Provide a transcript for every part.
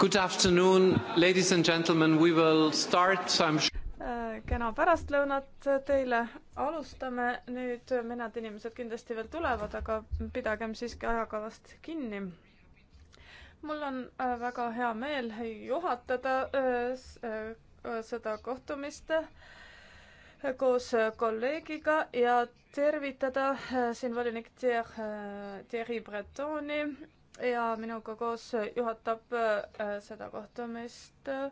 Good afternoon, ladies and gentlemen, we will start, I m sure. Äh, kena pärastlõunat teile, alustame nüüd, mõned inimesed kindlasti veel tulevad, aga pidagem siiski ajakavast kinni. mul on äh, väga hea meel juhatada äh, seda kohtumist koos kolleegiga ja tervitada siin volinik Thierry Bretoni ja minuga koos juhatab äh, seda kohtumist äh,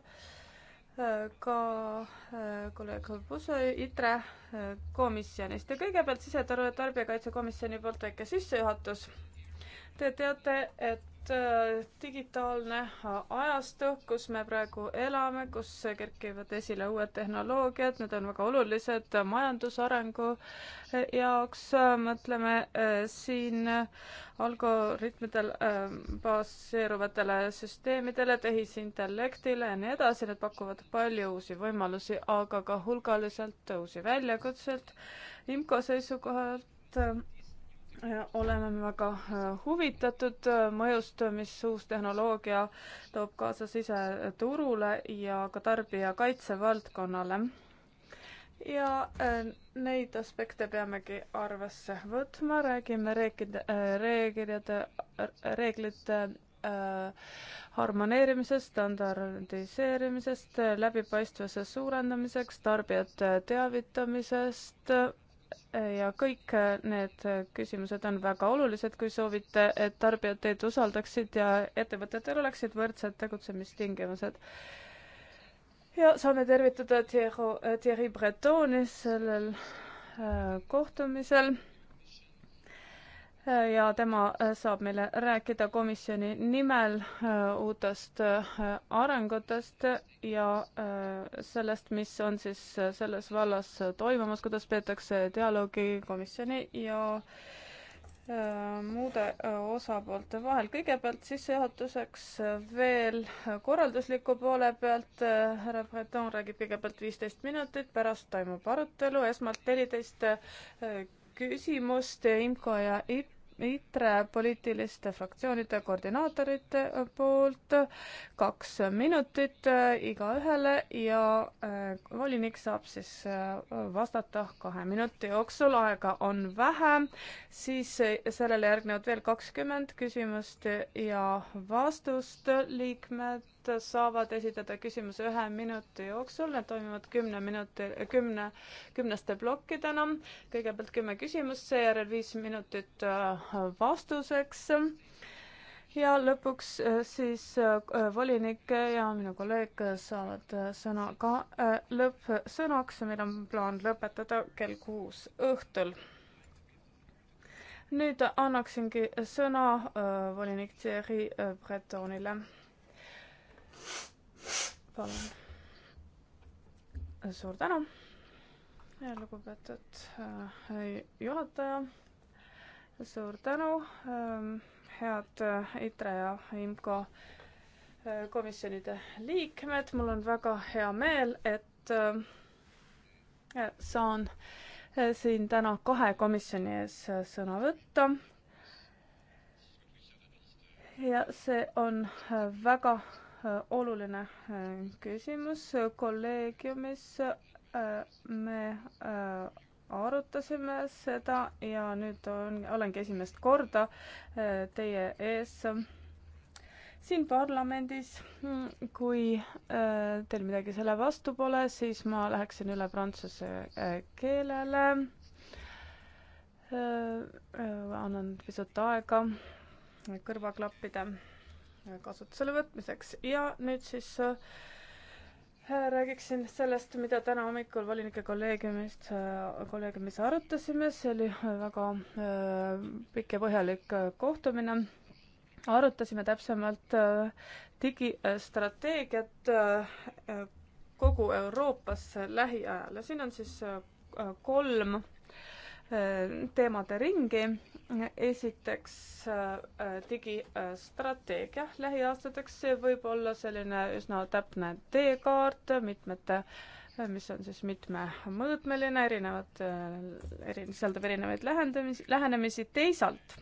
ka äh, kolleeg Hõlbuse ITRE komisjonist ja kõigepealt siseturu ja tarbijakaitsekomisjoni poolt väike sissejuhatus. Te teate, et Äh, digitaalne äh, ajastu, kus me praegu elame, kus kerkivad esile uued tehnoloogiad, need on väga olulised äh, majandusarengu jaoks, mõtleme siin algoritmidel baseeruvatele süsteemidele, tehisintellektile ja nii edasi, need pakuvad palju uusi võimalusi, aga ka hulgaliselt uusi väljakutseid. IMCO seisukohalt Äh, oleme me väga äh, huvitatud äh, mõjust, mis uus tehnoloogia toob kaasa siseturule ja ka tarbijakaitse valdkonnale. ja neid aspekte peamegi arvesse võtma, räägime reeglite, reeglite, reeglite harmoneerimisest, standardiseerimisest, läbipaistvuse suurendamiseks, tarbijate teavitamisest ja kõik äh, need äh, küsimused on väga olulised, kui soovite, et tarbijad teid usaldaksid ja ettevõtetel oleksid võrdsed tegutsemistingimused. ja saame tervitada Thierry, äh, Thierry Bretoni sellel kohtumisel ja tema äh, saab meile rääkida komisjoni nimel äh, uutest äh, arengutest ja sellest, mis on siis selles vallas toimumas, kuidas peetakse dialoogi komisjoni ja muude osapoolte vahel. kõigepealt sissejuhatuseks veel korraldusliku poole pealt. härra Breton räägib kõigepealt viisteist minutit, pärast toimub arutelu, esmalt neliteist küsimust IMCO ja ITRE poliitiliste fraktsioonide koordinaatorite poolt. kaks minutit äh, igaühele ja äh, volinik saab siis äh, vastata kahe minuti jooksul, aega on vähe. siis sellele järgnevad veel kakskümmend küsimust ja vastust liikmed saavad esitada küsimuse ühe minuti jooksul, need toimuvad kümne minuti, kümne, kümneste plokkidena. kõigepealt kümme küsimust, seejärel viis minutit äh, vastuseks. ja lõpuks äh, siis äh, volinik ja minu kolleeg saavad sõna ka lõppsõnaks ja meil on plaan lõpetada kell kuus õhtul nüüd annaksingi sõna äh, volinik Thierry äh, Bretonile palun. suur tänu, lugupeetud äh, juhataja. suur tänu, ähm, head äh, ITRE ja IMCO äh, komisjonide liikmed, mul on väga hea meel, et saan siin täna kahe komisjoni ees sõna võtta. ja see on väga Äh, oluline äh, küsimus. kolleegiumis äh, me arutasime seda ja nüüd on, olengi esimest korda teie ees siin parlamendis. kui teil midagi selle vastu pole, siis ma läheksin üle prantsuse keelele. annan pisut aega kõrvaklappide kasutusele võtmiseks ja nüüd siis äh, räägiksin sellest, mida täna hommikul volinike kolleegiumist, äh, kolleegiumis arutasime, see oli äh, väga pikk ja põhjalik kohtumine. arutasime täpsemalt digistrateegiat kogu Euroopas lähiajal ja siin on siis kolm teemade ringi. esiteks äh, digistrateegia äh, lähiaastateks, see võib olla selline üsna täpne teekaart mitmete, äh, mis on siis mitmemõõtmeline, erinevad, eri, sisaldab erinevaid lähendamisi, lähenemisi, teisalt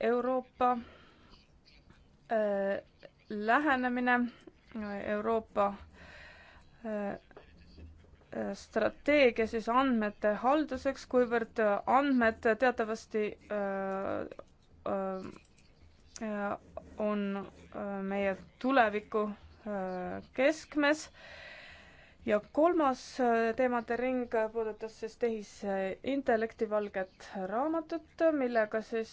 Euroopa lähenemine, Euroopa strateegia siis andmete halduseks, kuivõrd andmed teatavasti äh, äh, on äh, meie tuleviku keskmes. ja kolmas teemade ring puudutas siis tehisintellekti valget raamatut, millega siis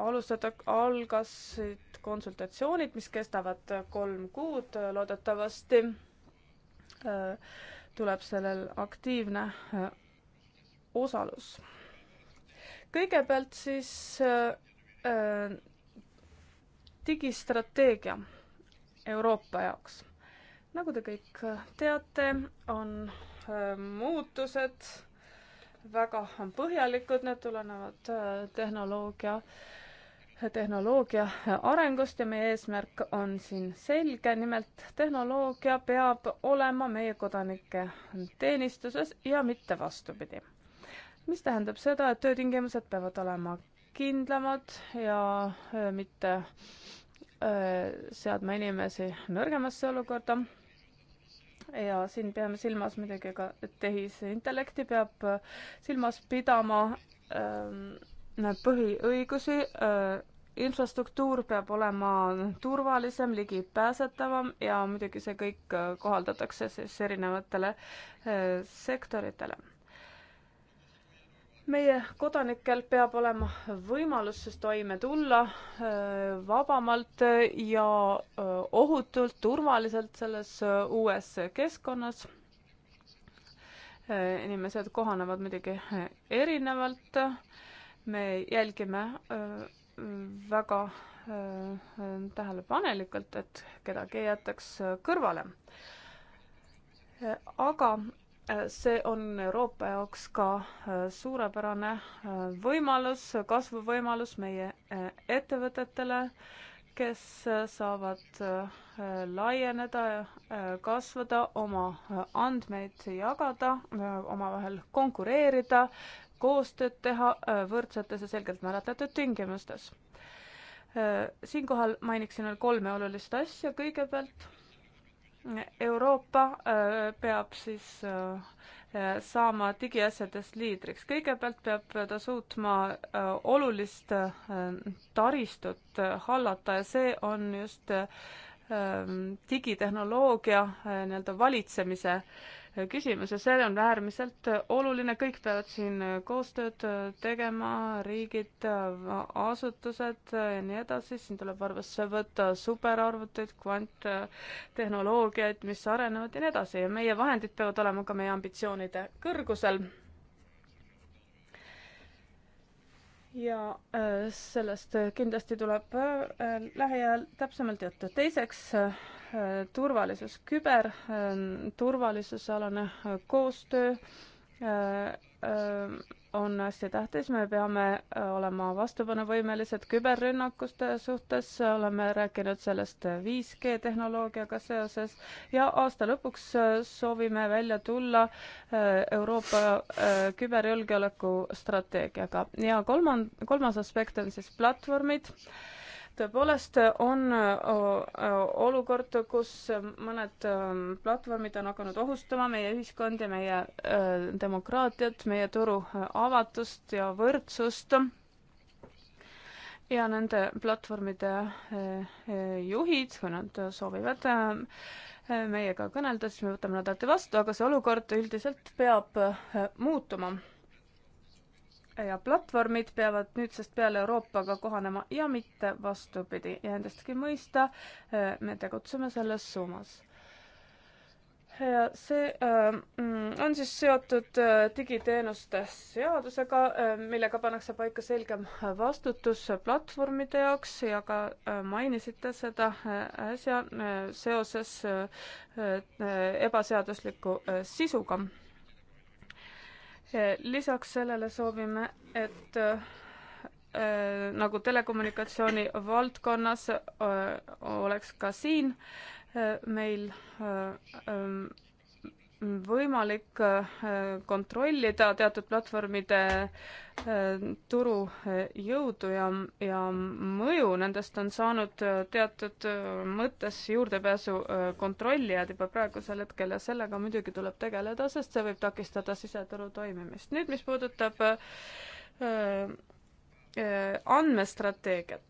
alustada, algasid konsultatsioonid, mis kestavad kolm kuud loodetavasti tuleb sellel aktiivne äh, osalus. kõigepealt siis äh, äh, digistrateegia Euroopa jaoks. nagu te kõik äh, teate, on äh, muutused väga põhjalikud, need tulenevad äh, tehnoloogia äh, tehnoloogia arengust ja meie eesmärk on siin selge, nimelt tehnoloogia peab olema meie kodanike teenistuses ja mitte vastupidi. mis tähendab seda, et töötingimused peavad olema kindlamad ja äh, mitte öö, äh, seadma inimesi nõrgemasse olukorda. ja siin peame silmas muidugi ka tehisintellekti, peab äh, silmas pidama öö, ähm, põhiõigusi öö, infrastruktuur peab olema turvalisem, ligipääsetavam ja muidugi see kõik äh, kohaldatakse siis erinevatele äh, sektoritele. meie kodanikel peab olema võimalus siis toime tulla äh, vabamalt ja ohutult, turvaliselt selles uues keskkonnas inimesed kohanevad muidugi erinevalt. me jälgime väga äh, tähelepanelikult, et kedagi ei jätaks äh, kõrvale. aga äh, see on Euroopa jaoks ka suurepärane võimalus, kasvuvõimalus meie ettevõtetele, kes saavad laieneda, kasvada, oma andmeid jagada, omavahel konkureerida koostööd teha äh, võrdsetes ja selgelt määratletud tingimustes. Äh, siinkohal mainiksin veel kolme olulist asja, kõigepealt Euroopa äh, peab siis saama digiasjades liidriks. kõigepealt peab ta suutma olulist taristut hallata ja see on just digitehnoloogia nii-öelda valitsemise äh, küsimus ja see on äärmiselt oluline, kõik peavad siin koostööd tegema, riigid, asutused ja nii edasi, siin tuleb arvesse võtta superarvuteid, kvanttehnoloogiaid, mis arenevad ja nii edasi ja meie vahendid peavad olema ka meie ambitsioonide kõrgusel ja äh, sellest kindlasti tuleb äh, lähiajal täpsemalt juttu. teiseks äh, turvalisus, küberturvalisusalane ähm, äh, koostöö äh, äh, on hästi tähtis, me peame olema vastupanuvõimelised küberrünnakuste suhtes, oleme rääkinud sellest 5G tehnoloogiaga seoses ja aasta lõpuks soovime välja tulla Euroopa küberjulgeoleku strateegiaga ja kolmand-, kolmas aspekt on siis platvormid tõepoolest on olukord, kus mõned platvormid on hakanud ohustama meie ühiskonda, meie demokraatiat, meie turu avatust ja võrdsust. ja nende platvormide juhid, kui nad soovivad meiega kõnelda, siis me võtame nad alati vastu, aga see olukord üldiselt peab muutuma ja platvormid peavad nüüdsest peale Euroopaga kohanema ja mitte vastupidi ja endastki mõista, äh, me tegutseme selles suunas. ja see äh, on siis seotud äh, digiteenuste seadusega, millega pannakse paika selgem vastutus platvormide jaoks ja ka mainisite seda äsja seoses ebaseadusliku sisuga lisaks sellele soovime, et äh, nagu telekommunikatsiooni valdkonnas äh, oleks ka siin äh, meil ähm, võimalik äh, kontrollida teatud platvormide äh, turujõudu äh, ja, ja mõju, nendest on saanud teatud mõttes juurdepääsu kontrollijad juba praegusel hetkel ja sellega muidugi tuleb tegeleda, sest see võib takistada siseturu toimimist. nüüd, mis puudutab andmestrateegiat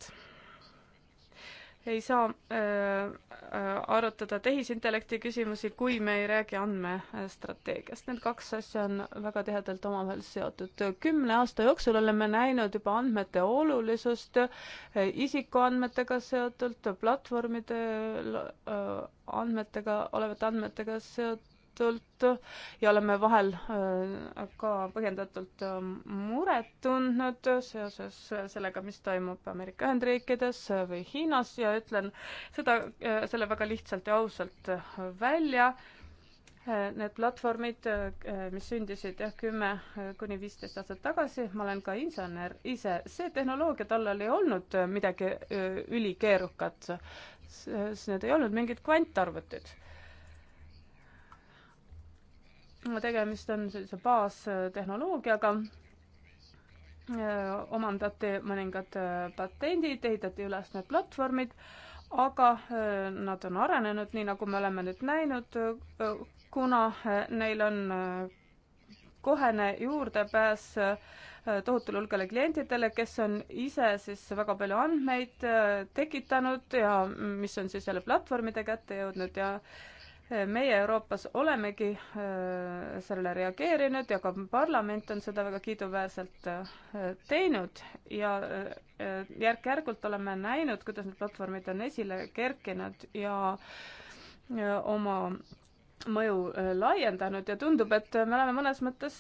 ei saa äh, äh, arutada tehisintellekti küsimusi, kui me ei räägi andmestrateegiast. Need kaks asja on väga tihedalt omavahel seotud. kümne aasta jooksul oleme näinud juba andmete olulisust äh, isikuandmetega seotult, platvormide äh, andmetega, olevate andmetega seotult, põhjendatult ja oleme vahel äh, ka põhjendatult äh, muret tundnud seoses sellega, mis toimub Ameerika Ühendriikides või Hiinas ja ütlen seda, äh, selle väga lihtsalt ja ausalt välja. Need platvormid, mis sündisid jah, kümme kuni viisteist aastat tagasi, ma olen ka insener ise, see tehnoloogia tollal ei olnud midagi ülikeerukat. Need ei olnud mingid kvantarvutid tegemist on sellise baastehnoloogiaga, äh, omandati mõningad äh, patendid, ehitati üles need platvormid, aga äh, nad on arenenud, nii nagu me oleme nüüd näinud, kuna neil on kohene juurdepääs tohutule hulgale klientidele, kes on ise siis väga palju andmeid tekitanud ja mis on siis jälle platvormide kätte jõudnud ja meie Euroopas olemegi äh, sellele reageerinud ja ka parlament on seda väga kiiduväärselt äh, teinud ja äh, järk-järgult oleme näinud, kuidas need platvormid on esile kerkinud ja oma mõju laiendanud ja tundub, et me oleme mõnes mõttes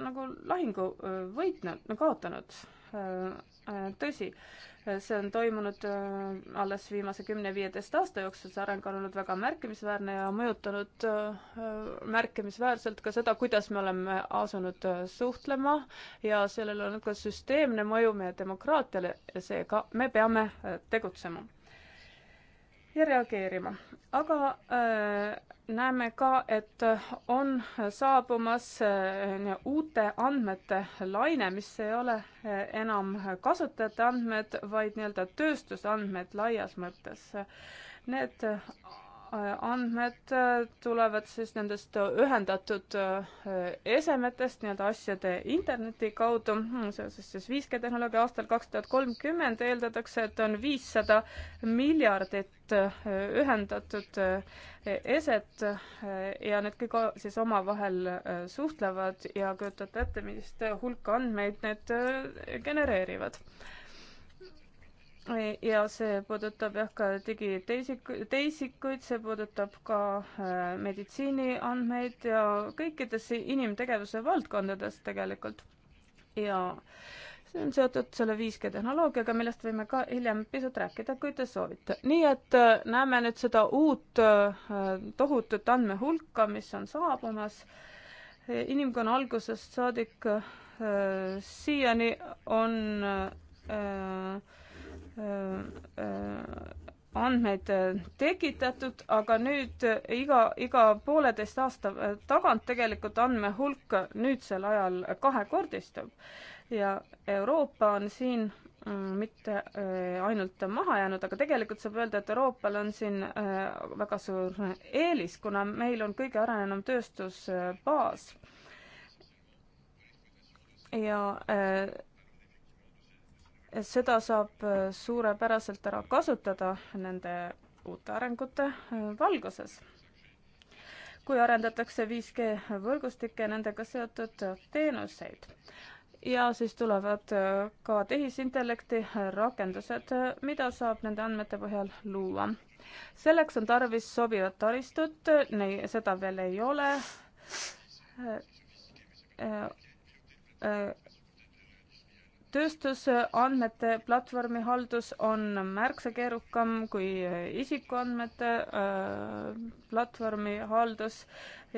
nagu lahingu võitnud, kaotanud. Äh, tõsi, see on toimunud äh, alles viimase kümne-viieteist aasta jooksul, see areng on olnud väga märkimisväärne ja mõjutanud äh, märkimisväärselt ka seda, kuidas me oleme asunud suhtlema ja sellel on ka süsteemne mõju meie demokraatiale ja seega me peame tegutsema ja reageerima. aga äh, näeme ka, et on saabumas äh, uute andmete laine, mis ei ole äh, enam kasutajate andmed, vaid nii-öelda tööstusandmed laias mõttes. Need Äh, andmed äh, tulevad siis nendest äh, ühendatud esemetest nii-öelda asjade interneti kaudu, hmm, seoses siis 5G tehnoloogia aastal kaks tuhat kolmkümmend eeldatakse, et on viissada miljardit ühendatud eset ja need kõik siis omavahel suhtlevad ja kujutate ette, millist hulka andmeid need genereerivad ja see puudutab jah ka digiteisik-, teisikuid, see puudutab ka äh, meditsiiniandmeid ja kõikides inimtegevuse valdkondades tegelikult. ja see on seotud selle 5G tehnoloogiaga, millest võime ka hiljem pisut rääkida, kui te soovite. nii et äh, näeme nüüd seda uut äh, tohutut andmehulka, mis on saabumas. inimkonna algusest saadik äh, siiani on äh, Äh, äh, andmeid äh, tekitatud, aga nüüd iga, iga pooleteist aasta tagant tegelikult andmehulk nüüdsel ajal kahekordistub. ja Euroopa on siin mm, mitte ainult maha jäänud, aga tegelikult saab öelda, et Euroopal on siin väga suur eelis, kuna meil on kõige arenenum tööstusbaas. ja seda saab äh, suurepäraselt ära kasutada nende uute arengute äh, valguses. kui arendatakse 5G võrgustikke ja nendega seotud teenuseid ja siis tulevad äh, ka tehisintellekti rakendused, mida saab nende andmete põhjal luua. selleks on tarvis sobivat taristut, seda veel ei ole tööstusandmete platvormi haldus on märksa keerukam kui isikuandmete äh, platvormi haldus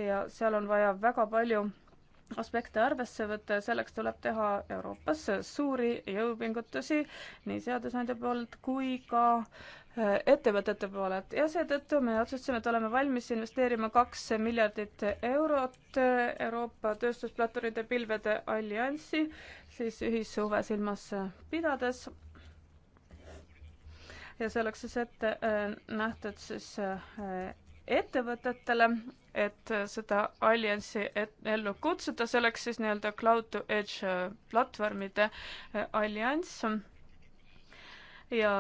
ja seal on vaja väga palju aspekte arvesse võtta ja selleks tuleb teha Euroopas suuri jõupingutusi nii seadusandja poolt kui ka ettevõtete poolelt ja seetõttu me otsustasime, et oleme valmis investeerima kaks miljardit eurot Euroopa tööstusplatvormide pilvede alliansi siis ühishuve silmas pidades. ja see oleks siis ette äh, nähtud siis äh, ettevõtetele, et seda alliansi et, ellu kutsuda, see oleks siis nii-öelda cloud to edge äh, platvormide allianss. ja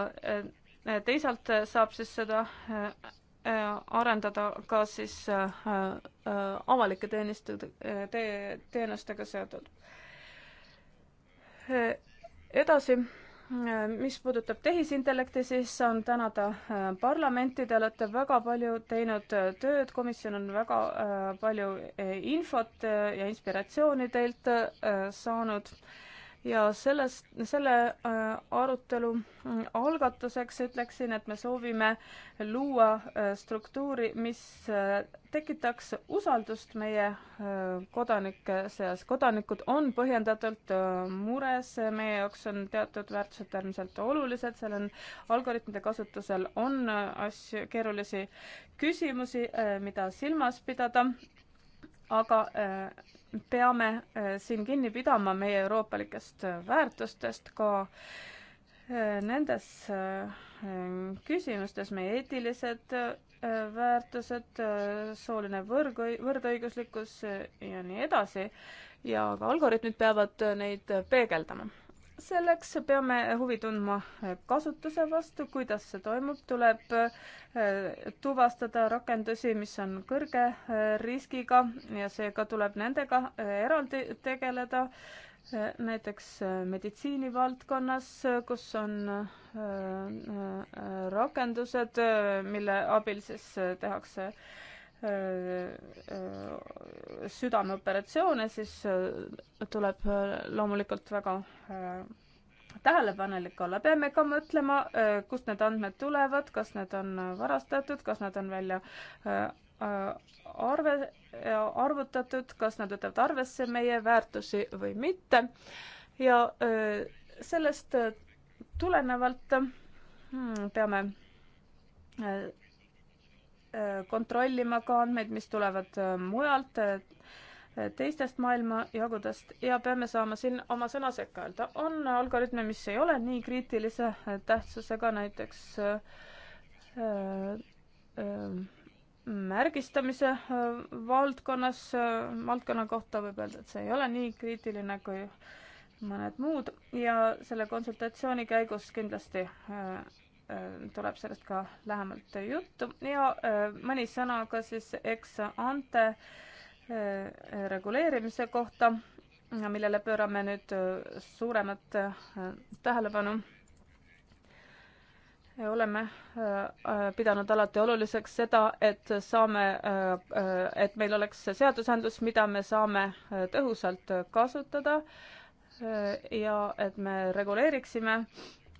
teisalt saab siis seda äh, äh, arendada ka siis äh, avalike teenistude te,, teenustega seotud. edasi, mis puudutab tehisintellekti, siis saan tänada parlamenti, te olete väga palju teinud tööd, komisjon on väga palju infot ja inspiratsiooni teilt saanud ja selles, selle äh, arutelu äh, algatuseks ütleksin, et me soovime luua äh, struktuuri, mis tekitaks usaldust meie kodanike seas. kodanikud on põhjendatult mures, meie jaoks on teatud väärtused äärmiselt olulised, seal on algoritmide kasutusel on asju, keerulisi küsimusi, mida silmas pidada, aga peame äh, siin kinni pidama meie euroopalikest äh, väärtustest ka äh, nendes küsimustes, meie eetilised väärtused, sooline võrg-, võrdõiguslikkus ja nii edasi, ja ka algoritmid peavad neid peegeldama selleks peame huvi tundma kasutuse vastu, kuidas see toimub, tuleb eh, tuvastada rakendusi, mis on kõrge eh, riskiga ja seega tuleb nendega eh, eraldi tegeleda. näiteks meditsiinivaldkonnas, kus on rakendused, mille abil siis tehakse Äh, äh, südameoperatsioone, siis äh, tuleb loomulikult väga tähelepanelik olla, peame ka mõtlema, kust need andmed tulevad, kas need on varastatud, kas nad on välja arve, arvutatud, kas nad võtavad arvesse meie väärtusi või mitte. ja sellest tulenevalt hmm, peame Äh, kontrollima ka andmeid, mis tulevad äh, mujalt, äh, teistest maailmajagudest ja peame saama siin oma sõna sekka öelda. on algoritme, mis ei ole nii kriitilise tähtsusega, näiteks märgistamise valdkonnas, valdkonna kohta võib öelda, et see ei ole nii kriitiline kui mõned muud ja selle konsultatsiooni käigus kindlasti Äh, tuleb sellest ka lähemalt juttu ja äh, mõni sõna ka siis ex ante äh, reguleerimise kohta, millele pöörame nüüd suuremat tähelepanu. oleme pidanud alati oluliseks seda, et saame, et meil oleks seadusandlus, mida me saame tõhusalt kasutada ja et me reguleeriksime äh,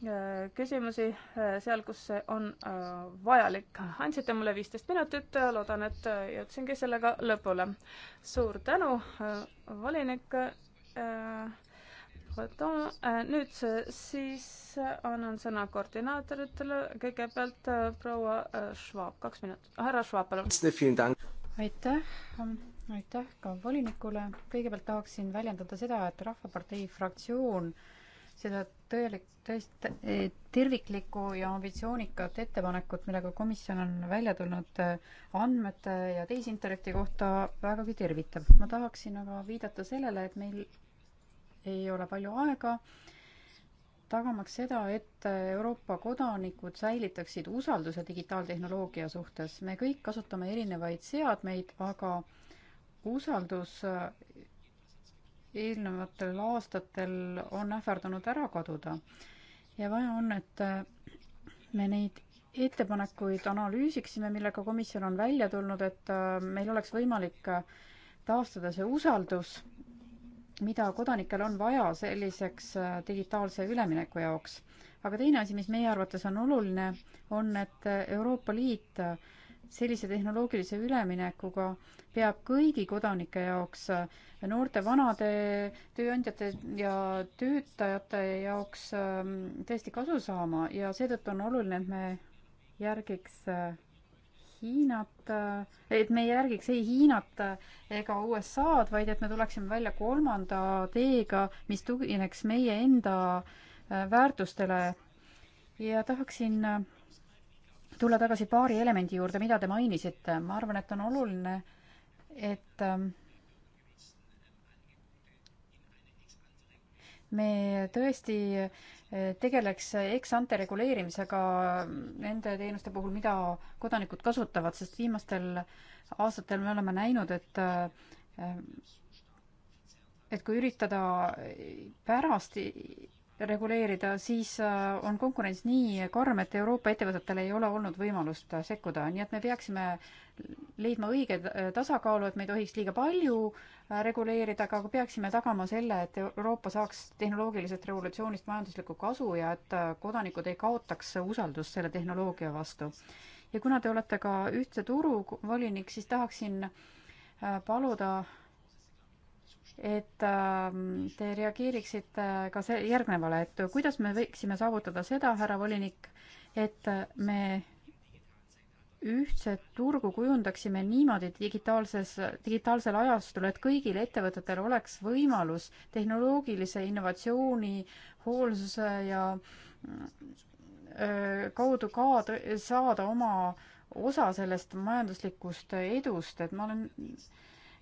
Äh, küsimusi äh, seal, kus see on äh, vajalik. andsite mulle viisteist minutit, loodan, et jõudsingi sellega lõpule. suur tänu, volinik. nüüd siis annan sõna koordinaatoritele, kõigepealt proua Schwab, kaks minutit, härra Schwab, palun. aitäh aitäh ka volinikule. kõigepealt tahaksin väljendada seda, et Rahvapartei fraktsioon seda tõelik, tõest-, terviklikku ja ambitsioonikat ettepanekut, millega komisjon on välja tulnud äh, andmete ja tehisintellekti kohta, vägagi tervitab. ma tahaksin aga viidata sellele, et meil ei ole palju aega, tagamaks seda, et Euroopa kodanikud säilitaksid usalduse digitaaltehnoloogia suhtes. me kõik kasutame erinevaid seadmeid, aga usaldus eelnevatel aastatel on ähvardanud ära kaduda. ja vaja on, et me neid ettepanekuid analüüsiksime, millega komisjon on välja tulnud, et meil oleks võimalik taastada see usaldus, mida kodanikel on vaja selliseks digitaalse ülemineku jaoks. aga teine asi, mis meie arvates on oluline, on, et Euroopa Liit sellise tehnoloogilise üleminekuga peab kõigi kodanike jaoks, noorte, vanade, tööandjate ja töötajate jaoks ähm, tõesti kasu saama ja seetõttu on oluline, et me järgiks äh, Hiinat, äh, et me ei järgiks ei Hiinat äh, ega USA-d, vaid et me tuleksime välja kolmanda teega, mis tugineks meie enda väärtustele. ja tahaksin tulla tagasi paari elemendi juurde, mida te mainisite. ma arvan, et on oluline, et ähm, me tõesti äh, tegeleks ex-ante reguleerimisega nende teenuste puhul, mida kodanikud kasutavad, sest viimastel aastatel me oleme näinud, et äh, et kui üritada pärast reguleerida, siis äh, on konkurents nii karm, et Euroopa ettevõtetel ei ole olnud võimalust äh, sekkuda, nii et me peaksime leidma õige äh, tasakaalu, et me ei tohiks liiga palju reguleerida, aga peaksime tagama selle, et Euroopa saaks tehnoloogilisest revolutsioonist majanduslikku kasu ja et kodanikud ei kaotaks usaldust selle tehnoloogia vastu. ja kuna te olete ka ühtse turu volinik, siis tahaksin paluda et ähm, te reageeriksite ka see järgnevale, et kuidas me võiksime saavutada seda, härra volinik, et me ühtset turgu kujundaksime niimoodi digitaalses, digitaalsel ajastul, et kõigil ettevõtetel oleks võimalus tehnoloogilise innovatsiooni, hoolsuse ja öö, äh, kaudu ka saada oma osa sellest majanduslikust edust, et ma olen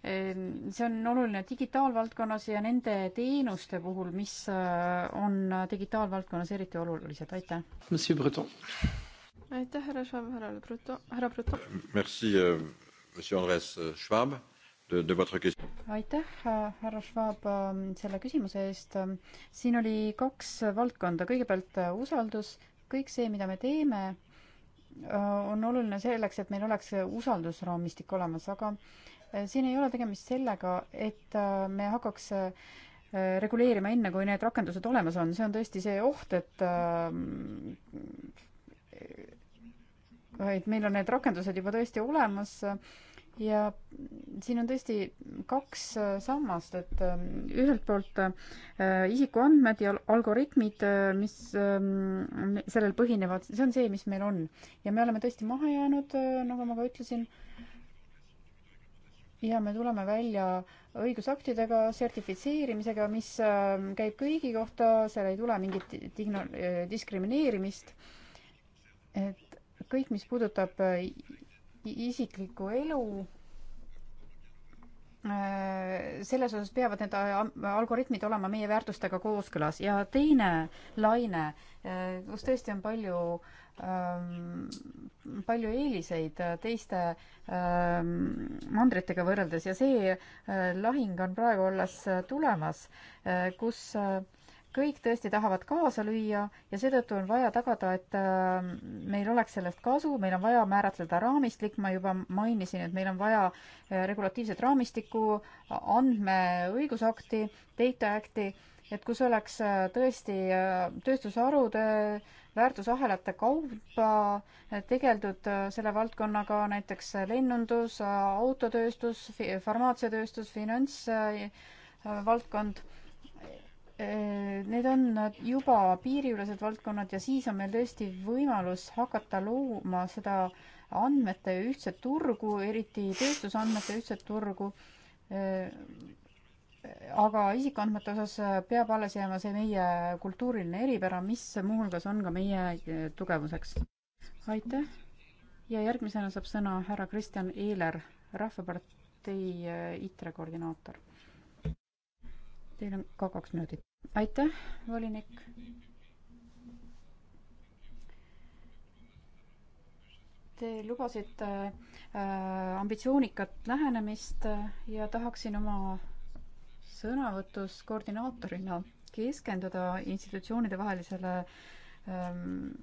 Ehm, see on oluline digitaalvaldkonnas ja nende teenuste puhul, mis äh, on digitaalvaldkonnas eriti olulised, aitäh. aitäh, härra Schwab, härra Bruto, härra Bruto. Merci, euh, monsieur Andres euh, Schwab. De, de votre question. aitäh, äh, härra Schwab, ähm, selle küsimuse eest. siin oli kaks valdkonda, kõigepealt äh, usaldus, kõik see, mida me teeme, on oluline selleks, et meil oleks usaldusraamistik olemas, aga äh, siin ei ole tegemist sellega, et äh, me hakkaks äh, reguleerima enne, kui need rakendused olemas on, see on tõesti see oht, et äh, et meil on need rakendused juba tõesti olemas ja siin on tõesti kaks sammast, et ühelt poolt isikuandmed ja algoritmid, mis ähm, sellel põhinevad, see on see, mis meil on. ja me oleme tõesti maha jäänud, nagu ma ka ütlesin ja me tuleme välja õigusaktidega, sertifitseerimisega, mis ähm, käib kõigi kohta, seal ei tule mingit äh, diskrimineerimist. et kõik, mis puudutab äh, isiklikku elu, Äh, selles osas peavad need algoritmid olema meie väärtustega kooskõlas ja teine laine, äh, kus tõesti on palju ähm, palju eeliseid teiste ähm, mandritega võrreldes ja see äh, lahing on praegu alles tulemas, kus kõik tõesti tahavad kaasa lüüa ja seetõttu on vaja tagada, et äh, meil oleks sellest kasu, meil on vaja määratleda raamistik, ma juba mainisin, et meil on vaja äh, regulatiivset raamistikku, äh, andmeõigusakti, data act'i, et kus oleks tõesti tööstusharude väärtusahelate kaupa tegeldud selle valdkonnaga, näiteks lennundus, autotööstus, farmaatsiatööstus, finantsvaldkond äh, Äh, need on juba piiriülesed valdkonnad ja siis on meil tõesti võimalus hakata looma seda andmete ühtset turgu, eriti tööstusandmete ühtset turgu. Äh, aga isikuandmete osas peab alles jääma see meie kultuuriline eripära, mis muuhulgas on ka meie äh, tugevuseks. aitäh ja järgmisena saab sõna härra Kristjan Eeler, Rahvapartei ITRE koordinaator. Teil on ka kaks minutit aitäh, volinik. Te lubasite äh, ambitsioonikat lähenemist äh, ja tahaksin oma sõnavõtus koordinaatorina keskenduda institutsioonide vahelisele ähm,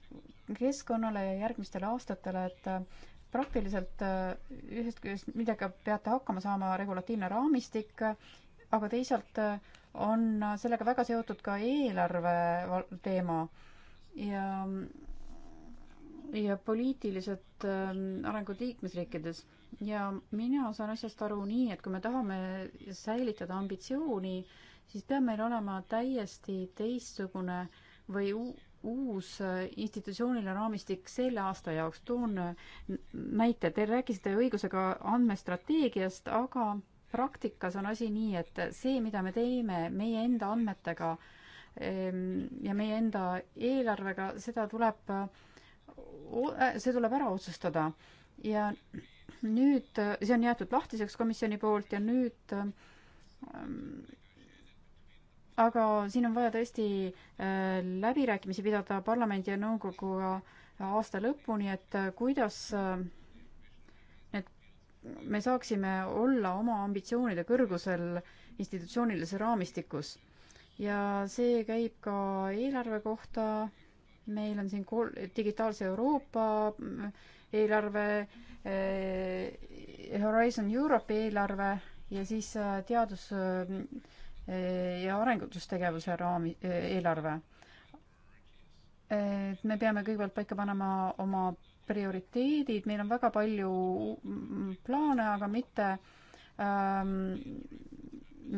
keskkonnale ja järgmistele aastatele, et äh, praktiliselt ühest küljest midagi peate hakkama saama regulatiivne raamistik, aga teisalt äh, on sellega väga seotud ka eelarve teema ja ja poliitilised ähm, arengud liikmesriikides ja mina saan asjast aru nii, et kui me tahame säilitada ambitsiooni, siis peab meil olema täiesti teistsugune või uus äh, institutsiooniline raamistik selle aasta jaoks. toon äh, näite, te rääkisite õigusega andmestrateegiast, aga praktikas on asi nii, et see, mida me teeme meie enda andmetega ehm, ja meie enda eelarvega, seda tuleb, see tuleb ära otsustada. ja nüüd, see on jäetud lahtiseks komisjoni poolt ja nüüd ehm, aga siin on vaja tõesti eh, läbirääkimisi pidada parlamendi ja nõukoguga aasta lõpuni, et kuidas me saaksime olla oma ambitsioonide kõrgusel institutsioonilises raamistikus. ja see käib ka eelarve kohta, meil on siin kol-, Digitaalse Euroopa mm, eelarve eh,, Horizon Europe eelarve ja siis äh, teadus- eh, ja arendustegevuse raami, eh, eelarve. et eh, me peame kõigepealt paika panema oma prioriteedid, meil on väga palju plaane, aga mitte ähm,,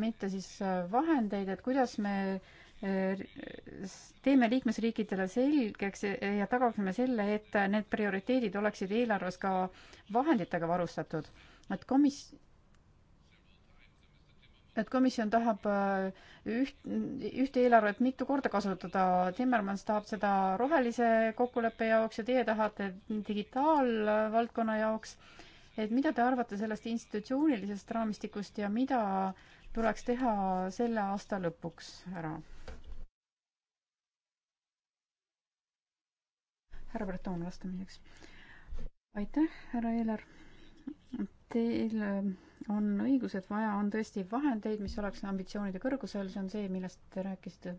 mitte siis vahendeid, et kuidas me äh, teeme liikmesriikidele selgeks ja tagaksime selle, et need prioriteedid oleksid eelarves ka vahenditega varustatud. et komis-, et komisjon tahab äh, üht, ühte eelarvet mitu korda kasutada. Timmermans tahab seda rohelise kokkuleppe jaoks ja teie tahate digitaalvaldkonna jaoks. et mida te arvate sellest institutsioonilisest raamistikust ja mida tuleks teha selle aasta lõpuks ära? härra Breton vastamiseks. aitäh, härra Eeler Teil äh, on õigus, et vaja on tõesti vahendeid, mis oleks ambitsioonide kõrgusel, see on see, millest te rääkisite.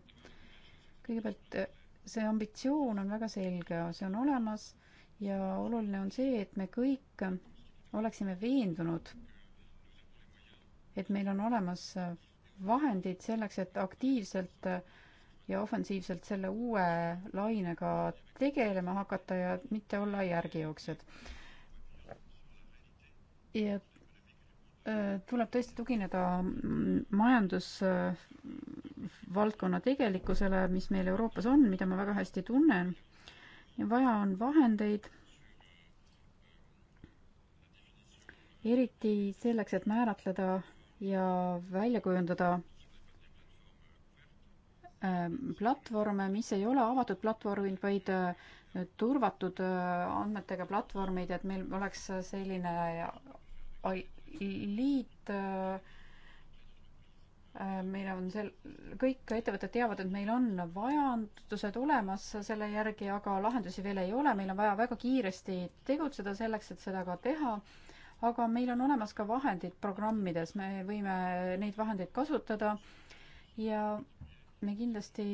kõigepealt äh, see ambitsioon on väga selge, see on olemas ja oluline on see, et me kõik oleksime veendunud, et meil on olemas äh, vahendid selleks, et aktiivselt ja ofensiivselt selle uue lainega tegelema hakata ja mitte olla järgijooksjad ja äh, tuleb tõesti tugineda mm, majandusvaldkonna tegelikkusele, mis meil Euroopas on, mida ma väga hästi tunnen. ja vaja on vahendeid, eriti selleks, et määratleda ja välja kujundada ähm, platvorme, mis ei ole avatud platvormid, vaid äh, turvatud äh, andmetega platvormid, et meil oleks selline liit äh, äh, meil on sel-, kõik ettevõtted teavad, et meil on vajadused olemas selle järgi, aga lahendusi veel ei ole, meil on vaja väga kiiresti tegutseda selleks, et seda ka teha, aga meil on olemas ka vahendid programmides, me võime neid vahendeid kasutada ja me kindlasti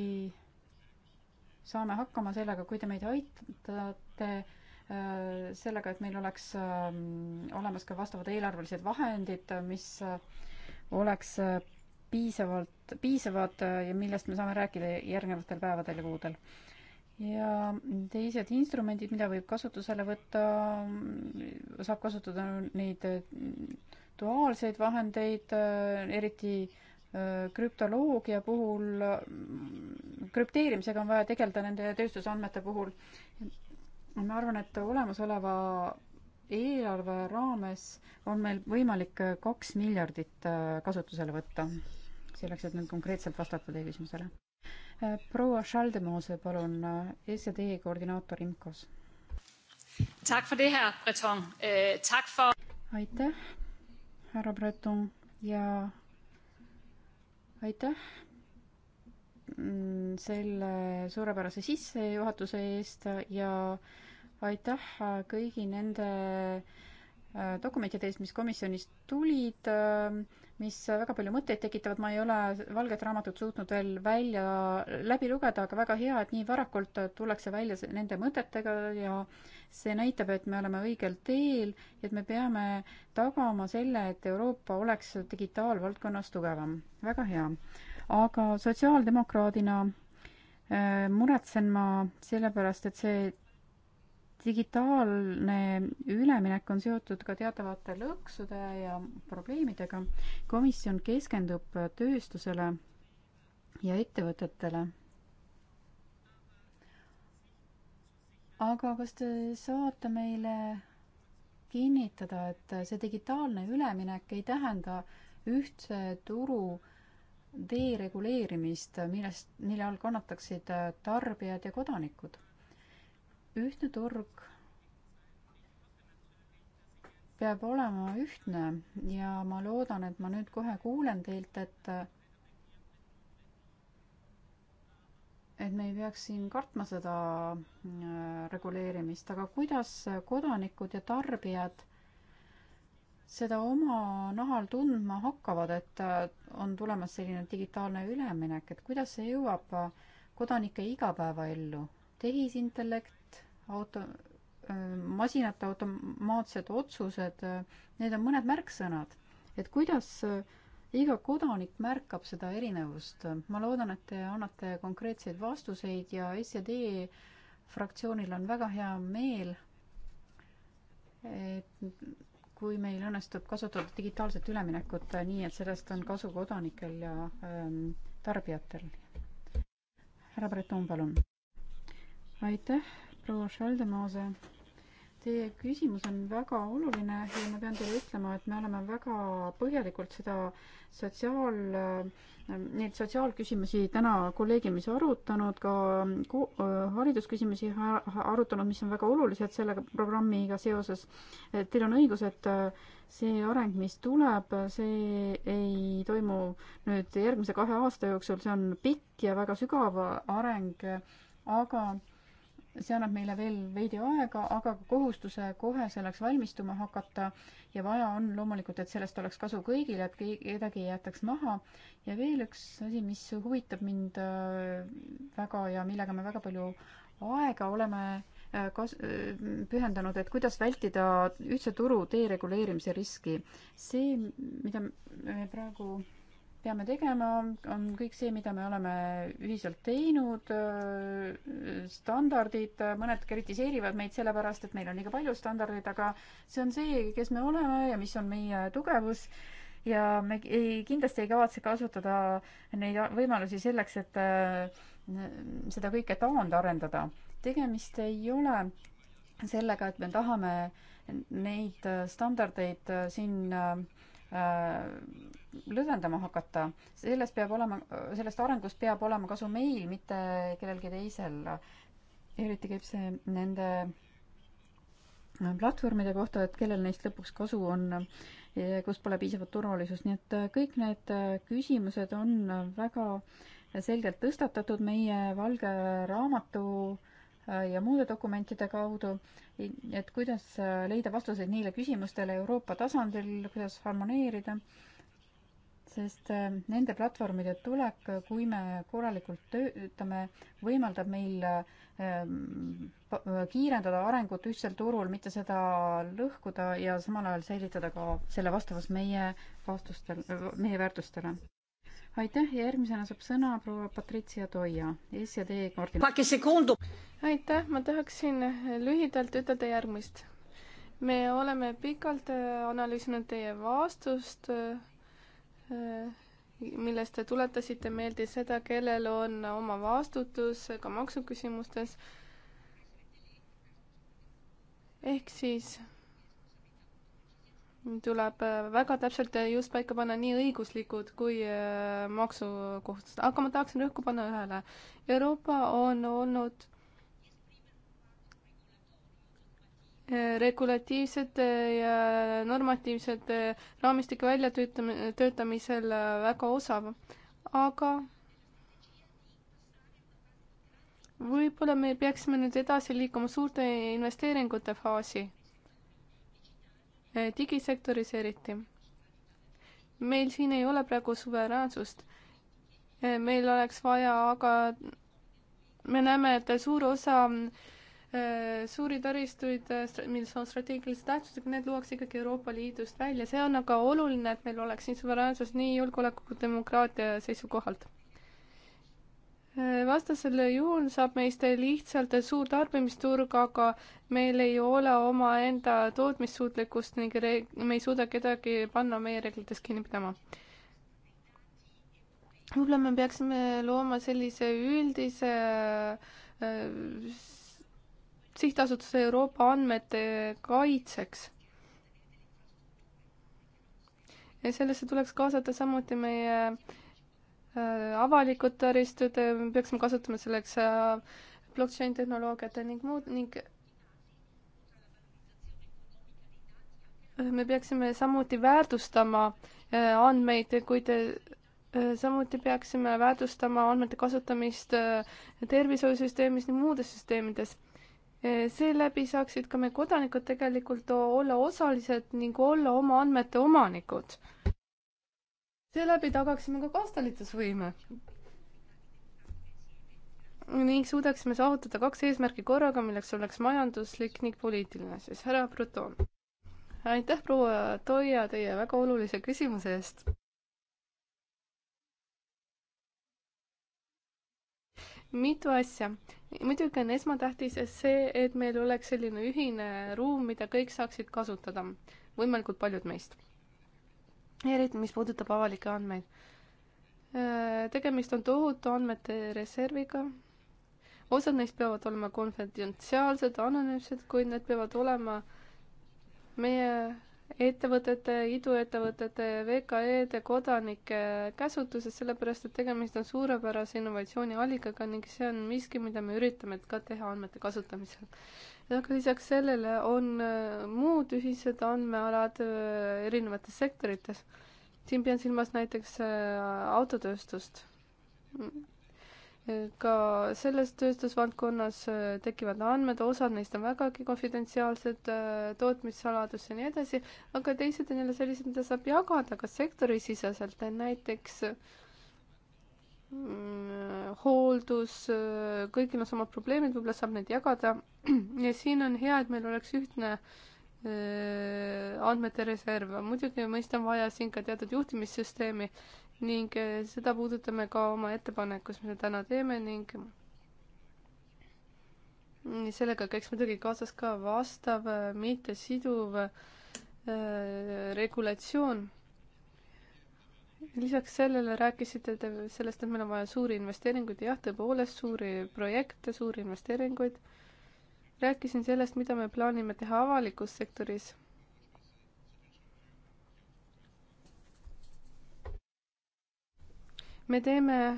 saame hakkama sellega, kui te meid aitate Äh, sellega, et meil oleks ähm, olemas ka vastavad eelarvelised vahendid, äh, mis äh, oleks piisavalt, piisavad ja millest me saame rääkida järgnevatel päevadel ja kuudel. ja teised instrumendid, mida võib kasutusele võtta, mm, saab kasutada neid duaalseid vahendeid, eriti krüptoloogia puhul, krüpteerimisega on vaja tegeleda nende tööstusandmete puhul ma arvan, et olemasoleva eelarve raames on meil võimalik kaks miljardit äh, kasutusele võtta, selleks, et nüüd konkreetselt vastata teie küsimusele. Äh, proua Schaldemose, palun, äh, SED koordinaator IMCO-s. Eh, aitäh, härra Breton ja aitäh mm, selle suurepärase sissejuhatuse eest ja äh, aitäh äh, kõigi nende äh, dokumentide eest, mis komisjonist tulid, äh, mis väga palju mõtteid tekitavad, ma ei ole Valget Raamatut suutnud veel välja, läbi lugeda, aga väga hea, et nii varakult tullakse välja nende mõtetega ja see näitab, et me oleme õigel teel, et me peame tagama selle, et Euroopa oleks digitaalvaldkonnas tugevam. väga hea. aga sotsiaaldemokraadina muretsen ma sellepärast, et see digitaalne üleminek on seotud ka teatavate lõksude ja probleemidega. komisjon keskendub tööstusele ja ettevõtetele. aga kas te saate meile kinnitada, et see digitaalne üleminek ei tähenda ühtse turu dereguleerimist, millest, mille all kannataksid tarbijad ja kodanikud? ühtne turg peab olema ühtne ja ma loodan, et ma nüüd kohe kuulen teilt, et et me ei peaks siin kartma seda äh, reguleerimist, aga kuidas kodanikud ja tarbijad seda oma nahal tundma hakkavad, et äh, on tulemas selline digitaalne üleminek, et kuidas see jõuab äh, kodanike igapäevaellu? tehisintellekt, auto, äh, masinate automaatsed otsused, äh, need on mõned märksõnad. et kuidas äh, iga kodanik märkab seda erinevust. ma loodan, et te annate konkreetseid vastuseid ja SED fraktsioonil on väga hea meel, et kui meil õnnestub kasutada digitaalset üleminekut nii, et sellest on kasu kodanikel ja ähm, tarbijatel. härra Breton, palun. aitäh proua Schaldemose, teie küsimus on väga oluline ja ma pean teile ütlema, et me oleme väga põhjalikult seda sotsiaal, neid sotsiaalküsimusi täna kolleegiumis arutanud, ka haridusküsimusi arutanud, mis on väga olulised selle programmiga seoses. Teil on õigus, et see areng, mis tuleb, see ei toimu nüüd järgmise kahe aasta jooksul, see on pikk ja väga sügav areng, aga see annab meile veel veidi aega, aga ka kohustuse kohe selleks valmistuma hakata ja vaja on loomulikult, et sellest oleks kasu kõigile, et kedagi ei jäetaks maha. ja veel üks asi, mis huvitab mind äh, väga ja millega me väga palju aega oleme äh, kas-, äh, pühendanud, et kuidas vältida ühtse turu dereguleerimise riski. see, mida me praegu peame tegema, on kõik see, mida me oleme ühiselt teinud, standardid, mõned kritiseerivad meid sellepärast, et meil on liiga palju standardeid, aga see on see, kes me oleme ja mis on meie tugevus ja me ei, kindlasti ei kavatse kasutada neid võimalusi selleks, et äh, seda kõike taandarendada. tegemist ei ole sellega, et me tahame neid standardeid äh, siin äh, Äh, lõdvendama hakata, selles peab olema, sellest arengust peab olema kasu meil, mitte kellelgi teisel. eriti käib see nende äh, platvormide kohta, et kellel neist lõpuks kasu on, kus pole piisavat turvalisust, nii et äh, kõik need küsimused on väga selgelt tõstatatud meie valge raamatu Äh, ja muude dokumentide kaudu, et kuidas äh, leida vastuseid neile küsimustele Euroopa tasandil, kuidas harmoneerida, sest äh, nende platvormide tulek, kui me korralikult töötame, võimaldab meil kiirendada arengut ühtsel turul, mitte seda lõhkuda ja samal ajal säilitada ka selle vastavus meie vastustel, meie väärtustele aitäh ja järgmisena saab sõna proua Patricia Toia, SED koordinaator. aitäh, ma tahaksin lühidalt ütelda järgmist. me oleme pikalt äh, analüüsinud teie vastust, äh, äh, millest te tuletasite meelde seda, kellel on oma vastutus ka maksuküsimustes. ehk siis tuleb äh, väga täpselt äh, just paika panna nii õiguslikud kui äh, maksukohustused, aga ma tahaksin rõhku panna ühele. Euroopa on olnud regulatiivsete ja normatiivsete raamistike väljatöötamisel töötamisel väga osav, aga võib-olla me peaksime nüüd edasi liikuma suurte investeeringute faasi Eh, digisektoris eriti. meil siin ei ole praegu suveräänsust. Eh, meil oleks vaja, aga me näeme, et suur osa eh, suuri taristuid, mis on strateegilise tähtsusega, need luuakse ikkagi Euroopa Liidust välja, see on aga oluline, et meil oleks siin suveräänsus nii julgeoleku kui demokraatia seisukohalt Äh, vastasel juhul saab meist lihtsalt suur tarbimisturg, aga meil ei ole omaenda tootmissuutlikkust ning re-, me ei suuda kedagi panna meie reeglitest kinni pidama. võib-olla me peaksime looma sellise üldise äh, sihtasutuse Euroopa andmete kaitseks ja sellesse tuleks kaasata samuti meie Äh, avalikud taristud, äh, peaksime kasutama selleks äh, blockchain tehnoloogiat ning muud ning me peaksime samuti väärtustama andmeid, kuid samuti peaksime väärtustama andmete kasutamist tervishoiusüsteemis ning muudes süsteemides seeläbi saaksid ka meie kodanikud tegelikult olla osalised ning olla oma andmete omanikud seeläbi tagaksime ka kaastalitusvõime. ning suudaksime saavutada kaks eesmärki korraga, milleks oleks majanduslik ning poliitiline, siis härra Bruton. aitäh, proua Toia, teie väga olulise küsimuse eest. mitu asja. muidugi on esmatähtis see, et meil oleks selline ühine ruum, mida kõik saaksid kasutada, võimalikult paljud meist eriti mis puudutab avalikke andmeid. Äh, tegemist on tohutu andmete reserviga. osad neist peavad olema konfidentsiaalsed, anonüümsed, kuid need peavad olema meie ettevõtete, iduettevõtete, VKE-de, kodanike käsutuses, sellepärast et tegemist on suurepärase innovatsiooniallikaga ning see on miski, mida me üritame ka teha andmete kasutamisel aga lisaks sellele on äh, muud ühised andmealad äh, erinevates sektorites. siin pean silmas näiteks äh, autotööstust. Mm. ka selles tööstusvaldkonnas tekivad andmed, osad neist on vägagi konfidentsiaalsed, tootmissaladus ja nii edasi, aga teised on jälle sellised, mida saab jagada ka sektorisiseselt, näiteks äh, Mm, hooldus, äh, kõigil on samad probleemid, võib-olla saab neid jagada. ja siin on hea, et meil oleks ühtne äh, andmete reserv, muidugi mõist on vaja siin ka teatud juhtimissüsteemi ning äh, seda puudutame ka oma ettepanekus, mida täna teeme ning sellega käiks muidugi kaasas ka vastav mittesiduv regulatsioon lisaks sellele rääkisite te sellest, et meil on vaja suuri investeeringuid, jah, tõepoolest suuri projekte, suuri investeeringuid. rääkisin sellest, mida me plaanime teha avalikus sektoris. me teeme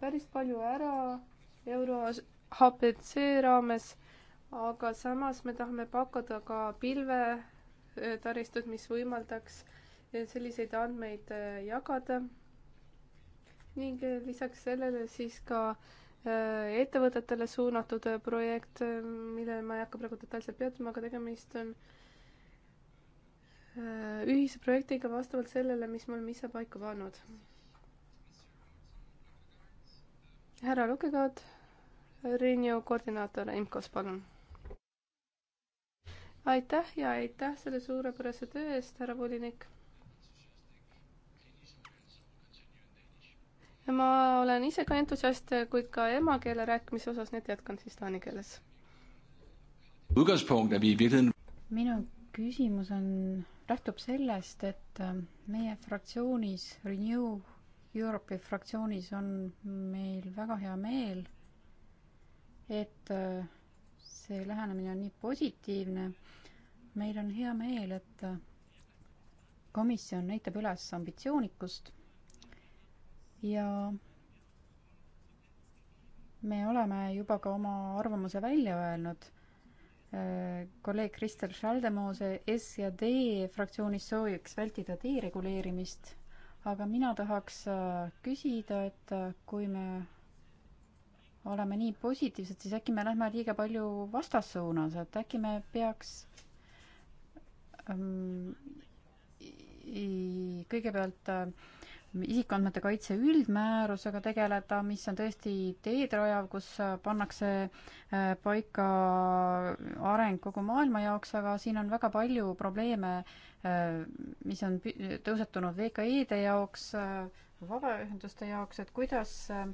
päris palju ära euro HPC raames aga samas me tahame pakkuda ka pilvetaristut, äh, mis võimaldaks äh, selliseid andmeid äh, jagada. ning lisaks sellele siis ka ettevõtetele suunatud projekt, millele ma ei hakka praegu detailselt peatuma, aga tegemist on ühise projektiga vastavalt sellele, mis me oleme ise paika pannud. härra Lukekaart, Renew koordinaator IMCO-s, palun aitäh ja aitäh selle suurepärase töö eest, härra volinik. ma olen ise ka entusiast, kuid ka emakeele rääkimise osas, nii et jätkan siis taani keeles. Er minu küsimus on, lähtub sellest, et ähm, meie fraktsioonis, Renew Europe'i fraktsioonis on meil väga hea meel, et äh, see lähenemine on nii positiivne. meil on hea meel, et komisjon näitab üles ambitsioonikust ja me oleme juba ka oma arvamuse välja öelnud. kolleeg Kristel Schaldemose S ja D fraktsioonis sooviks vältida dereguleerimist, aga mina tahaks küsida, et kui me oleme nii positiivsed, siis äkki me lähme liiga palju vastassuunas, et äkki me peaks ähm, kõigepealt äh, isikuandmete kaitse üldmäärusega tegeleda, mis on tõesti teed rajav, kus äh, pannakse äh, paika äh, areng kogu maailma jaoks, aga siin on väga palju probleeme, mis on tõusetunud VKE-de jaoks, vabaühenduste jaoks, et kuidas äh,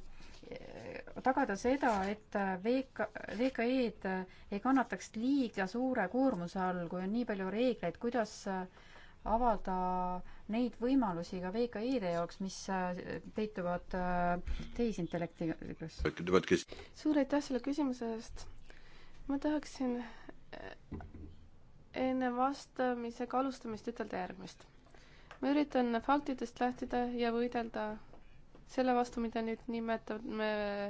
tagada seda, et VK, VKE-d ei kannataks liiga suure koormuse all, kui on nii palju reegleid, kuidas avada neid võimalusi ka VKI-de jaoks, mis peituvad tehisintellektis? suur aitäh selle küsimuse eest. ma tahaksin enne vastamisega alustamist ütelda järgmist. ma üritan faktidest lähtuda ja võidelda selle vastu, mida nüüd nimetame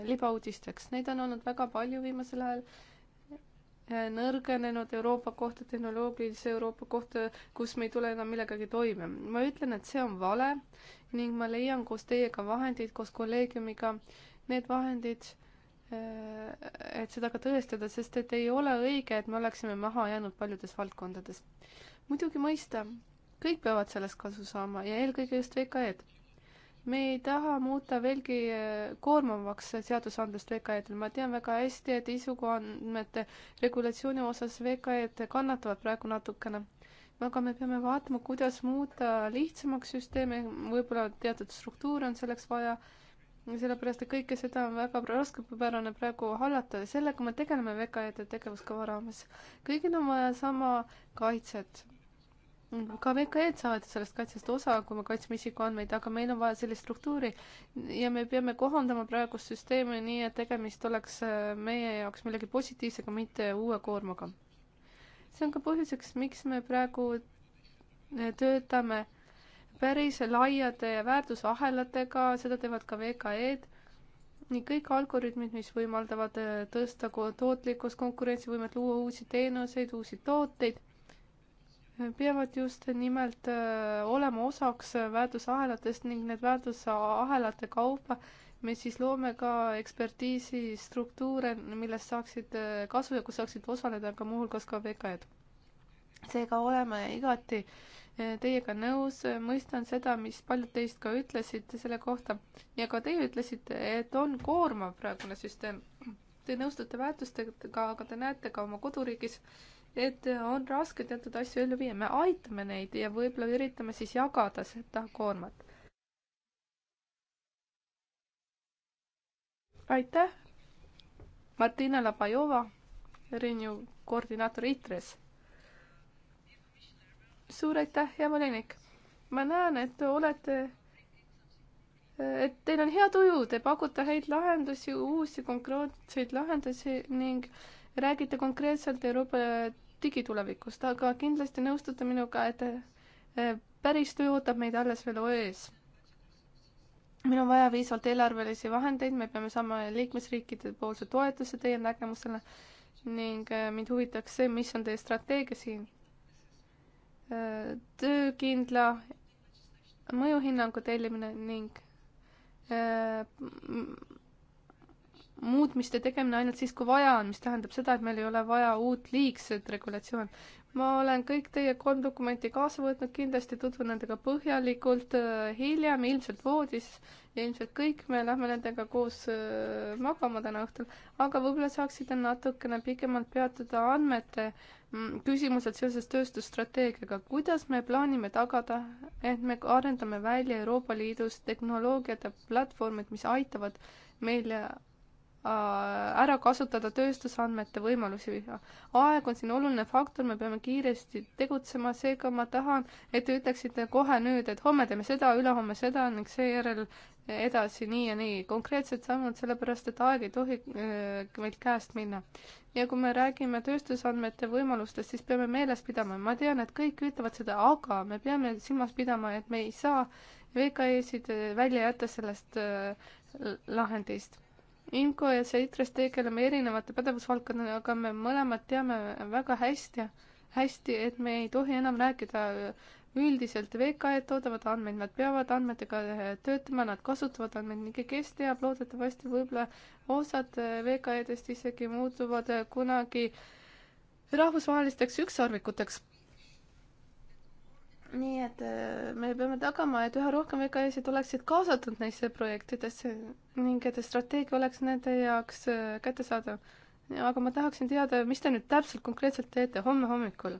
libauudisteks. Neid on olnud väga palju viimasel ajal nõrgenenud Euroopa kohta, tehnoloogilise Euroopa kohta, kus me ei tule enam millegagi toime. ma ütlen, et see on vale ning ma leian koos teiega vahendid, koos kolleegiumiga need vahendid, äh, et seda ka tõestada, sest et ei ole õige, et me oleksime maha jäänud paljudes valdkondades. muidugi mõista, kõik peavad sellest kasu saama ja eelkõige just VKE-d me ei taha muuta veelgi äh, koormavaks seadusandlust VKE-del, ma tean väga hästi, et isikuandmete regulatsiooni osas VKE-d kannatavad praegu natukene. aga me peame vaatama, kuidas muuta lihtsamaks süsteemi, võib-olla teatud struktuure on selleks vaja, sellepärast et kõike seda on väga raskepärane praegu hallata ja sellega me tegeleme VKE-de tegevuskava raames. kõigil on vaja sama kaitset Mm, ka VKE-d saavad sellest kaitsest osa, kui me kaitseme isikuandmeid, aga meil on vaja sellist struktuuri ja me peame kohandama praegust süsteemi nii, et tegemist oleks äh, meie jaoks millegi positiivsega, mitte uue koormaga. see on ka põhjuseks, miks me praegu äh, töötame päris laiade väärtusahelatega, seda teevad ka VKE-d nii kõik algoritmid, mis võimaldavad äh, tõsta tootlikkust, konkurentsivõimet, luua uusi teenuseid, uusi tooteid peavad just nimelt äh, olema osaks äh, väärtusahelatest ning need väärtusahelate kaupa me siis loome ka ekspertiisi struktuure, millest saaksid äh, kasu ja kus saaksid osaleda ka muuhulgas ka VKE-d. seega oleme igati teiega nõus, mõistan seda, mis paljud teist ka ütlesite selle kohta ja ka teie ütlesite, et on koormav praegune süsteem. Te nõustute väärtustega, aga te näete ka oma koduriigis, et on raske teatud asju ellu viia, me aitame neid ja võib-olla üritame siis jagada seda koormat. aitäh, Martina Labajova, Renew koordinaator ITRES. suur aitäh, hea volinik. ma näen, et te olete, et teil on hea tuju, te pakute häid lahendusi, uusi konkreetseid lahendusi ning räägite konkreetselt Euroopa digitulevikust, aga kindlasti nõustute minuga, et eh, päris töö ootab meid alles veel ees. meil on vaja piisavalt eelarvelisi vahendeid, me peame saama liikmesriikide poolse toetuse teie nägemusele ning eh, mind huvitaks see, mis on teie strateegia siin. Eh, töökindla mõjuhinnangu tellimine ning muutmiste tegemine ainult siis, kui vaja on, mis tähendab seda, et meil ei ole vaja uut liigset regulatsiooni. ma olen kõik teie kolm dokumenti kaasa võtnud, kindlasti tutvun nendega põhjalikult äh, hiljem, ilmselt voodis ja ilmselt kõik me lähme nendega koos äh, magama täna õhtul, aga võib-olla saaksite natukene pikemalt peatuda andmete mm, küsimused seoses tööstusstrateegiaga, kuidas me plaanime tagada, et me arendame välja Euroopa Liidus tehnoloogiate platvormid, mis aitavad meil Äh, ära kasutada tööstusandmete võimalusi. aeg on siin oluline faktor, me peame kiiresti tegutsema, seega ma tahan, et te ütleksite kohe nüüd, et homme teeme seda, ülehomme seda ning seejärel edasi nii ja nii. konkreetsed sammud, sellepärast et aeg ei tohi äh, meilt käest minna. ja kui me räägime tööstusandmete võimalustest, siis peame meeles pidama, ma tean, et kõik ütlevad seda, aga me peame silmas pidama, et me ei saa VKE-sid äh, välja jätta sellest äh, lahendist Inko ja Seitras tegeleme erinevate pädevusvaldkondadega, aga me mõlemad teame väga hästi, hästi, et me ei tohi enam rääkida üldiselt VKE-d toodavad andmeid, nad peavad andmetega töötama, nad kasutavad andmeid ning kes teab, loodetavasti võib-olla osad VKE-dest isegi muutuvad kunagi rahvusvahelisteks ükssarvikuteks nii et äh, me peame tagama, et üha rohkem EKS-id oleksid kaasatud neisse projektidesse ning et strateegia oleks nende jaoks äh, kättesaadav. aga ma tahaksin teada, mis te nüüd täpselt konkreetselt teete homme hommikul?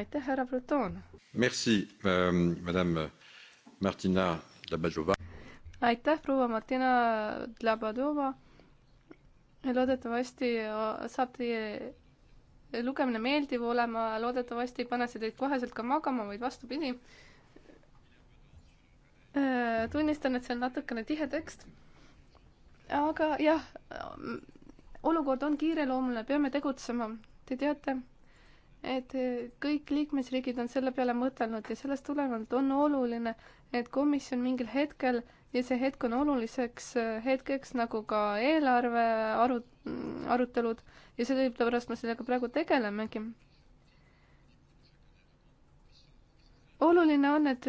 aitäh, härra Breton! Merci ähm,, madame Martina Labadova! aitäh, proua Martina Labadova! loodetavasti äh, saab teie lugemine meeldiv olema, loodetavasti ei pane see teid koheselt ka magama, vaid vastupidi. Äh, tunnistan, et see on natukene tihe tekst. aga jah, olukord on kiireloomuline, peame tegutsema. Te teate, et kõik liikmesriigid on selle peale mõtelnud ja sellest tulenevalt on oluline, et komisjon mingil hetkel ja see hetk on oluliseks hetkeks nagu ka eelarve arut-, Mm, arutelud ja sellepärast me sellega praegu tegelemegi. oluline on, et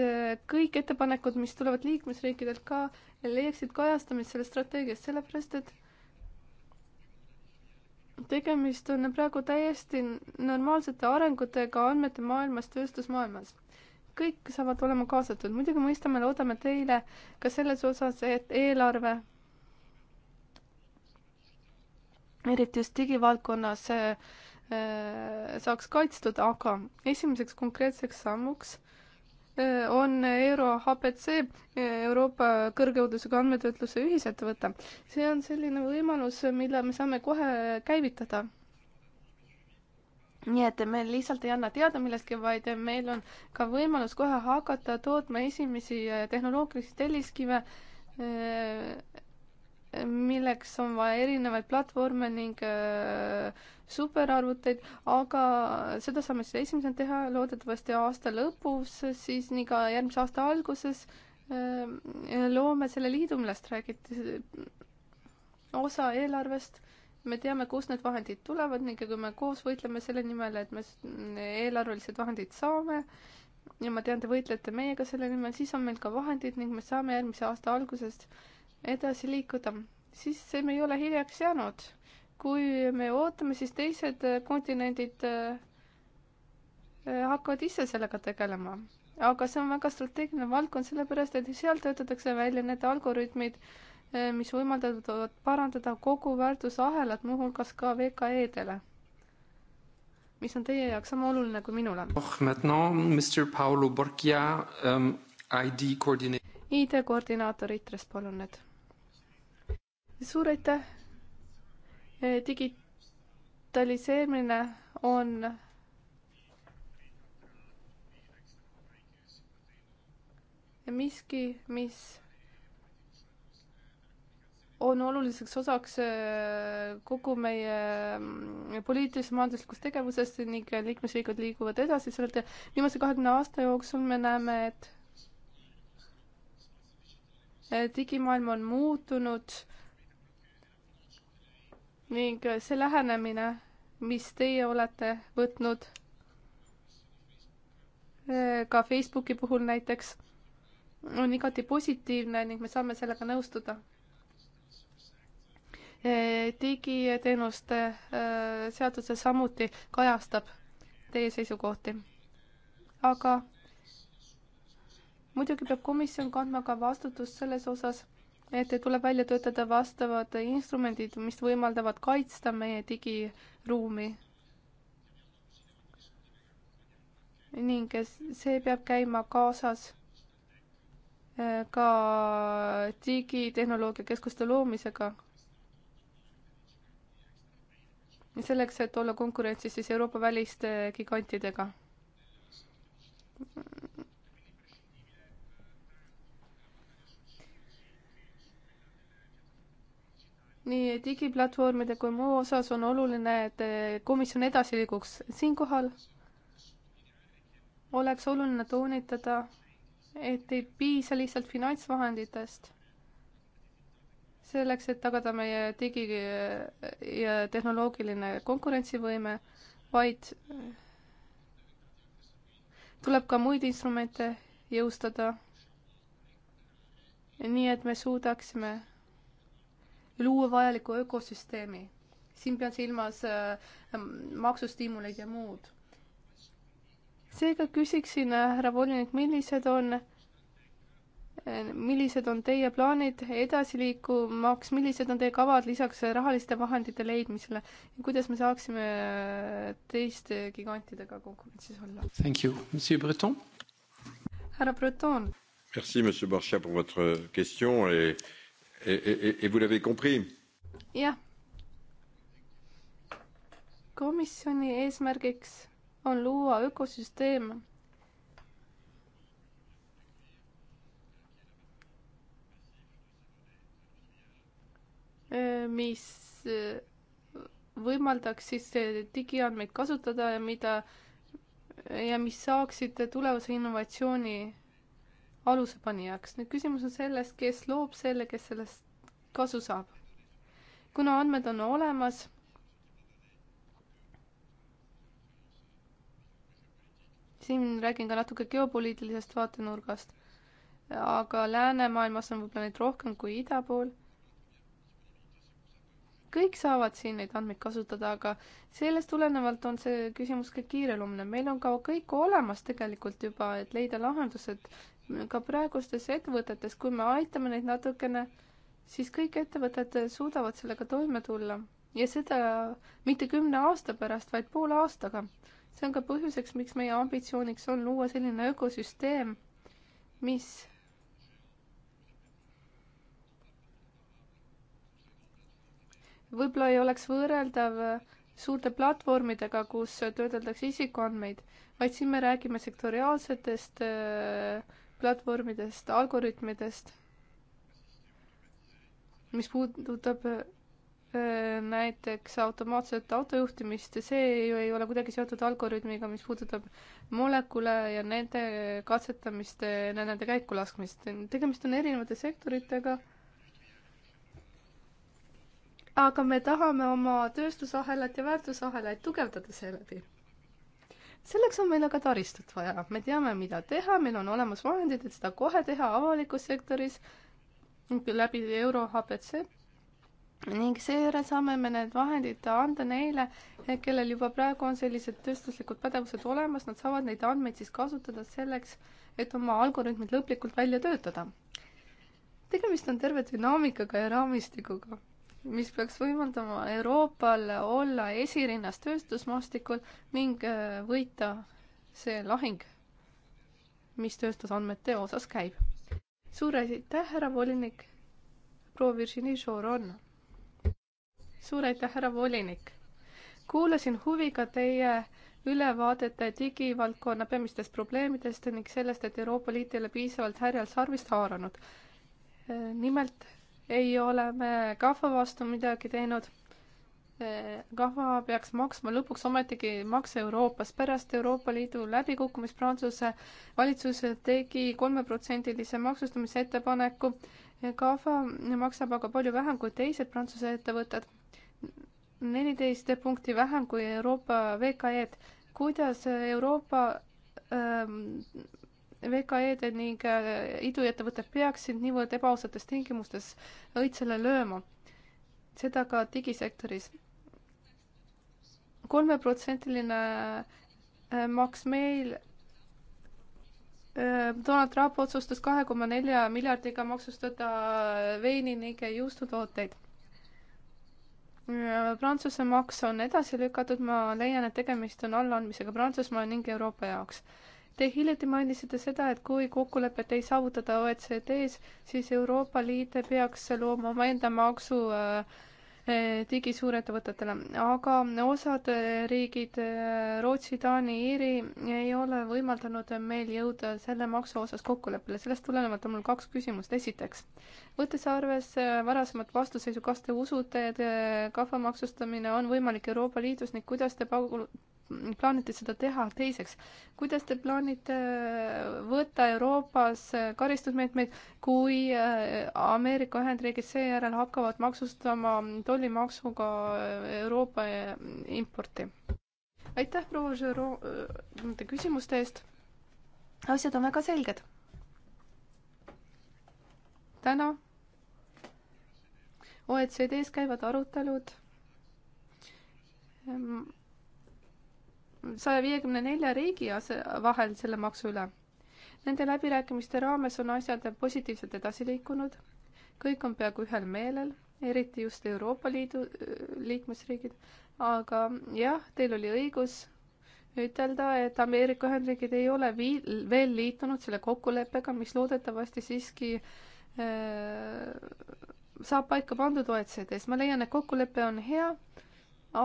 kõik ettepanekud, mis tulevad liikmesriikidelt ka, leiaksid kajastamist selles strateegias, sellepärast et tegemist on praegu täiesti normaalsete arengutega andmete maailmas, tööstusmaailmas. kõik saavad olema kaasatud, muidugi mõistame, loodame teile ka selles osas, et eelarve eriti just digivaldkonnas äh, äh, saaks kaitstud, aga esimeseks konkreetseks sammuks äh, on Euro HPC, Euroopa Kõrgjõudlusega Andmetöötluse Ühisettevõte. see on selline võimalus, mille me saame kohe käivitada. nii et me lihtsalt ei anna teada millestki, vaid meil on ka võimalus kohe hakata tootma esimesi tehnoloogilisi telliskive milleks on vaja erinevaid platvorme ning äh, superarvuteid, aga seda saame siis esimesena teha loodetavasti aasta lõpus, siis nii ka järgmise aasta alguses äh, loome selle liidu, millest räägiti, osa eelarvest, me teame, kust need vahendid tulevad ning kui me koos võitleme selle nimel, et me eelarvelised vahendid saame, ja ma tean, te võitlete meiega selle nimel, siis on meil ka vahendid ning me saame järgmise aasta algusest äh, edasi liikuda, siis me ei ole hiljaks jäänud. kui me ootame, siis teised äh, kontinendid äh, hakkavad ise sellega tegelema. aga see on väga strateegiline valdkond, sellepärast et seal töötatakse välja need algoritmid, äh, mis võimaldavad parandada kogu väärtusahelat, muuhulgas ka VKE-dele. mis on teie jaoks sama oluline kui minule? oh, maintenant, Mr Paolo Borgia um,, ähm, ID koordine-. ID koordinaator ITRES, palun nüüd suur aitäh! E, digitaliseerimine on miski, mis on oluliseks osaks e, kogu meie mm, poliitilis-majanduslikust tegevusest ning liikmesriigid liiguvad edasi selle teel. viimase kahekümne aasta jooksul me näeme, et digimaailm on muutunud ning see lähenemine, mis teie olete võtnud eh, ka Facebooki puhul näiteks, on igati positiivne ning me saame sellega nõustuda. Eh, digiteenuste eh, seaduse samuti kajastab teie seisukohti. aga muidugi peab komisjon kandma ka vastutust selles osas et tuleb välja töötada vastavad instrumendid, mis võimaldavad kaitsta meie digiruumi. ning see peab käima kaasas äh, ka digitehnoloogia keskuste loomisega. selleks, et olla konkurentsis siis Euroopa väliste gigantidega nii digiplatvormide kui muu osas on oluline, et komisjon edasi liiguks. siinkohal oleks oluline toonitada, et ei piisa lihtsalt finantsvahenditest selleks, et tagada meie digi- ja tehnoloogiline konkurentsivõime, vaid tuleb ka muid instrumente jõustada. nii et me suudaksime luua vajaliku ökosüsteemi. siin pean silmas äh, maksustiimuleid ja muud. seega küsiksin, äh, härra volinik, millised on äh, millised on teie plaanid edasiliikumaks, millised on teie kavad lisaks rahaliste vahendite leidmisele ja kuidas me saaksime teiste gigantidega konkurentsis olla? Thank you, monsieur Breton. härra Breton. Merci, monsieur Barcia, pour votre question et Et, et, et vous l'avez compris. jah. komisjoni eesmärgiks on luua ökosüsteem, mis võimaldaks siis äh, digiandmeid kasutada ja mida ja mis saaksid tulevase innovatsiooni alusepanijaks. nüüd küsimus on selles, kes loob selle, kes sellest kasu saab. kuna andmed on olemas, siin räägin ka natuke geopoliitilisest vaatenurgast, aga läänemaailmas on võib-olla neid rohkem kui ida pool. kõik saavad siin neid andmeid kasutada, aga sellest tulenevalt on see küsimus ka kiireloomne. meil on ka kõik olemas tegelikult juba, et leida lahendused ka praegustes ettevõtetes, kui me aitame neid natukene, siis kõik ettevõtted suudavad sellega toime tulla ja seda mitte kümne aasta pärast, vaid poole aastaga. see on ka põhjuseks, miks meie ambitsiooniks on luua selline ökosüsteem, mis võib-olla ei oleks võrreldav suurte platvormidega, kus töödeldakse isikuandmeid, vaid siin me räägime sektoriaalsetest äh, platvormidest, algoritmidest, mis puudutab äh, näiteks automaatset autojuhtimist, see ju ei ole kuidagi seotud algoritmiga, mis puudutab molekule ja nende katsetamist, nende käikulaskmist. tegemist on erinevate sektoritega. aga me tahame oma tööstusahelat ja väärtusahelaid tugevdada seeläbi selleks on meil aga taristut vaja, me teame, mida teha, meil on olemas vahendid, et seda kohe teha avalikus sektoris läbi euro HPC ning seejärel saame me need vahendid anda neile, kellel juba praegu on sellised tööstuslikud pädevused olemas, nad saavad neid andmeid siis kasutada selleks, et oma algoritmid lõplikult välja töötada. tegemist on terve dünaamikaga ja raamistikuga mis peaks võimaldama Euroopal olla esirinnas tööstusmaastikul ning äh, võita see lahing, mis tööstusandmete osas käib. suur aitäh, härra volinik, proua Virginie Choron. suur aitäh, härra volinik. kuulasin huviga teie ülevaadet digivaldkonna peamistest probleemidest ning sellest, et Euroopa Liit ei ole piisavalt härjal sarvist haaranud. Äh, nimelt ei ole me kahva vastu midagi teinud. kahva peaks maksma lõpuks ometigi makse Euroopas. pärast Euroopa Liidu läbikukkumist Prantsuse valitsus tegi kolmeprotsendilise maksustamise ettepaneku. kahva maksab aga palju vähem kui teised Prantsuse ettevõtted. neliteist punkti vähem kui Euroopa VKE-d. kuidas Euroopa ähm, VKE-d ning äh, iduettevõtted peaksid niivõrd ebaausates tingimustes õitsele lööma. seda ka digisektoris. kolmeprotsendiline äh, maks meil. Äh, Donald Trump otsustas kahe koma nelja miljardiga maksustada veini ning juustutooteid. Prantsuse maks on edasi lükatud, ma leian, et tegemist on allaandmisega Prantsusmaa ning Euroopa jaoks Te hiljuti mainisite seda, et kui kokkulepet ei saavutada OECD-s, siis Euroopa Liit peaks looma omaenda maksu äh, äh, digisuurettevõtetele, aga osad äh, riigid, Rootsi, Taani, Iiri, ei ole võimaldanud meil jõuda selle maksu osas kokkuleppele. sellest tulenevalt on mul kaks küsimust. esiteks, võttes arvesse varasemat vastuseisu, kas te usute, et kahva maksustamine on võimalik Euroopa Liidus ning kuidas te paku-, plaanite seda teha, teiseks, kuidas te plaanite võtta Euroopas karistusmeetmeid, kui äh, Ameerika Ühendriigid seejärel hakkavad maksustama tollimaksuga äh, Euroopa äh, importi? aitäh, proua Žiro, nende küsimuste eest. asjad on väga selged. täna OECD-s käivad arutelud ähm, saja viiekümne nelja riigi vahel selle maksu üle. Nende läbirääkimiste raames on asjad positiivselt edasi liikunud, kõik on peaaegu ühel meelel, eriti just Euroopa Liidu liikmesriigid, aga jah, teil oli õigus ütelda, et Ameerika Ühendriigid ei ole vii-, veel liitunud selle kokkuleppega, mis loodetavasti siiski äh, saab paika pandud OECD-s, ma leian, et kokkulepe on hea,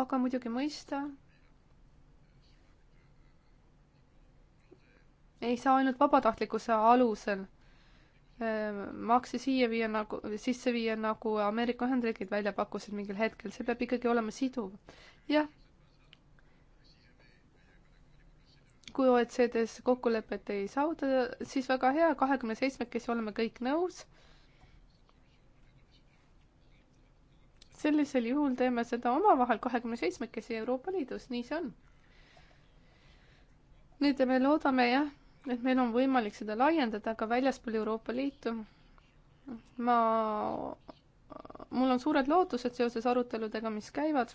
aga muidugi mõista, ei saa ainult vabatahtlikkuse alusel ähm, makse siia viia nagu, sisse viia nagu Ameerika Ühendriigid välja pakkusid mingil hetkel, see peab ikkagi olema siduv. jah. kui OECD-s kokkulepet ei saavuta, siis väga hea, kahekümne seitsmekesi oleme kõik nõus. sellisel juhul teeme seda omavahel kahekümne seitsmekesi Euroopa Liidus, nii see on. nüüd me loodame jah et meil on võimalik seda laiendada ka väljaspool Euroopa Liitu. ma, mul on suured lootused seoses aruteludega, mis käivad.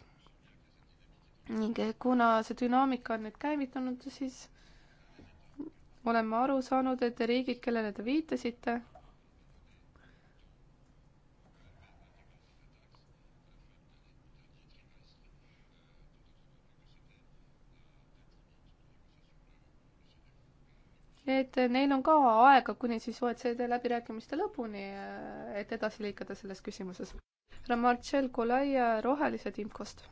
ning kuna see dünaamika on nüüd käivitunud, siis olen ma aru saanud, et riigid, kellele te viitasite et neil on ka aega kuni siis OECD läbirääkimiste lõpuni, äh, et edasi liikuda selles küsimuses. Ramarcel Kolaia Rohelised Infost.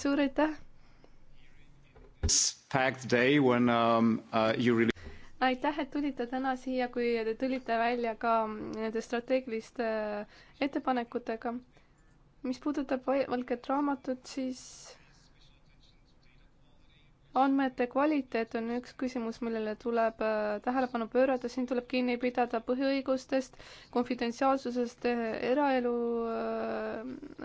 suur aitäh! Packed day when um, uh, you release aitäh, et tulite täna siia, kui te tulite välja ka nende strateegiliste äh, ettepanekutega. mis puudutab valget raamatut, siis andmete kvaliteet on üks küsimus, millele tuleb äh, tähelepanu pöörata, siin tuleb kinni pidada põhiõigustest, konfidentsiaalsusest, äh, eraelu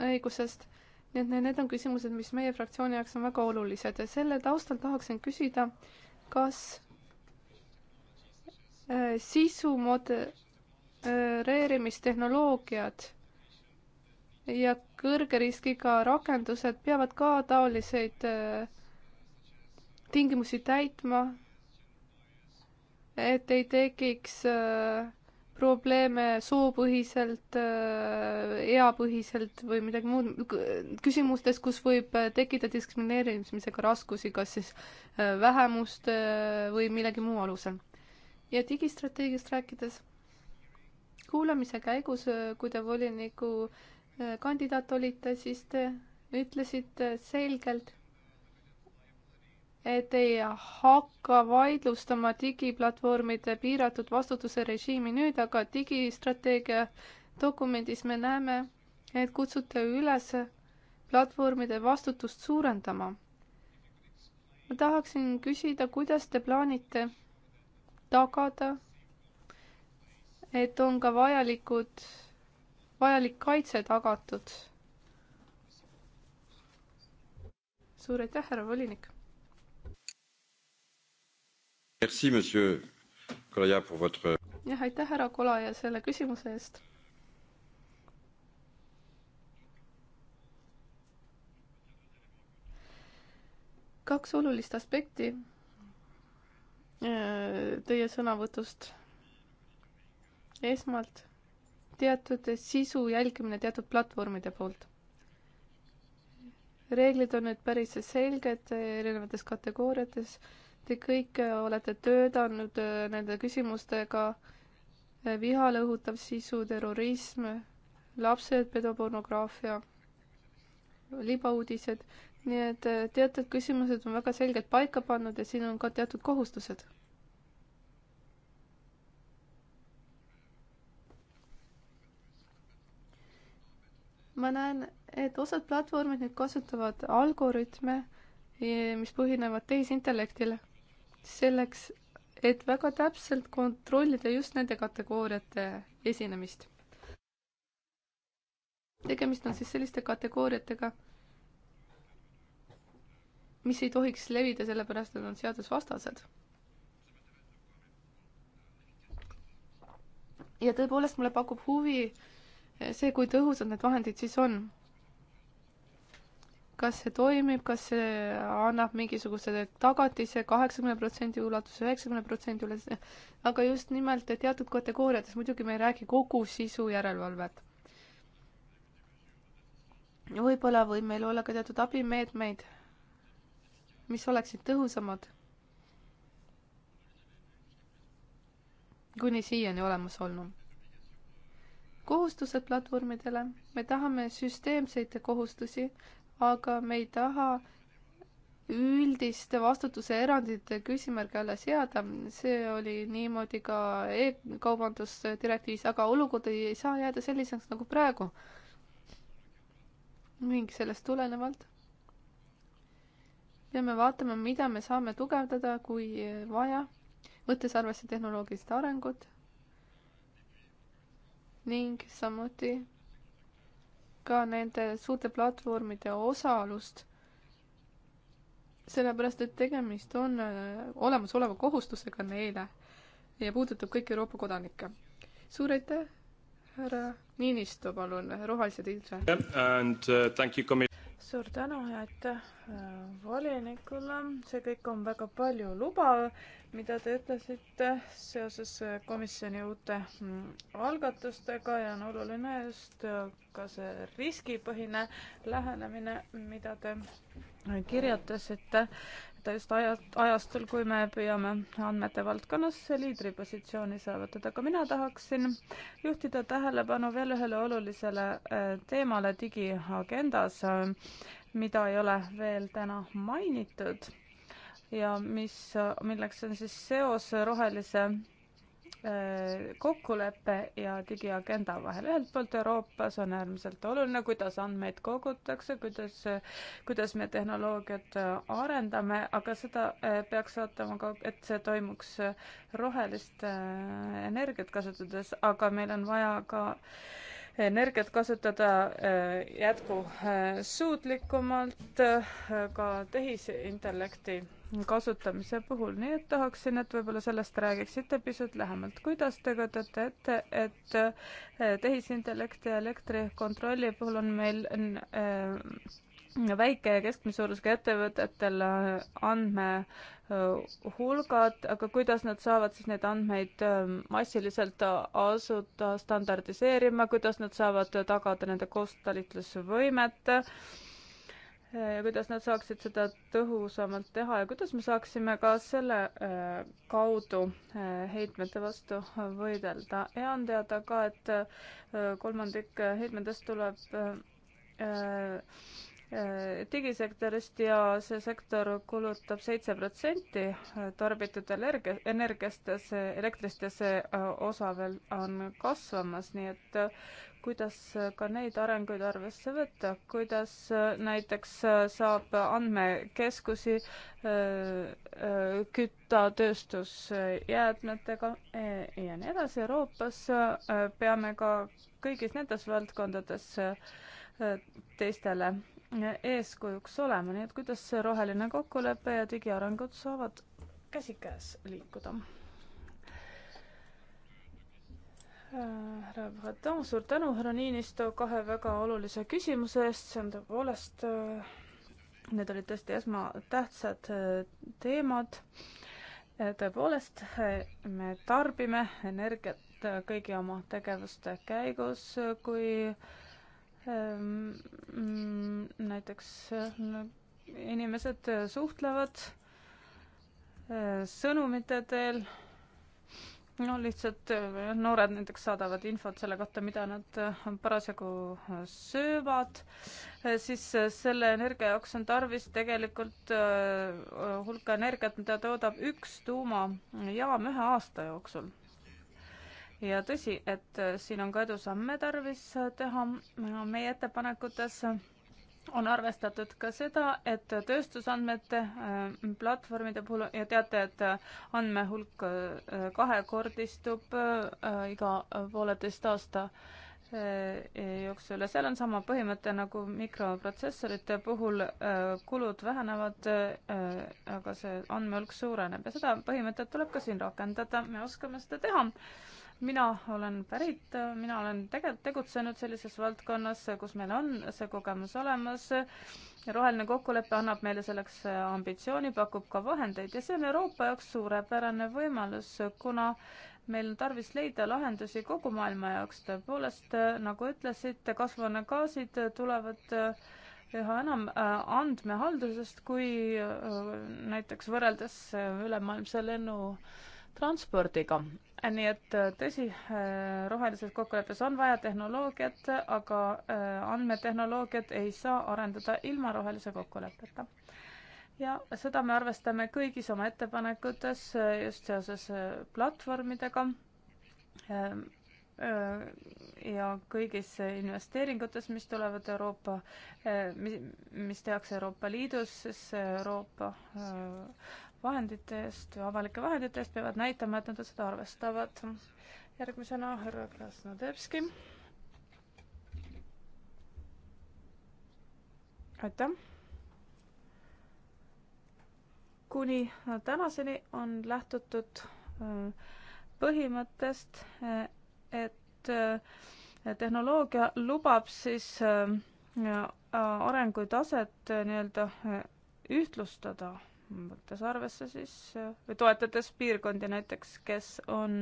õigusest. nii et need on küsimused, mis meie fraktsiooni jaoks on väga olulised ja selle taustal tahaksin küsida, kas Äh, sisu modereerimistehnoloogiad ja kõrge riskiga rakendused peavad ka taoliseid äh, tingimusi täitma, et ei tekiks äh, probleeme soopõhiselt, eapõhiselt või midagi muud, küsimustes, kus võib tekkida diskrimineerimisega raskusi, kas siis vähemuste või millegi muu alusel ja digistrateegiast rääkides, kuulamise käigus, kui te voliniku äh, kandidaat olite, siis te ütlesite selgelt, et ei hakka vaidlustama digiplatvormide piiratud vastutuse režiimi nüüd, aga digistrateegia dokumendis me näeme, et kutsute üles platvormide vastutust suurendama. ma tahaksin küsida, kuidas te plaanite tagada, et on ka vajalikud, vajalik kaitse tagatud. suur aitäh, härra volinik. Merci, monsieur Kolaja, pour votre. jah, aitäh, härra Kolaja, selle küsimuse eest kaks olulist aspekti teie sõnavõtust. esmalt teatud sisu jälgimine teatud platvormide poolt. reeglid on nüüd päris selged erinevates kategooriates. Te kõik olete töötanud äh, nende küsimustega. Äh, vihale õhutav sisu, terrorism, lapsed, pedopornograafia libauudised, nii et äh, teatud küsimused on väga selgelt paika pannud ja siin on ka teatud kohustused. ma näen, et osad platvormid nüüd kasutavad algoritme, e, mis põhinevad tehisintellektil, selleks, et väga täpselt kontrollida just nende kategooriate esinemist. tegemist on siis selliste kategooriatega mis ei tohiks levida, sellepärast et nad on seadusvastased. ja tõepoolest mulle pakub huvi eh, see, kui tõhusad need vahendid siis on. kas see toimib, kas see annab mingisuguse tagatise kaheksakümne protsendi ulatuses, üheksakümne protsendi ulatuses, ületuse. Eh, aga just nimelt eh, teatud kategooriates, muidugi me ei räägi kogu sisu järelevalvet. võib-olla võib meil olla ka teatud abimeetmeid mis oleksid tõhusamad kuni siiani olemas olnud. kohustused platvormidele, me tahame süsteemseid kohustusi, aga me ei taha üldist vastutuse erandit küsimärgi alla seada, see oli niimoodi ka e-kaubandusdirektiivis, aga olukord ei saa jääda selliseks nagu praegu. ning sellest tulenevalt peame vaatama, mida me saame tugevdada, kui vaja, võttes arvesse tehnoloogilist arengut ning samuti ka nende suurte platvormide osalust, sellepärast et tegemist on äh, olemasoleva kohustusega neile ja puudutab kõiki Euroopa kodanikke. suur aitäh, härra Niinistö, palun, rohelised ilmselt. Uh, suur tänu ja aitäh äh, volinikule, see kõik on väga palju lubav, mida te ütlesite seoses äh, komisjoni uute mm, algatustega ja on oluline just äh, ka see riskipõhine lähenemine, mida te kirjutasite võtta just aja, ajastul, kui me püüame andmete valdkonnas liidripositsiooni saavutada, aga mina tahaksin juhtida tähelepanu veel ühele olulisele äh, teemale digiagendas, äh, mida ei ole veel täna mainitud ja mis, milleks on siis seos rohelise Äh, kokkulepe ja digiagenda vahel. ühelt poolt Euroopas on äärmiselt oluline, kuidas andmeid kogutakse, kuidas, kuidas me tehnoloogiat äh, arendame, aga seda äh, peaks vaatama ka, et see toimuks rohelist energiat kasutades, aga meil on vaja ka energiat kasutada jätkusuutlikumalt, ka tehisintellekti kasutamise puhul, nii et tahaksin, et võib-olla sellest räägiksite pisut lähemalt, kuidas te kujutate ette, et eh, tehisintellekti ja elektrikontrolli puhul on meil eh, väike ja keskmise suurusega ettevõtetel eh, andmehulgad, aga kuidas nad saavad siis neid andmeid massiliselt asuda standardiseerima, kuidas nad saavad tagada nende koostalitlusvõimet Äh, kuidas nad saaksid seda tõhusamalt teha ja kuidas me saaksime ka selle äh, kaudu äh, heitmete vastu võidelda. hea on teada ka, et kolmandik heitmetest tuleb digisektorist ja see sektor kulutab seitse protsenti tarbitud energia, energiast ja see elektrist ja see osa veel on kasvamas, nii et kuidas ka neid arenguid arvesse võtta, kuidas äh, näiteks äh, saab andmekeskusi äh, kütta tööstusjäätmetega ja nii edasi. Euroopas peame ka kõigis nendes valdkondades teistele eeskujuks olema, nii et kuidas roheline kokkulepe ja digiarengud saavad käsikäes liikuda? Äh, härra Breton, suur tänu, härra Niinistö, kahe väga olulise küsimuse eest, see on tõepoolest, äh, need olid tõesti esmatähtsad äh, teemad. tõepoolest, me tarbime energiat kõigi oma tegevuste käigus, kui ähm, mm, näiteks inimesed suhtlevad sõnumite teel no lihtsalt eh, noored näiteks saadavad infot selle kohta, mida nad eh, parasjagu söövad, eh, siis selle energia jaoks on tarvis tegelikult hulka energiat, mida toodab üks tuumajaam ühe aasta jooksul. ja tõsi, et siin on ka edusamme tarvis teha meie ettepanekutes on arvestatud ka seda, et tööstusandmete äh, platvormide puhul ja teate, et äh, andmehulk äh, kahekordistub iga pooleteist aasta jooksul ja seal on sama põhimõte nagu mikroprotsessorite puhul, kulud vähenevad, aga see andmehulk suureneb ja seda põhimõtet tuleb ka siin rakendada, me oskame seda teha mina olen pärit, mina olen tegelikult tegutsenud sellises valdkonnas, kus meil on see kogemus olemas. roheline kokkulepe annab meile selleks ambitsiooni, pakub ka vahendeid ja see on Euroopa jaoks suurepärane võimalus, kuna meil on tarvis leida lahendusi kogu maailma jaoks. tõepoolest, nagu ütlesite, kasvuhoonegaasid tulevad üha enam äh, andmehaldusest kui äh, näiteks võrreldes äh, ülemaailmse lennutranspordiga nii et äh, tõsi, äh, rohelises kokkuleppes on vaja tehnoloogiat, aga äh, andmetehnoloogiat ei saa arendada ilma rohelise kokkuleppeta. ja seda me arvestame kõigis oma ettepanekutes just seoses platvormidega ähm, ja kõigis investeeringutes, mis tulevad Euroopa, mis tehakse Euroopa Liidus, siis Euroopa vahendite eest, avalike vahendite eest, peavad näitama, et nad seda arvestavad. järgmisena härra Krasnodebski. aitäh. kuni tänaseni on lähtutud äh, põhimõttest, äh, et äh, tehnoloogia lubab siis arengutaset nii-öelda ühtlustada võttes arvesse siis või toetades piirkondi näiteks, kes on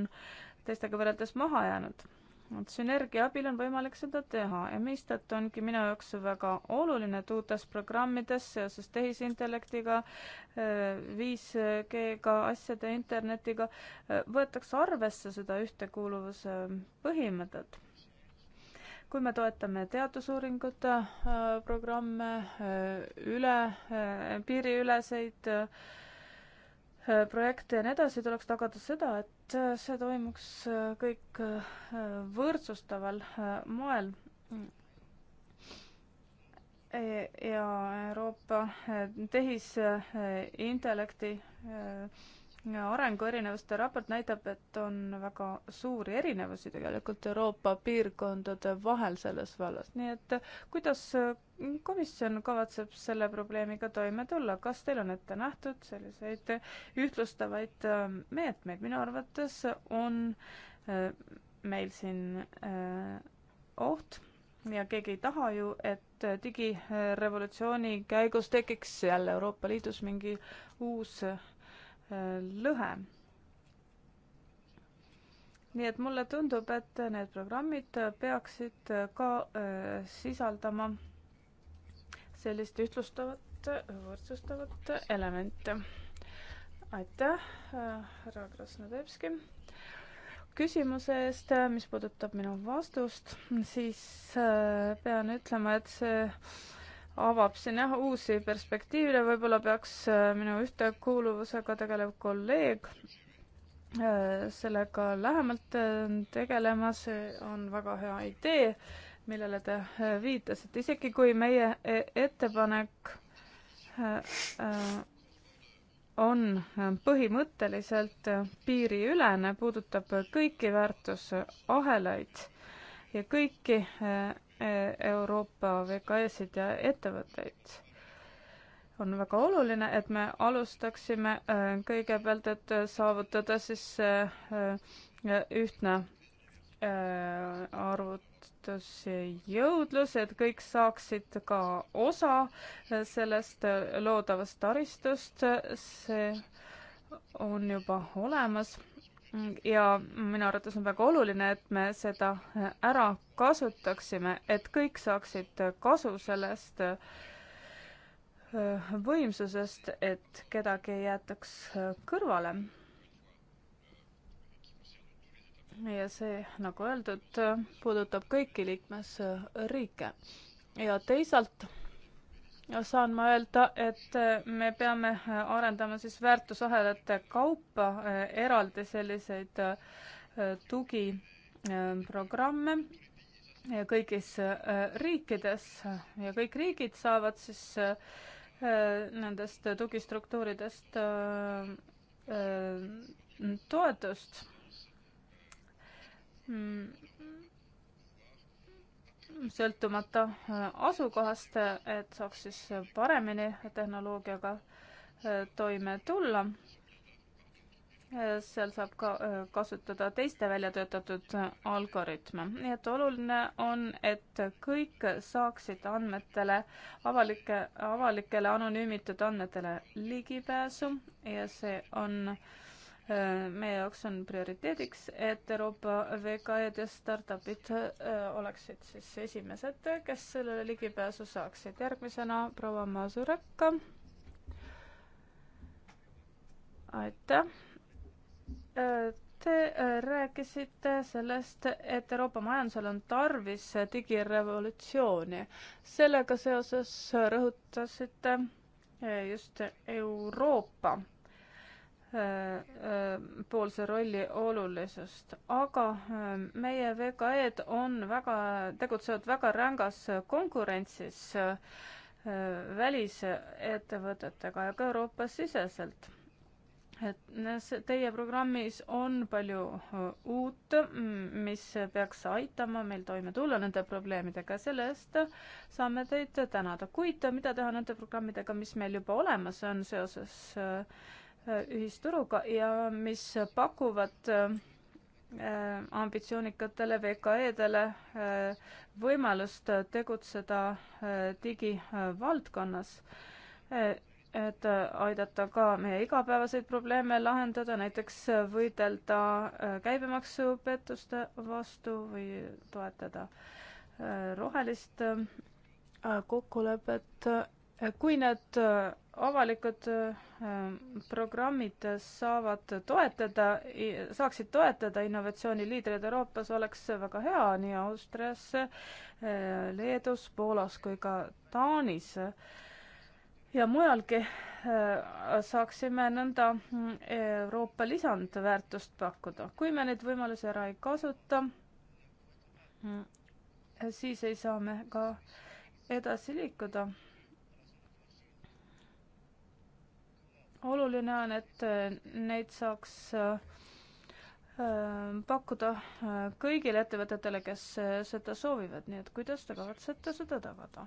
teistega võrreldes maha jäänud. et sünergia abil on võimalik seda teha ja mistõttu ongi minu jaoks väga oluline, et uutes programmides seoses tehisintellektiga, 5G-ga, eh, asjade internetiga eh, võetakse arvesse seda ühtekuuluvuse põhimõtet kui me toetame teadusuuringute äh, programme, äh, üle, äh, piiriüleseid projekte ja nii edasi, tuleks tagada seda, et see toimuks kõik võrdsustaval moel. E, ja Euroopa tehisintellekti arenguerinevuste raport näitab, et on väga suuri erinevusi tegelikult Euroopa piirkondade vahel selles vallas, nii et kuidas mm, komisjon kavatseb selle probleemiga toime tulla, kas teil on ette nähtud selliseid ühtlustavaid ähm, meetmeid, minu arvates on äh, meil siin äh, oht ja keegi ei taha ju, et digirevolutsiooni käigus tekiks jälle Euroopa Liidus mingi uus äh, lõhe. nii et mulle tundub, et need programmid peaksid ka äh, sisaldama sellist ühtlustavat, võrdsustavat elementi. aitäh, härra Krasnodebski küsimuse eest, mis puudutab minu vastust, siis äh, pean ütlema, et see avab siin jah uusi perspektiive, võib-olla peaks äh, minu ühtekuuluvusega tegelev kolleeg äh, sellega lähemalt äh, tegelema, see on väga hea idee, millele te viitasite, isegi kui meie e, ettepanek on põhimõtteliselt piiriülene, puudutab kõiki väärtusahelaid ja kõiki eh, eh, Euroopa VKS-id ja ettevõtteid. on väga oluline, et me alustaksime eh, kõigepealt, et saavutada siis ühtne arvutusjõudlus, et kõik saaksid ka osa sellest loodavast taristust, see on juba olemas ja minu arvates on väga oluline, et me seda äh, ära kasutaksime, et kõik saaksid kasu sellest äh, võimsusest, et kedagi ei jäetaks äh, kõrvale. ja see, nagu öeldud, puudutab kõiki liikmesriike ja teisalt saan ma öelda, et äh, me peame äh, arendama siis väärtusahelate kaupa äh, eraldi selliseid tugiprogramme kõigis riikides ja kõik riigid saavad siis nendest tugistruktuuridest toetust mm sõltumata äh, asukohast, et saaks siis paremini tehnoloogiaga äh, toime tulla. Äh, seal saab ka kasutada teiste välja töötatud algoritme, nii et oluline on, et kõik saaksid andmetele, avalike, avalikele anonüümitud andmetele ligipääsu ja see on äh, Äh, meie jaoks on prioriteediks, et Euroopa VKE-d ja startup'id äh, oleksid siis esimesed, kes sellele ligipääsu saaksid. järgmisena proua Masureka. aitäh. Äh, te rääkisite sellest, et Euroopa majandusel on tarvis digirevolutsiooni. sellega seoses rõhutasite just Euroopa poolse rolli olulisust, aga äh, meie VKE-d on väga, tegutsevad väga rängas konkurentsis äh, välisettevõtetega ja ka Euroopas siseselt. et teie programmis on palju äh, uut, mis peaks aitama meil toime tulla nende probleemidega, selle eest saame teid tänada. kuid mida teha nende programmidega, mis meil juba olemas on seoses äh, Äh, ühisturuga ja mis pakuvad äh, äh, ambitsioonikatele VKE-dele võimalust tegutseda digivaldkonnas, et aidata ka meie igapäevaseid probleeme lahendada, näiteks võidelda käibemaksupettuste vastu või toetada rohelist kokkulepet kui need äh, avalikud äh, programmid saavad toetada, saaksid toetada innovatsiooniliidreid Euroopas, oleks see väga hea nii Austrias, äh, Leedus, Poolas kui ka Taanis ja mujalgi saaksime nõnda mm, Euroopa lisandväärtust pakkuda. kui me neid võimalusi ära ei kasuta, mm, siis ei saa me ka edasi liikuda oluline on, et äh, neid saaks äh, äh, pakkuda kõigile ettevõtetele, kes seda soovivad, nii et kuidas te kavatsete seda tagada?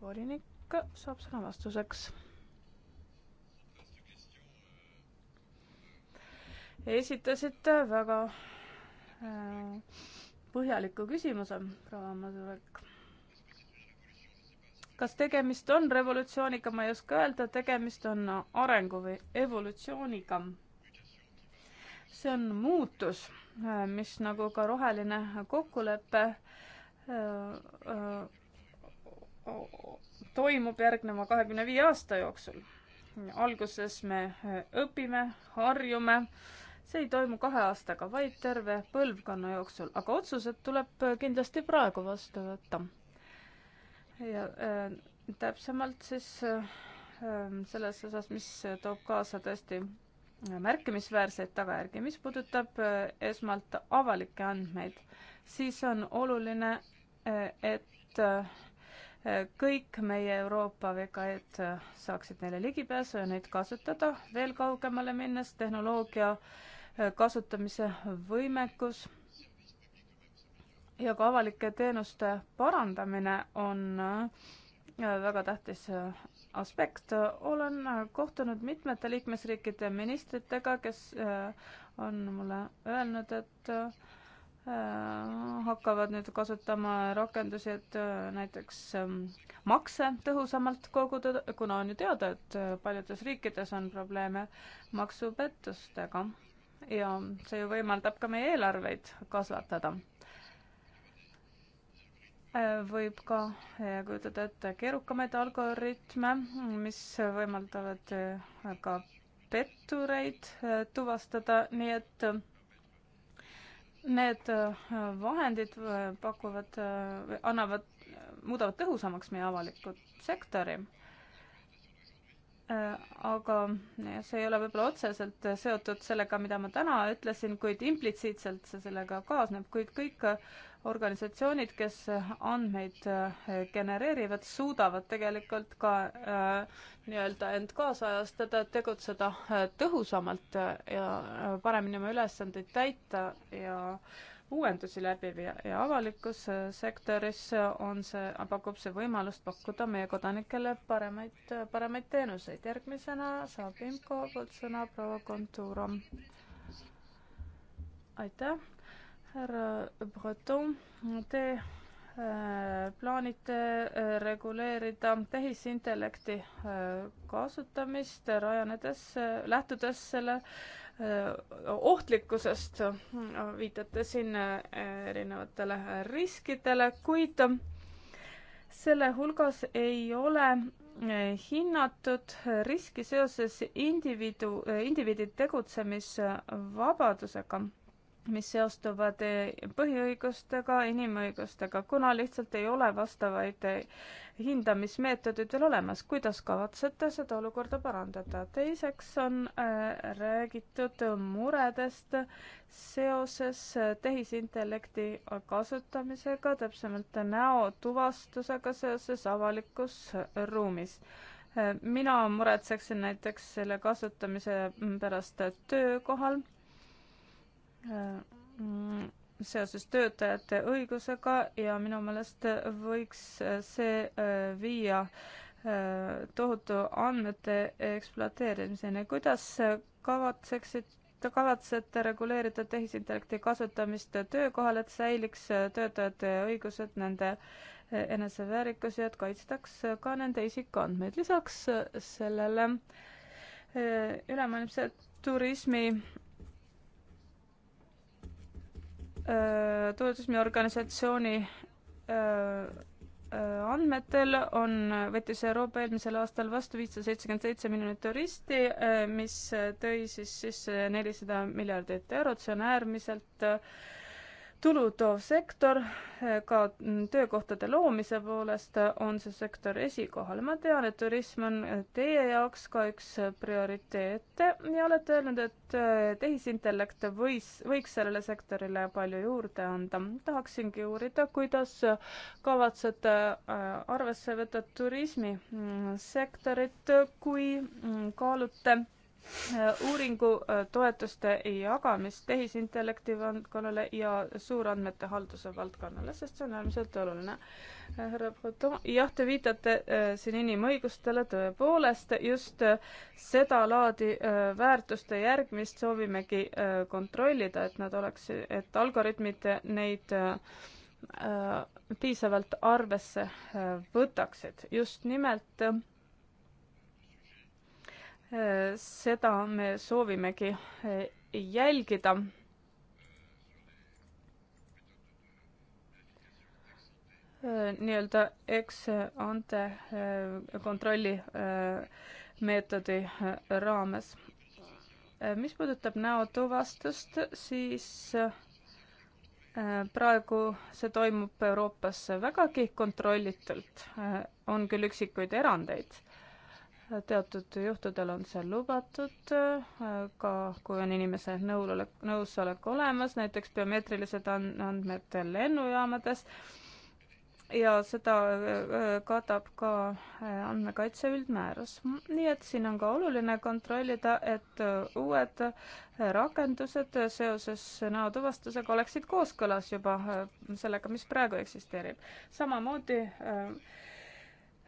volinik saab sõna vastuseks. esitasite väga põhjaliku küsimuse, proua Masurek kas tegemist on revolutsiooniga, ma ei oska öelda, tegemist on arengu või evolutsiooniga. see on muutus, mis nagu ka roheline kokkulepe äh, äh, toimub järgneva kahekümne viie aasta jooksul. alguses me õpime, harjume, see ei toimu kahe aastaga, vaid terve põlvkonna jooksul, aga otsused tuleb kindlasti praegu vastu võtta ja äh, täpsemalt siis äh, äh, selles osas, mis toob kaasa tõesti märkimisväärseid tagajärgi. mis puudutab äh, esmalt avalikke andmeid, siis on oluline äh,, et äh, kõik meie Euroopa VKE-d äh, saaksid neile ligipääsu ja neid kasutada. veel kaugemale minnes tehnoloogia äh, kasutamise võimekus ja ka avalike teenuste parandamine on äh, väga tähtis äh, aspekt. olen äh, kohtunud mitmete liikmesriikide ministritega, kes on mulle öelnud, et hakkavad nüüd kasutama rakendusi, et näiteks ähm, makse tõhusamalt koguda, kuna on ju teada, et paljudes riikides on probleeme maksupettustega ja see ju võimaldab ka meie eelarveid kasvatada võib ka kujutada ette keerukamaid algoritme, mis võimaldavad äh, ka pettureid äh, tuvastada, nii et äh, need vahendid pakuvad, annavad, muudavad tõhusamaks meie avalikku sektori. aga see ei ole võib-olla otseselt seotud sellega, mida ma täna ütlesin, kuid implitsiitselt see sellega kaasneb, kuid kõik, kõik organisatsioonid, kes andmeid eh, genereerivad, suudavad tegelikult ka äh, nii-öelda end kaasajastada, tegutseda eh, tõhusamalt ja paremini oma ülesandeid täita ja uuendusi läbi viia ja avalikus sektoris on see, pakub see võimalust pakkuda meie kodanikele paremaid, paremaid teenuseid. järgmisena saab IMCO poolt sõna proua Kontuuro. aitäh härra Breton, te äh, plaanite äh, reguleerida tehisintellekti äh, kasutamist, rajanedes, lähtudes selle ohtlikkusest, viitate siin erinevatele riskidele, kuid selle hulgas ei ole hinnatud riski seoses indiviidu, indiviidi tegutsemisvabadusega mis seostuvad eh, põhiõigustega, inimõigustega, kuna lihtsalt ei ole vastavaid eh, hindamismeetodid veel olemas. kuidas kavatsete seda olukorda parandada? teiseks on eh, räägitud muredest seoses tehisintellekti kasutamisega, täpsemalt näotuvastusega seoses avalikus ruumis mina muretseksin näiteks selle kasutamise pärast töökohal Äh, mm, seoses töötajate õigusega ja minu meelest võiks äh, see äh, viia tohutu andmete ekspluateerimiseni. kuidas kavatseksid te kavatsete reguleerida tehisintellekti kasutamist töökohal, et säiliks töötajate õigused, nende eneseväärikus ja et kaitstaks ka nende isikuandmeid. lisaks sellele ülemaailmse turismi Äh, toetusmehe organisatsiooni äh, äh, andmetel on, võttis Euroopa eelmisel aastal vastu viissada seitsekümmend seitse miljonit turisti, mis tõi siis sisse nelisada miljardit eurot, see on äärmiselt äh, tulu toov sektor, eh, ka mm, töökohtade loomise poolest eh, on see sektor esikohal. ma tean, et turism on eh, teie jaoks ka üks prioriteete ja olete öelnud, et tehisintellekt võis, võiks sellele sektorile palju juurde anda. tahaksingi uurida, kuidas kavatsete arvesse võtta turismisektorit, mm, kui mm, kaalute Äh, uuringutoetuste äh, jagamist tehisintellekti valdkonnale ja suurandmete halduse valdkonnale, sest see on äärmiselt oluline. Äh, härra Breton, jah, te viitate siin inimõigustele tõepoolest, just sedalaadi väärtuste järgmist soovimegi kontrollida, et nad oleks, et algoritmid neid piisavalt arvesse võtaksid. just nimelt seda me soovimegi eh, jälgida. Eh, nii-öelda eks ante eh, kontrolli meetodi raames. mis puudutab näotuvastust, siis praegu see toimub Euroopas vägagi kontrollitult, on küll üksikuid erandeid teatud juhtudel on see lubatud, ka kui on inimese nõulolek, nõusolek olemas, näiteks biomeetrilised andmed lennujaamades ja seda äh, katab ka äh, andmekaitse üldmäärus. nii et siin on ka oluline kontrollida, et äh, uued rakendused seoses näotuvastusega oleksid kooskõlas juba sellega, mis praegu eksisteerib. samamoodi äh,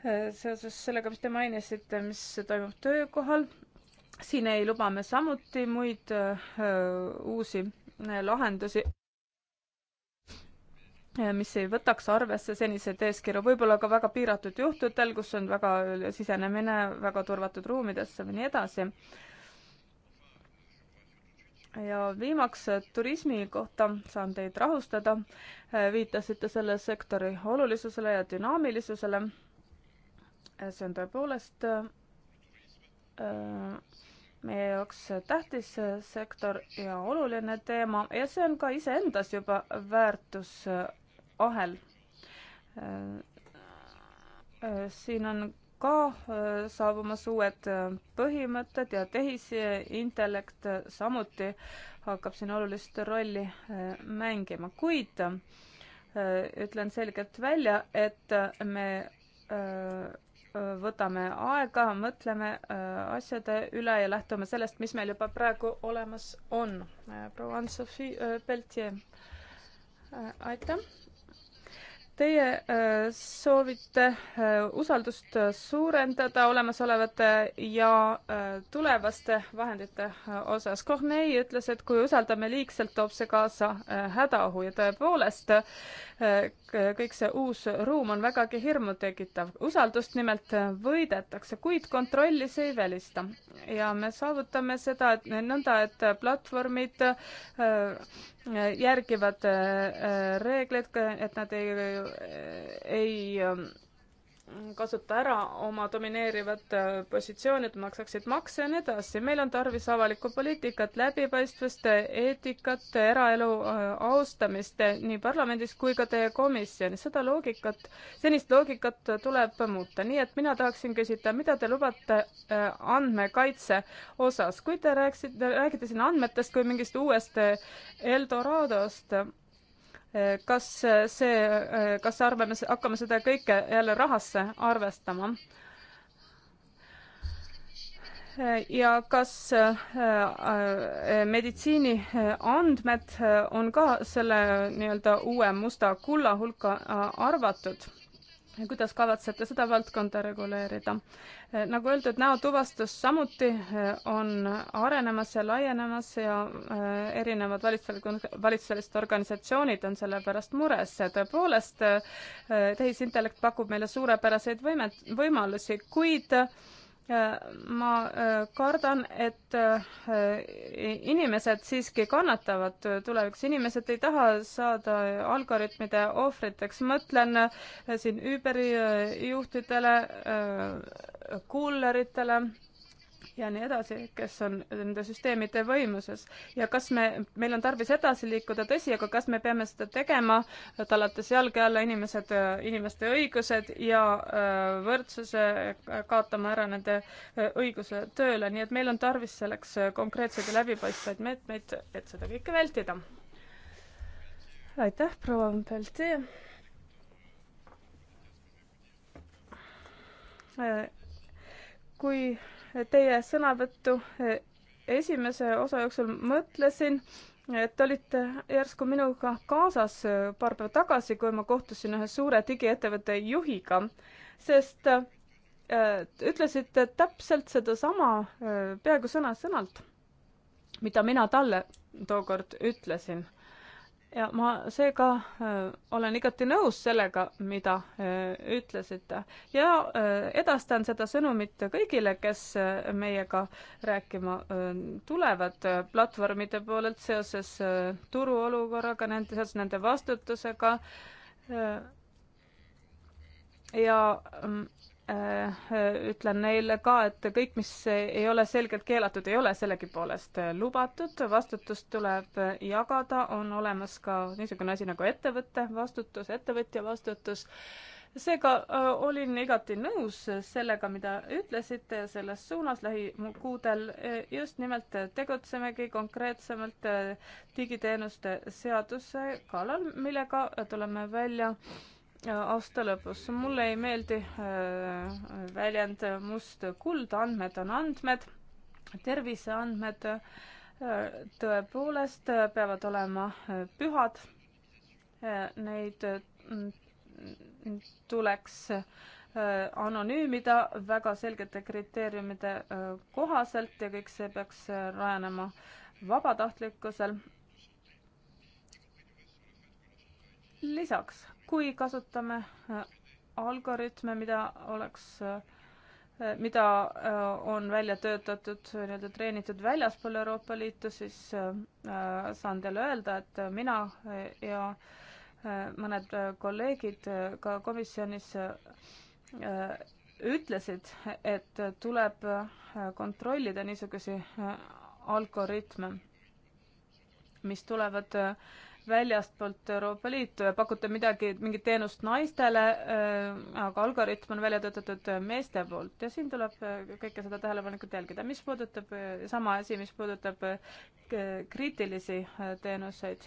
seoses sellega, mis te mainisite, mis toimub töökohal. siin ei luba me samuti muid äh, uusi äh, lahendusi äh, mis ei võtaks arvesse seniseid eeskirju, võib-olla ka väga piiratud juhtudel, kus on väga sisenemine väga turvatud ruumidesse või nii edasi. ja viimaks turismi kohta saan teid rahustada. viitasite selle sektori olulisusele ja dünaamilisusele see on tõepoolest äh, meie jaoks tähtis sektor ja oluline teema ja see on ka iseendas juba väärtusahel. Äh, äh, siin on ka saabumas uued põhimõtted ja tehisintellekt samuti hakkab siin olulist rolli mängima, kuid ütlen selgelt välja, et me võtame aega, mõtleme äh, asjade üle ja lähtume sellest, mis meil juba praegu olemas on. Äh, proua Ann-Sofi äh, Peltier. aitäh, Teie äh, soovite äh, usaldust äh, suurendada olemasolevate ja tulevaste vahendite osas. Corneille ütles, et kui usaldame liigselt, toob see kaasa hädaohu ja tõepoolest kõik see uus ruum on vägagi hirmutekitav. usaldust nimelt võidetakse, kuid kontrolli see ei välista ja me saavutame seda, et nõnda, et platvormid järgivad äh, äh, reegleid, et nad ei, äh, ei ähm, kasuta ära oma domineerivat äh, positsiooni, et nad maksaksid makse ja nii edasi. meil on tarvis avalikku poliitikat, läbipaistvust, eetikat, eraelu äh, austamist nii parlamendis kui ka teie komisjonis. seda loogikat, senist loogikat tuleb muuta. nii et mina tahaksin küsida, mida te lubate äh, andmekaitse osas, kui te rääkisite, räägite siin andmetest kui mingist uuest Eldoradost kas see, kas arvame, hakkame seda kõike jälle rahasse arvestama? ja kas äh, meditsiiniandmed on ka selle nii-öelda uue musta kulla hulka äh, arvatud? kuidas kavatsete seda valdkonda reguleerida? Eh, nagu öeldud, näotuvastus samuti eh, on arenemas ja laienemas ja eh, erinevad valitsusel-, valitsuselised organisatsioonid on selle pärast mures. tõepoolest, tehisintellekt pakub meile suurepäraseid võimet, võimalusi, kuid Äh, ma äh, kardan, et äh, inimesed siiski kannatavad tulevikus, inimesed ei taha saada algoritmide ohvriteks, mõtlen siin Uberi juhtidele, kulleritele ja nii edasi, kes on nende süsteemide võimuses. ja kas me, meil on tarvis edasi liikuda, tõsi, aga kas me peame seda tegema, tallates jalge alla inimesed, inimeste õigused ja äh, võrdsuse, kaotama ära nende äh, õiguse tööle, nii et meil on tarvis selleks äh, konkreetseid ja läbipaistvaid meetmeid, et seda kõike vältida. aitäh, proua Pelti. kui teie sõnavõttu e, esimese osa jooksul mõtlesin, et olite järsku minuga kaasas e, paar päeva tagasi, kui ma kohtusin ühe suure digiettevõtte juhiga, sest e, ütlesite täpselt sedasama peaaegu sõna-sõnalt, mida mina talle tookord ütlesin ja ma seega äh, olen igati nõus sellega, mida äh, ütlesite ja äh, edastan seda sõnumit kõigile, kes meiega rääkima tulevad platvormide poolelt seoses turuolukorraga, nende, seoses nende vastutusega ja mm, Äh, ütlen neile ka, et kõik, mis ei ole selgelt keelatud, ei ole sellegipoolest äh, lubatud, vastutust tuleb äh, jagada, on olemas ka niisugune asi nagu ettevõtte vastutus, ettevõtja vastutus. seega äh, olin igati nõus sellega, mida ütlesite ja selles suunas lähikuudel just nimelt tegutsemegi konkreetsemalt digiteenuste seaduse kallal, millega tuleme välja äh, aasta lõpus. mulle ei meeldi äh, väljend must kuld, andmed on andmed, terviseandmed äh, tõepoolest äh, peavad olema pühad. Neid tuleks anonüümida väga selgete kriteeriumide kohaselt ja kõik see peaks rajanema vabatahtlikkusel lisaks, kui kasutame äh, algoritme, mida oleks, äh, mida äh, on välja töötatud, nii-öelda treenitud väljaspool Euroopa Liitu, siis saan teile öelda, et mina ja mõned kolleegid ka komisjonis ütlesid, et tuleb kontrollida niisugusi algoritme, mis tulevad äh, väljastpoolt Euroopa Liitu ja pakute midagi, mingit teenust naistele, äh, aga algoritm on välja töötatud meeste poolt ja siin tuleb äh, kõike seda tähelepanelikult jälgida. mis puudutab, äh, sama asi, mis puudutab kriitilisi teenuseid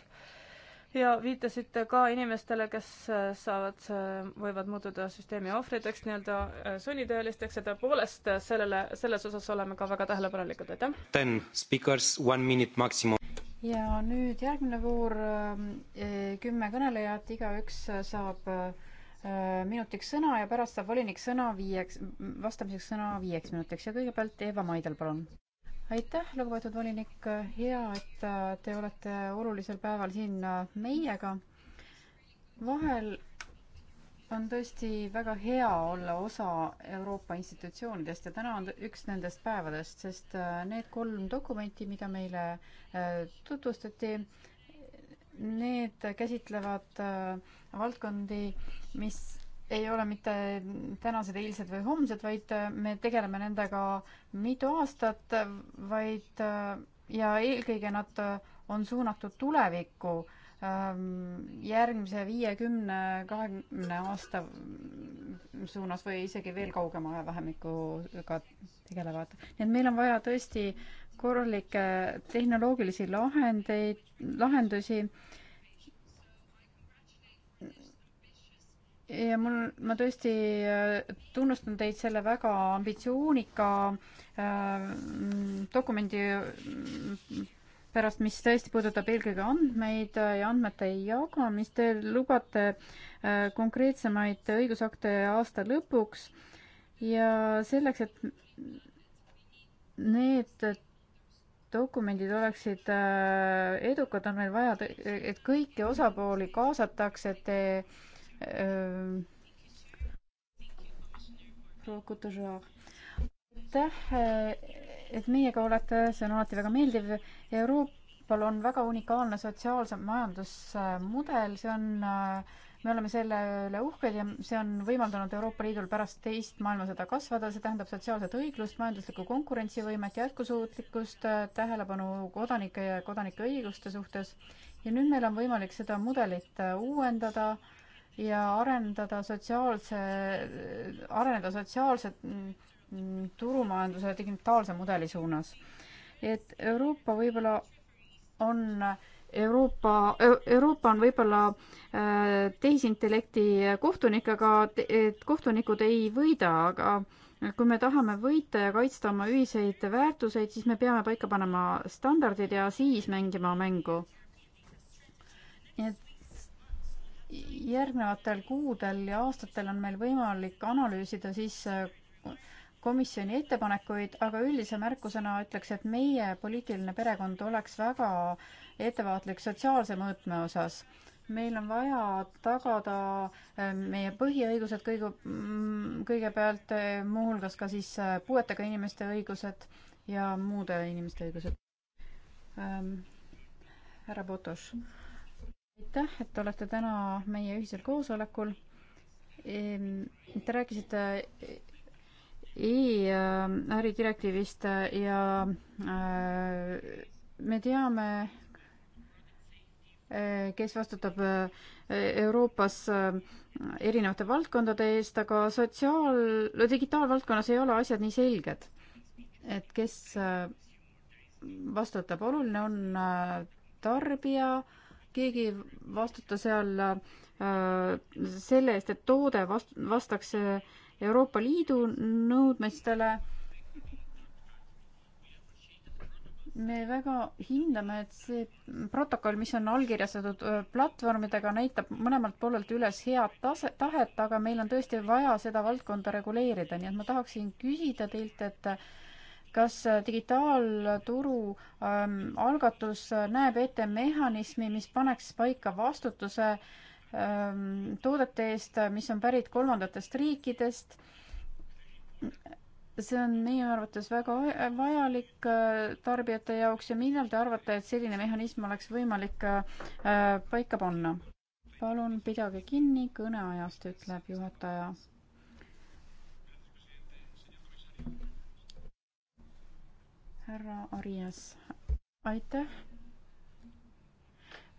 ja viitasite ka inimestele, kes saavad, võivad muutuda süsteemi ohvriteks, nii-öelda sunnitöölisteks ja tõepoolest sellele, selles osas oleme ka väga tähelepanelikud, aitäh. Ten speakers, one minute maximum ja nüüd järgmine voor, äh, eh, kümme kõnelejat, igaüks saab äh, äh, minutiks sõna ja pärast saab volinik sõna viieks, vastamiseks sõna viieks minutiks ja kõigepealt Eva Maidel, palun. aitäh, lugupeetud volinik, hea, et te olete olulisel päeval siin meiega. vahel on tõesti väga hea olla osa Euroopa institutsioonidest ja täna on üks nendest päevadest, sest äh, need kolm dokumenti, mida meile äh, tutvustati, need käsitlevad äh, valdkondi, mis ei ole mitte tänased, eilsed või homsed, vaid me tegeleme nendega mitu aastat, vaid ja eelkõige nad on suunatud tulevikku Ähm, järgmise viiekümne, kahekümne aasta suunas või isegi veel kaugema ajavahemikuga tegelevad. nii et meil on vaja tõesti korralikke tehnoloogilisi lahendeid, lahendusi. ja mul, ma tõesti äh, tunnustan teid selle väga ambitsioonika äh, mm, dokumendi mm, pärast, mis tõesti puudutab eelkõige andmeid äh, ja andmete jagamist. Te lubate äh, konkreetsemaid õigusakte aasta lõpuks ja selleks, et need dokumendid oleksid äh, edukad, on meil vaja, et kõiki osapooli kaasataks, et te aitäh et meiega olete, see on alati väga meeldiv. Euroopal on väga unikaalne sotsiaalse majandusmudel, see on, me oleme selle üle uhked ja see on võimaldanud Euroopa Liidul pärast teist maailmasõda kasvada, see tähendab sotsiaalset õiglust, majanduslikku konkurentsivõimet, jätkusuutlikkust, tähelepanu kodanike ja kodanike õiguste suhtes. ja nüüd meil on võimalik seda mudelit uuendada ja arendada sotsiaalse, areneda sotsiaalset Mm, turumajanduse digitaalse mudeli suunas. et Euroopa võib-olla on Euroopa, Euroopa on võib-olla äh, tehisintellekti kohtunik, aga et kohtunikud ei võida, aga kui me tahame võita ja kaitsta oma ühiseid väärtuseid, siis me peame paika panema standardid ja siis mängima mängu. nii et järgnevatel kuudel ja aastatel on meil võimalik analüüsida siis komisjoni ettepanekuid, aga üldise märkusena ütleks, et meie poliitiline perekond oleks väga ettevaatlik sotsiaalse mõõtme osas. meil on vaja tagada äh, meie põhiõigused kõige, mm, kõigepealt, äh, muuhulgas ka siis äh, puuetega inimeste õigused ja muude inimeste õigused ähm,. härra Potoš, aitäh, et olete täna meie ühisel koosolekul ehm,. Te rääkisite e-äridirektiivist äh, äh, ja äh, me teame, kes vastutab Euroopas erinevate valdkondade eest, aga sotsiaal, digitaalvaldkonnas ei ole asjad nii selged. et kes vastutab, oluline on tarbija, keegi ei vastuta seal selle eest, et toode vast-, vastaks Euroopa Liidu nõudmistele. me väga hindame, et see protokoll, mis on allkirjastatud platvormidega, näitab mõlemalt poolelt üles head tase, tahet, aga meil on tõesti vaja seda valdkonda reguleerida, nii et ma tahaksin küsida teilt, et äh, kas äh, digitaalturu ähm, algatus äh, näeb ette mehhanismi, mis paneks paika vastutuse äh, Ähm, toodete eest, mis on pärit kolmandatest riikidest. see on meie arvates väga vajalik äh, tarbijate jaoks ja millal te arvate, et selline mehhanism oleks võimalik äh, paika panna? palun pidage kinni kõneajast, ütleb juhataja. härra Arias, aitäh.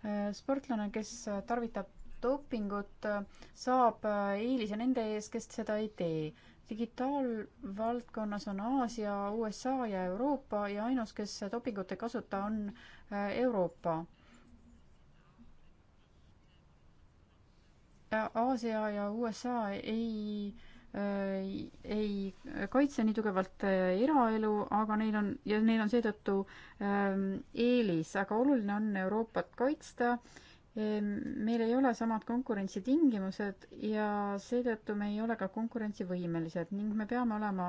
Äh, sportlane, kes tarvitab dopingut, äh, saab äh, eelise nende ees, kes seda ei tee. digitaalvaldkonnas on Aasia, USA ja Euroopa ja ainus, kes dopingut ei kasuta, on äh, Euroopa Aasia ja USA ei ei kaitse nii tugevalt eraelu, aga neil on ja neil on seetõttu ähm, eelis, aga oluline on Euroopat kaitsta Ehm, meil ei ole samad konkurentsitingimused ja seetõttu me ei ole ka konkurentsivõimelised ning me peame olema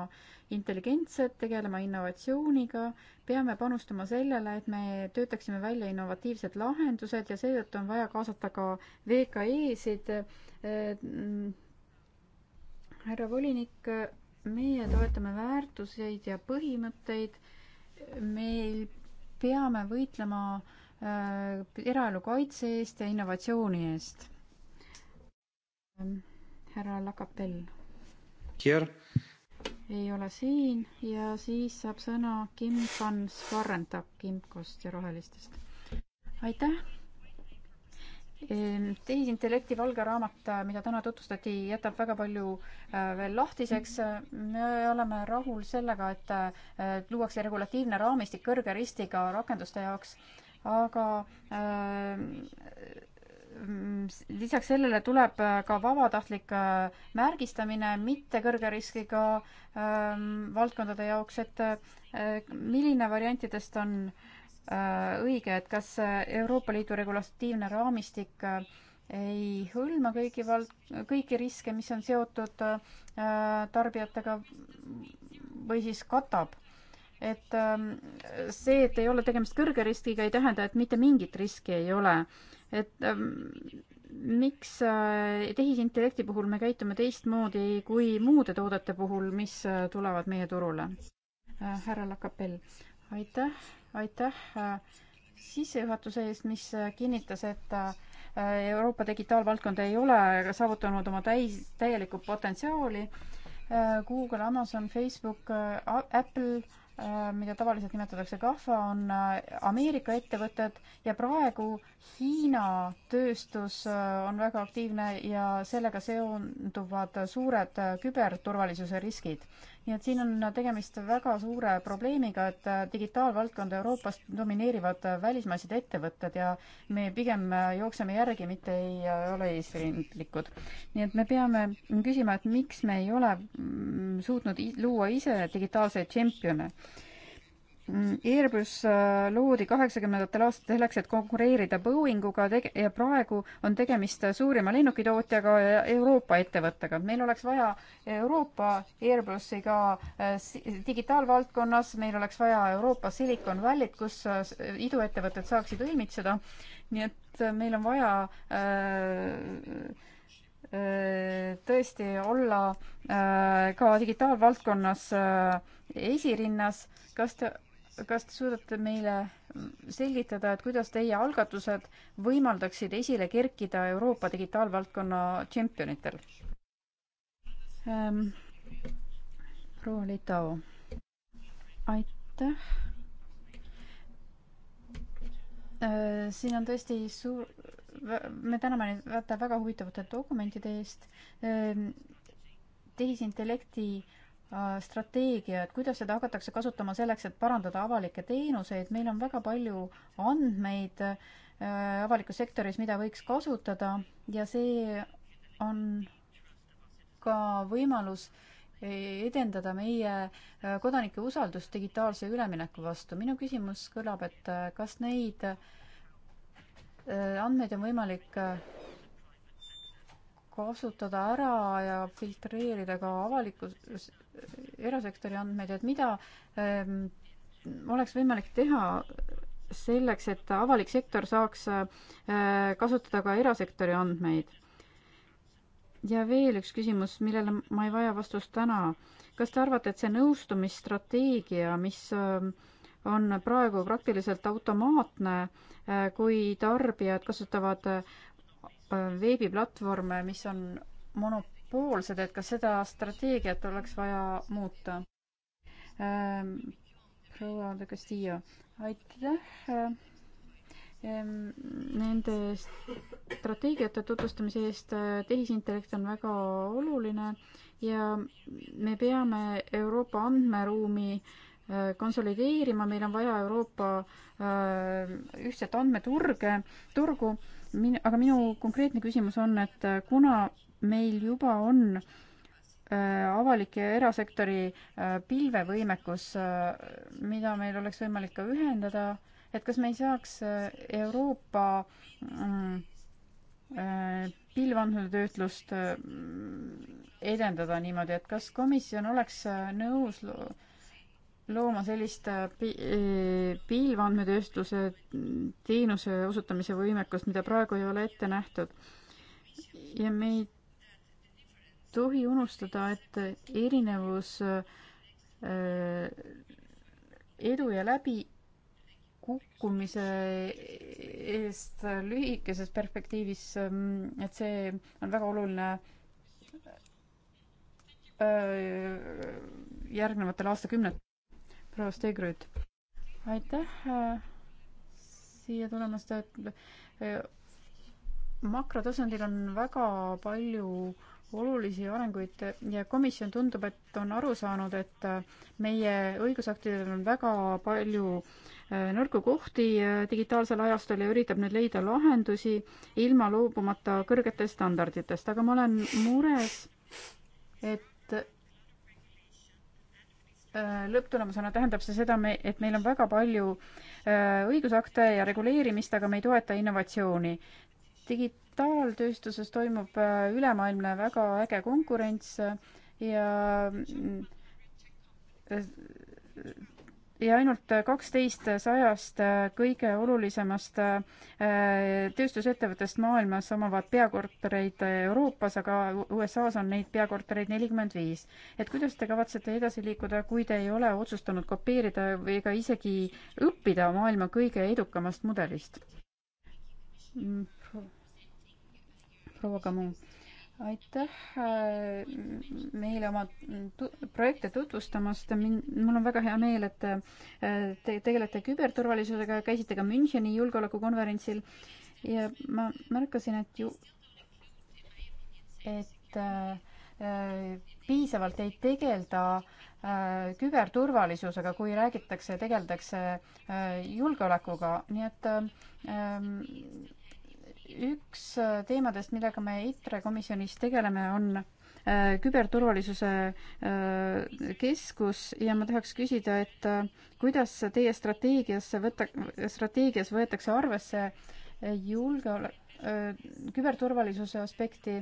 intelligentsed, tegelema innovatsiooniga, peame panustama sellele, et me töötaksime välja innovatiivsed lahendused ja seetõttu on vaja kaasata ka VKE-sid. Ehm, härra volinik, meie toetame väärtuseid ja põhimõtteid. meil peame võitlema äh, Äh, eraelu kaitse eest ja innovatsiooni eest. härra Lakapell. ei ole siin ja siis saab sõna Kim van Svarentak Kimkost ja Rohelistest. aitäh tehisintellekti valge raamat, mida täna tutvustati, jätab väga palju äh, veel lahtiseks. me oleme rahul sellega, et äh, luuakse regulatiivne raamistik kõrge ristiga rakenduste jaoks aga ähm, mm, lisaks sellele tuleb äh, ka vabatahtlik äh, märgistamine mitte kõrge riskiga ähm, valdkondade jaoks, et äh, milline variantidest on õige, et kas Euroopa Liidu regulatiivne raamistik ei hõlma kõigi vald-, kõiki riske, mis on seotud tarbijatega või siis katab et ähm, see, et ei ole tegemist kõrge riskiga, ei tähenda, et mitte mingit riski ei ole. et ähm, miks äh, tehisintellekti puhul me käitume teistmoodi kui muude toodete puhul, mis äh, tulevad meie turule? Äh, härra Lakapell, aitäh, aitäh sissejuhatuse eest, mis kinnitas, et Euroopa digitaalvaldkond ei ole saavutanud oma täis, täielikku potentsiaali Google, Amazon, Facebook, Apple Äh, mida tavaliselt nimetatakse GAFA, on äh, Ameerika ettevõtted ja praegu Hiina tööstus äh, on väga aktiivne ja sellega seonduvad suured küberturvalisuse riskid nii et siin on tegemist väga suure probleemiga, et digitaalvaldkonda Euroopas domineerivad välismaised ettevõtted ja me pigem jookseme järgi, mitte ei ole eesrindlikud. nii et me peame küsima, et miks me ei ole mm, suutnud luua ise digitaalseid tšempione Mm, Airbus äh, loodi kaheksakümnendatel aastatel selleks, et konkureerida Boeinguga tege-, ja praegu on tegemist suurima lennukitootjaga ja Euroopa ettevõttega. meil oleks vaja Euroopa Airbusi äh, ka digitaalvaldkonnas, meil oleks vaja Euroopa Silicon Valley't, kus äh, iduettevõtted saaksid õilmitseda, nii et meil on vaja äh, tõesti olla ka digitaalvaldkonnas esirinnas. kas te kas te suudate meile selgitada, et kuidas teie algatused võimaldaksid esile kerkida Euroopa digitaalvaldkonna tšempionitel ähm,? proua Litau, aitäh äh,. siin on tõesti suur, me täname neid väga huvitavate dokumentide eest ähm,. tehisintellekti äh, Äh, strateegiat, kuidas seda hakatakse kasutama selleks, et parandada avalikke teenuseid, meil on väga palju andmeid äh, avalikus sektoris, mida võiks kasutada ja see on ka võimalus e-, edendada meie äh, kodanike usaldust digitaalse ülemineku vastu. minu küsimus kõlab, et kas neid andmeid on võimalik kasutada ära ja filtreerida ka avalikus erasektori andmeid, et mida ähm, oleks võimalik teha selleks, et avalik sektor saaks äh, kasutada ka erasektori andmeid? ja veel üks küsimus, millele ma ei vaja vastust täna. kas te arvate, et see nõustumisstrateegia, mis äh, on praegu praktiliselt automaatne äh,, kui tarbijad kasutavad äh, veebiplatvorme, mis on monop-, poolsed, et kas seda strateegiat oleks vaja muuta? Ähm, proua de Castillo, aitäh ähm, nende strateegiate tutvustamise eest. tehisintellekt on väga oluline ja me peame Euroopa andmeruumi äh, konsolideerima, meil on vaja Euroopa äh, ühtset andmeturge, turgu. Min-, aga minu konkreetne küsimus on, et kuna meil juba on äh, avalik ja erasektori äh, pilvevõimekus, äh, mida meil oleks võimalik ka ühendada, et kas me ei saaks Euroopa mm, pilvandmetöötlust edendada niimoodi, et kas komisjon oleks nõus looma sellist pilvandmetööstuse teenuse osutamise võimekust, mida praegu ei ole ette nähtud? ja meid tohi unustada, et erinevus äh, edu ja läbi kukkumise eest lühikeses perspektiivis, ähm, et see on väga oluline äh, järgnevatel aastakümnetel. proua Stegrüüt, aitäh äh, siia tulemast, et makrotasandil on väga palju äh, olulisi arenguid ja komisjon tundub, et on aru saanud, et meie õigusaktidel on väga palju äh, nõrku kohti äh, digitaalsel ajastul ja üritab nüüd leida lahendusi ilma loobumata kõrgetest standarditest, aga ma olen mures, et äh, lõpptulemusena tähendab see seda, me, et meil on väga palju õigusakte ja reguleerimist, aga me ei toeta innovatsiooni. digi-, digitaaltööstuses toimub äh, ülemaailmne väga äge konkurents äh, ja mm, ja ainult kaksteist sajast äh, kõige olulisemast tööstusettevõttest maailmas omavad peakortereid Euroopas, aga USA-s on neid peakortereid nelikümmend viis. et kuidas te kavatsete edasi liikuda, kui te ei ole otsustanud kopeerida või ka isegi õppida maailma kõige edukamast mudelist? Mm proua Kamu. aitäh äh, meile oma projekte tutvustamast. mul on väga hea meel, et äh, te tegelete küberturvalisusega ja käisite ka Müncheni julgeolekukonverentsil ja ma märkasin, et ju, et äh, piisavalt ei tegelda äh, küberturvalisusega, kui räägitakse, tegeldakse äh, julgeolekuga, nii et ähm, üks äh, teemadest, millega me ITRE komisjonis tegeleme, on äh, küberturvalisuse äh, keskus ja ma tahaks küsida, et kuidas teie strateegiasse võtta, strateegias võetakse arvesse julgeole-, küberturvalisuse aspekti,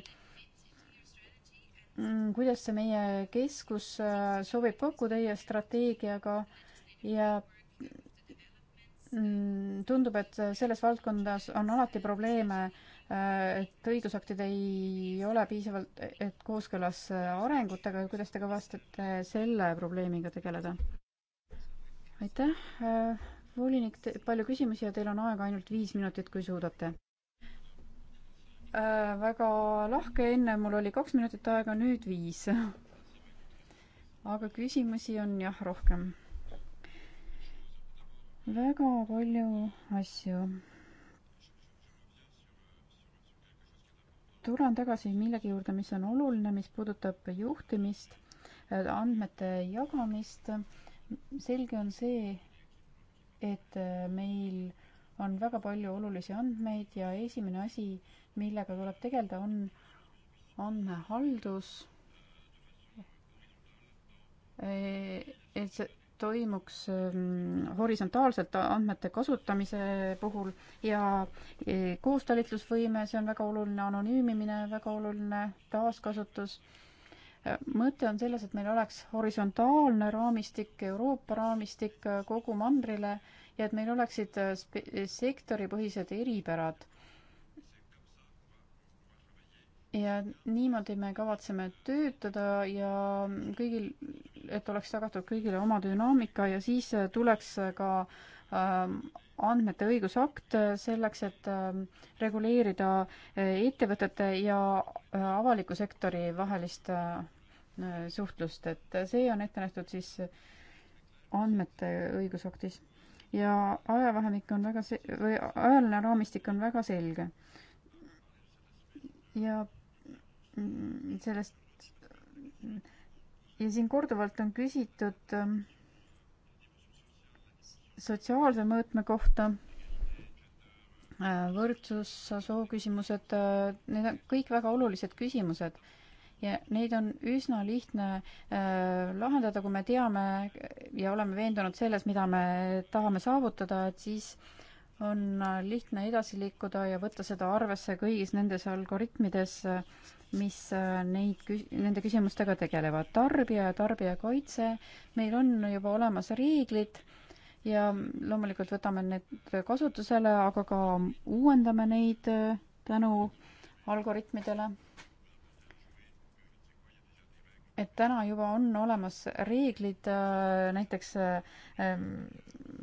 mm, kuidas see meie keskus sobib kokku teie strateegiaga ja Mm, tundub, et selles valdkondas on alati probleeme, äh, et õigusaktid ei ole piisavalt, et kooskõlas äh, arengutega ja kuidas te kavatsete selle probleemiga tegeleda? aitäh, äh, volinik, palju küsimusi ja teil on aega ainult viis minutit, kui suudate. väga lahke, enne mul oli kaks minutit aega, nüüd viis. aga küsimusi on jah rohkem väga palju asju. tulen tagasi millegi juurde, mis on oluline, mis puudutab juhtimist, äh, andmete jagamist. selge on see, et äh, meil on väga palju olulisi andmeid ja esimene asi, millega tuleb tegeleda, on andmehaldus. Äh, et see toimuks ähm, horisontaalselt andmete kasutamise puhul ja e, koostalitlusvõime, see on väga oluline, anonüümimine väga oluline, taaskasutus. mõte on selles, et meil oleks horisontaalne raamistik, Euroopa raamistik äh, kogu mandrile ja et meil oleksid äh, sektoripõhised eripärad ja niimoodi me kavatseme töötada ja kõigil, et oleks tagatud kõigile oma dünaamika ja siis tuleks ka ähm, andmete õigusakt selleks, et ähm, reguleerida äh, ettevõtete ja äh, avaliku sektori vahelist äh, suhtlust, et see on ette nähtud siis andmete õigusaktis. ja ajavahemik on väga se-, või ajaline raamistik on väga selge ja Mm, sellest ja siin korduvalt on küsitud ähm, sotsiaalse mõõtme kohta, äh, võrdsus, sooküsimused, äh, need on kõik väga olulised küsimused ja neid on üsna lihtne äh, lahendada, kui me teame ja oleme veendunud selles, mida me tahame saavutada, et siis äh, on äh, lihtne edasi liikuda ja võtta seda arvesse kõigis nendes algoritmides, äh, mis äh, neid, nende küsimustega tegelevad. tarbija ja tarbijakaitse, meil on juba olemas reeglid ja loomulikult võtame need kasutusele, aga ka uuendame neid tänu algoritmidele. et täna juba on olemas reeglid näiteks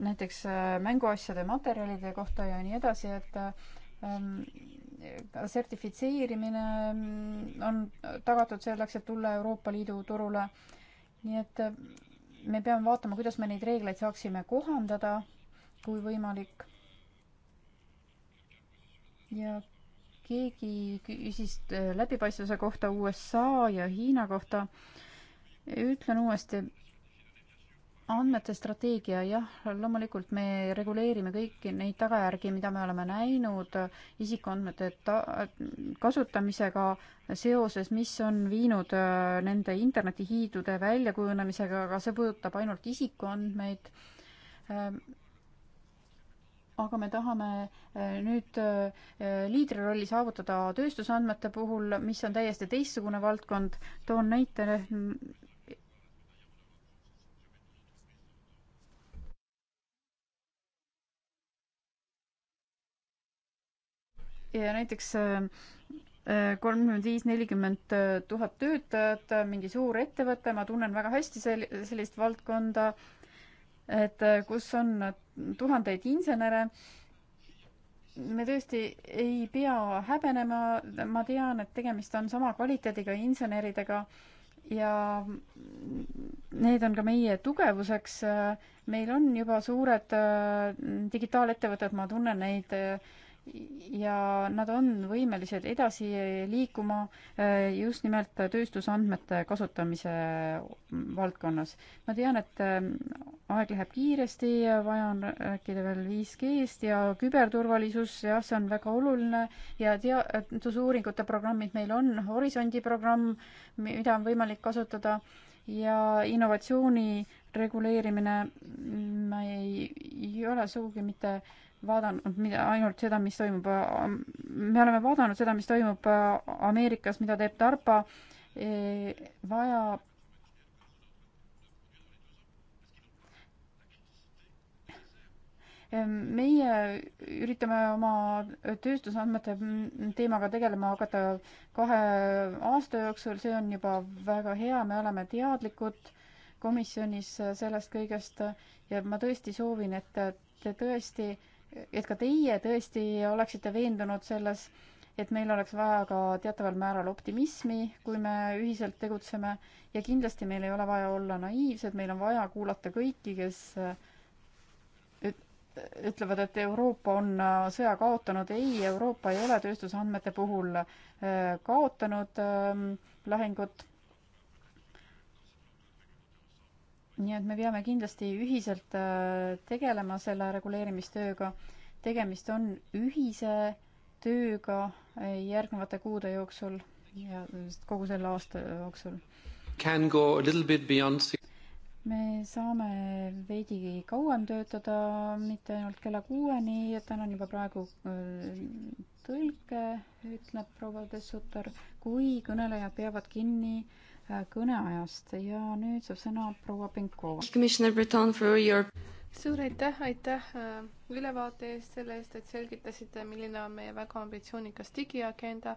näiteks äh, mänguasjade, materjalide kohta ja nii edasi, et ähm, ka sertifitseerimine mm, on tagatud selleks, et tulla Euroopa Liidu turule. nii et äh, me peame vaatama, kuidas me neid reegleid saaksime kohandada, kui võimalik. ja keegi küsis äh, läbipaistvuse kohta USA ja Hiina kohta. ütlen uuesti, andmete strateegia, jah, loomulikult me reguleerime kõiki neid tagajärgi, mida me oleme näinud isikuandmete ta-, kasutamisega seoses, mis on viinud äh, nende internetihiidude väljakujunemisega, aga see puudutab ainult isikuandmeid. Ähm, aga me tahame äh, nüüd äh, liidrirolli saavutada tööstusandmete puhul, mis on täiesti teistsugune valdkond, toon näite ja näiteks äh, äh, kolmkümmend viis, nelikümmend äh, tuhat töötajat, mingi suur ettevõte, ma tunnen väga hästi sel-, sellist valdkonda, et kus on tuhandeid insenere, me tõesti ei pea häbenema, ma tean, et tegemist on sama kvaliteediga inseneridega ja need on ka meie tugevuseks. meil on juba suured digitaalettevõtted, ma tunnen neid äh, ja nad on võimelised edasi liikuma eh, just nimelt tööstusandmete kasutamise valdkonnas. ma tean, et eh, aeg läheb kiiresti, vaja on rääkida veel 5G-st ja küberturvalisus, jah, see on väga oluline ja teadusuuringute programmid meil on, Horisondi programm, mida on võimalik kasutada ja innovatsiooni reguleerimine, mm, ma ei, ei ole sugugi mitte äh, vaadanud mida, ainult seda, mis toimub, äh, me oleme vaadanud seda, mis toimub äh, Ameerikas, mida teeb DARPA, e, vaja meie üritame oma tööstusandmete teemaga tegelema hakata kahe aasta jooksul, see on juba väga hea, me oleme teadlikud komisjonis sellest kõigest ja ma tõesti soovin, et te tõesti äh, et ka teie tõesti oleksite veendunud selles, et meil oleks vaja ka teataval määral optimismi, kui me ühiselt tegutseme ja kindlasti meil ei ole vaja olla naiivsed, meil on vaja kuulata kõiki, kes ütlevad, et Euroopa on äh, sõja kaotanud. ei, Euroopa ei ole tööstusandmete puhul äh, kaotanud ähm, lahingut nii et me peame kindlasti ühiselt äh, tegelema selle reguleerimistööga. tegemist on ühise tööga äh, järgnevate kuude jooksul ja kogu selle aasta jooksul. me saame veidi kauem töötada, mitte ainult kella kuueni, tänan juba praegu äh, tõlke, ütleb proua Tessuter, kui kõnelejad peavad kinni äh, kõneajast ja nüüd saab sõna proua Pinkova. suur aitäh, aitäh äh, ülevaate eest, selle eest, et selgitasite, milline on meie väga ambitsioonikas digiagenda.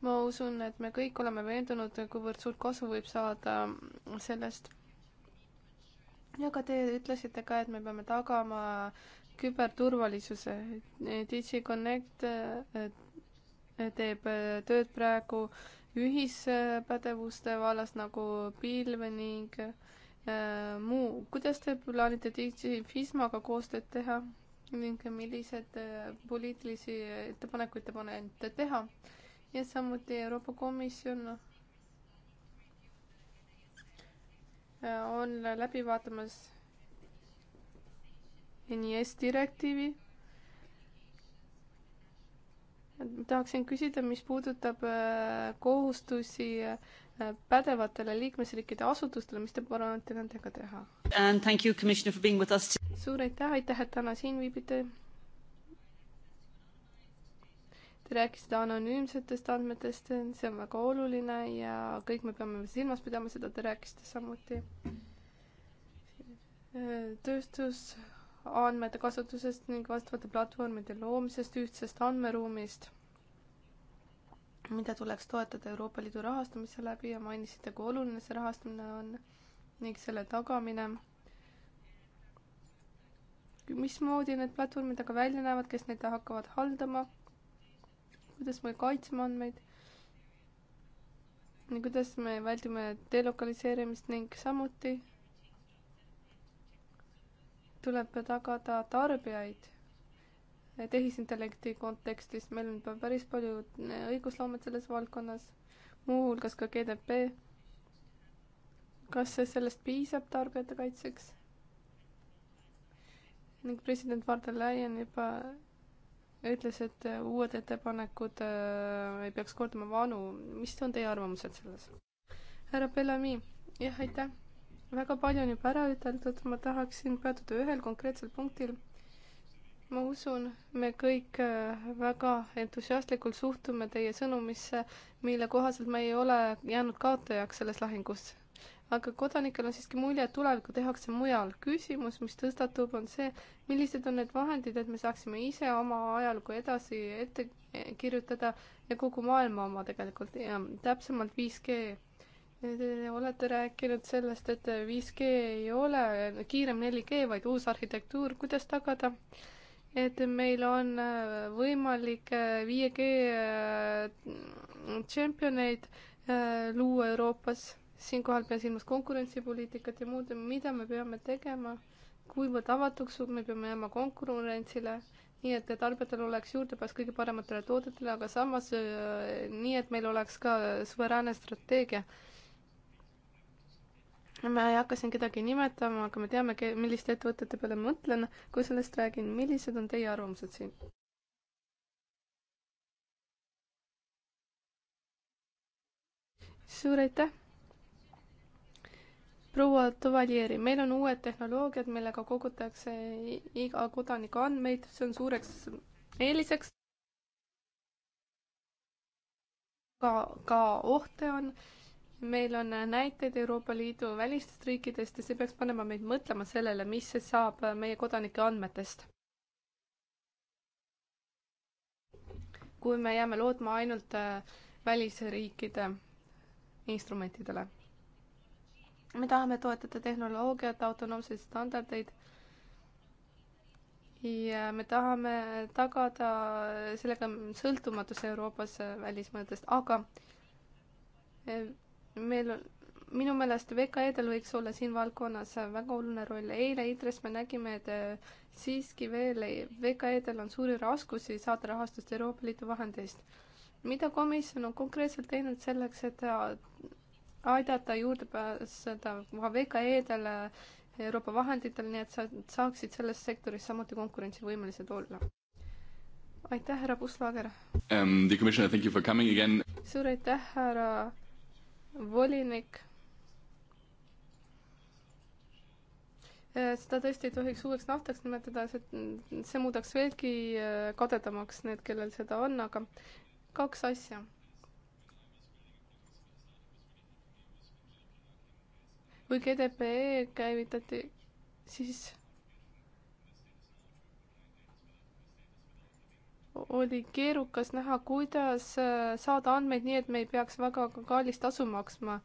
ma usun, et me kõik oleme veendunud, kuivõrd suurt kasu võib saada mm, sellest. ja ka te ütlesite ka, et me peame tagama küberturvalisuse, DigiConnect äh, äh, teeb tööd praegu äh, ühispädevuste vallas nagu pilv ning äh, muu. kuidas te plaanite DJ FISMaga koostööd teha ning millised äh, poliitilisi ettepanekuid te panete teha? ja samuti Euroopa Komisjon äh, on läbi vaatamas NIS direktiivi tahaksin küsida, mis puudutab äh, kohustusi äh, pädevatele liikmesriikide asutustele, mis te plaanite nendega teha? suur aitäh, aitäh, et täna siin viibite. Te rääkisite anonüümsetest andmetest, see on väga oluline ja kõik me peame silmas pidama, seda te rääkisite samuti. Äh, tööstus andmete kasutusest ning vastavate platvormide loomisest, ühtsest andmeruumist, mida tuleks toetada Euroopa Liidu rahastamise läbi ja mainisite, kui oluline see rahastamine on ning selle tagamine. mismoodi need platvormid aga välja näevad, kes neid hakkavad haldama? kuidas me kaitseme andmeid? kuidas me väldime delokaliseerimist ning samuti tuleb tagada tarbijaid tehisintellekti kontekstis, meil on päris palju eh, õigusloomet selles valdkonnas, muuhulgas ka GDP. kas sellest piisab tarbijate kaitseks? ning president von der Leyen juba ütles, et eh, uued ettepanekud äh, ei peaks kordama vanu. mis on teie arvamused selles? härra Bellami, jah, aitäh väga palju on juba ära üteldud, ma tahaksin peatuda ühel konkreetsel punktil. ma usun, me kõik äh, väga entusiastlikult suhtume teie sõnumisse, mille kohaselt me ei ole jäänud kaotajaks selles lahingus. aga kodanikel on siiski mulje, et tulevikku tehakse mujal. küsimus, mis tõstatub, on see, millised on need vahendid, et me saaksime ise oma ajalugu edasi ette kirjutada ja kogu maailma oma tegelikult ja täpsemalt 5G Te olete rääkinud sellest, et 5G ei ole kiirem 4G, vaid uus arhitektuur, kuidas tagada, et meil on äh, võimalik 5G äh, tšempioneid äh, luua Euroopas, siinkohal pean silmas konkurentsipoliitikat ja muud, mida me peame tegema, kuivõrd avatuks me peame jääma konkurentsile nii et tarbijatel oleks juurdepääs kõige parematele toodetele, aga samas nii, et meil oleks ka suveräänne strateegia ma ei hakka siin kedagi nimetama, aga me teame, milliste ettevõtete peale ma mõtlen, kui sellest räägin, millised on teie arvamused siin? suur aitäh! proua Tuvalieri, meil on uued tehnoloogiad, millega kogutakse iga kodaniku andmeid, see on suureks eeliseks. ka, ka ohte on meil on näiteid Euroopa Liidu välistest riikidest ja see peaks panema meid mõtlema sellele, mis saab meie kodanike andmetest. kui me jääme lootma ainult äh, välisriikide instrumentidele. me tahame toetada tehnoloogiat, autonoomseid standardeid ja me tahame tagada sellega sõltumatuse Euroopas äh, välismõõtest, aga äh, meil on, minu meelest VKE-del võiks olla siin valdkonnas väga oluline roll. eile Indres me nägime, et äh, siiski veel VKE-del on suuri raskusi saada rahastust Euroopa Liidu vahendist. mida komisjon on konkreetselt teinud selleks, et äh, aidata juurde pääseda VKE-dele äh, Euroopa vahenditele, nii et sa saaksid selles sektoris samuti konkurentsivõimelised olla? aitäh, härra Puslaager um,! suur aitäh, härra volinik. seda tõesti ei tohiks uueks naftaks nimetada, see, see muudaks veelgi äh, kadedamaks need, kellel seda on, aga kaks asja kui GDPR e käivitati, siis oli keerukas näha, kuidas äh, saada andmeid nii, et me ei peaks väga kallist tasu maksma.